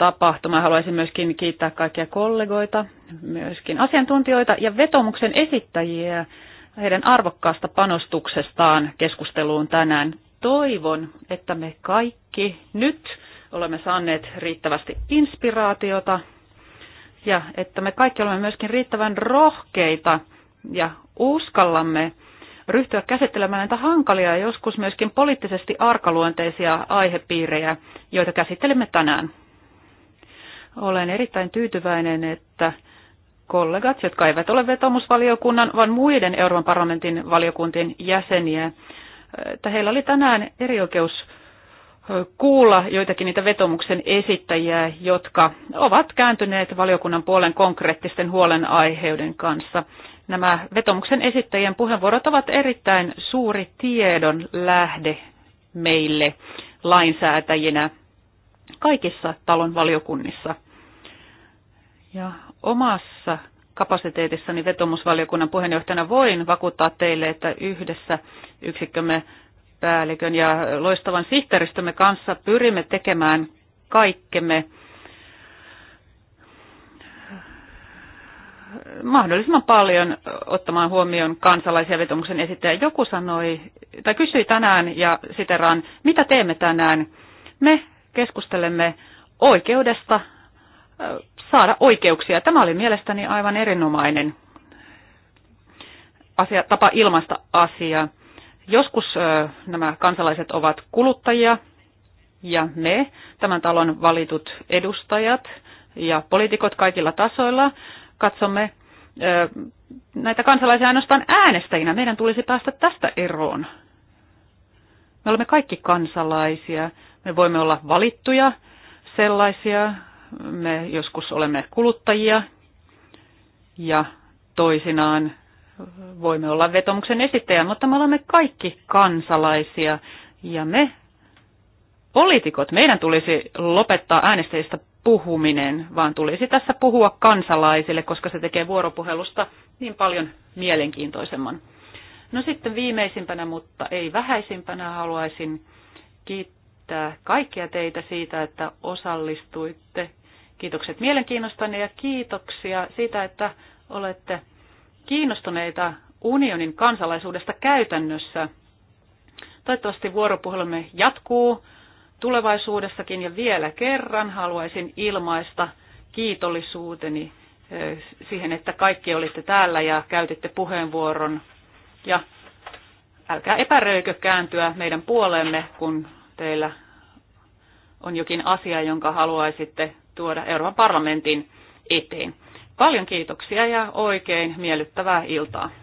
tapahtuma. Haluaisin myöskin kiittää kaikkia kollegoita, myöskin asiantuntijoita ja vetomuksen esittäjiä heidän arvokkaasta panostuksestaan keskusteluun tänään. Toivon, että me kaikki nyt olemme saaneet riittävästi inspiraatiota ja että me kaikki olemme myöskin riittävän rohkeita ja uskallamme ryhtyä käsittelemään näitä hankalia ja joskus myöskin poliittisesti arkaluonteisia aihepiirejä, joita käsittelemme tänään. Olen erittäin tyytyväinen, että kollegat, jotka eivät ole vetomusvaliokunnan, vaan muiden Euroopan parlamentin valiokuntien jäseniä, että heillä oli tänään eri oikeus kuulla joitakin niitä vetomuksen esittäjiä, jotka ovat kääntyneet valiokunnan puolen konkreettisten huolenaiheiden kanssa. Nämä vetomuksen esittäjien puheenvuorot ovat erittäin suuri tiedon lähde meille lainsäätäjinä kaikissa talon valiokunnissa. Ja omassa kapasiteetissani vetomusvaliokunnan puheenjohtajana voin vakuuttaa teille, että yhdessä yksikkömme päällikön ja loistavan sihteeristömme kanssa pyrimme tekemään kaikkemme mahdollisimman paljon ottamaan huomioon kansalaisia vetomuksen esittäjä. Joku sanoi, tai kysyi tänään ja siteraan, mitä teemme tänään? Me keskustelemme oikeudesta saada oikeuksia. Tämä oli mielestäni aivan erinomainen asia, tapa ilmaista asiaa. Joskus nämä kansalaiset ovat kuluttajia ja me, tämän talon valitut edustajat ja poliitikot kaikilla tasoilla, katsomme näitä kansalaisia ainoastaan äänestäjinä. Meidän tulisi päästä tästä eroon. Me olemme kaikki kansalaisia me voimme olla valittuja sellaisia, me joskus olemme kuluttajia ja toisinaan voimme olla vetomuksen esittäjä, mutta me olemme kaikki kansalaisia ja me poliitikot, meidän tulisi lopettaa äänestäjistä puhuminen, vaan tulisi tässä puhua kansalaisille, koska se tekee vuoropuhelusta niin paljon mielenkiintoisemman. No sitten viimeisimpänä, mutta ei vähäisimpänä, haluaisin kiittää kiittää kaikkia teitä siitä, että osallistuitte. Kiitokset mielenkiinnostanne ja kiitoksia siitä, että olette kiinnostuneita unionin kansalaisuudesta käytännössä. Toivottavasti vuoropuhelumme jatkuu tulevaisuudessakin ja vielä kerran haluaisin ilmaista kiitollisuuteni eh, siihen, että kaikki olitte täällä ja käytitte puheenvuoron. Ja älkää epäröikö kääntyä meidän puoleemme kun teillä on jokin asia, jonka haluaisitte tuoda Euroopan parlamentin eteen. Paljon kiitoksia ja oikein miellyttävää iltaa.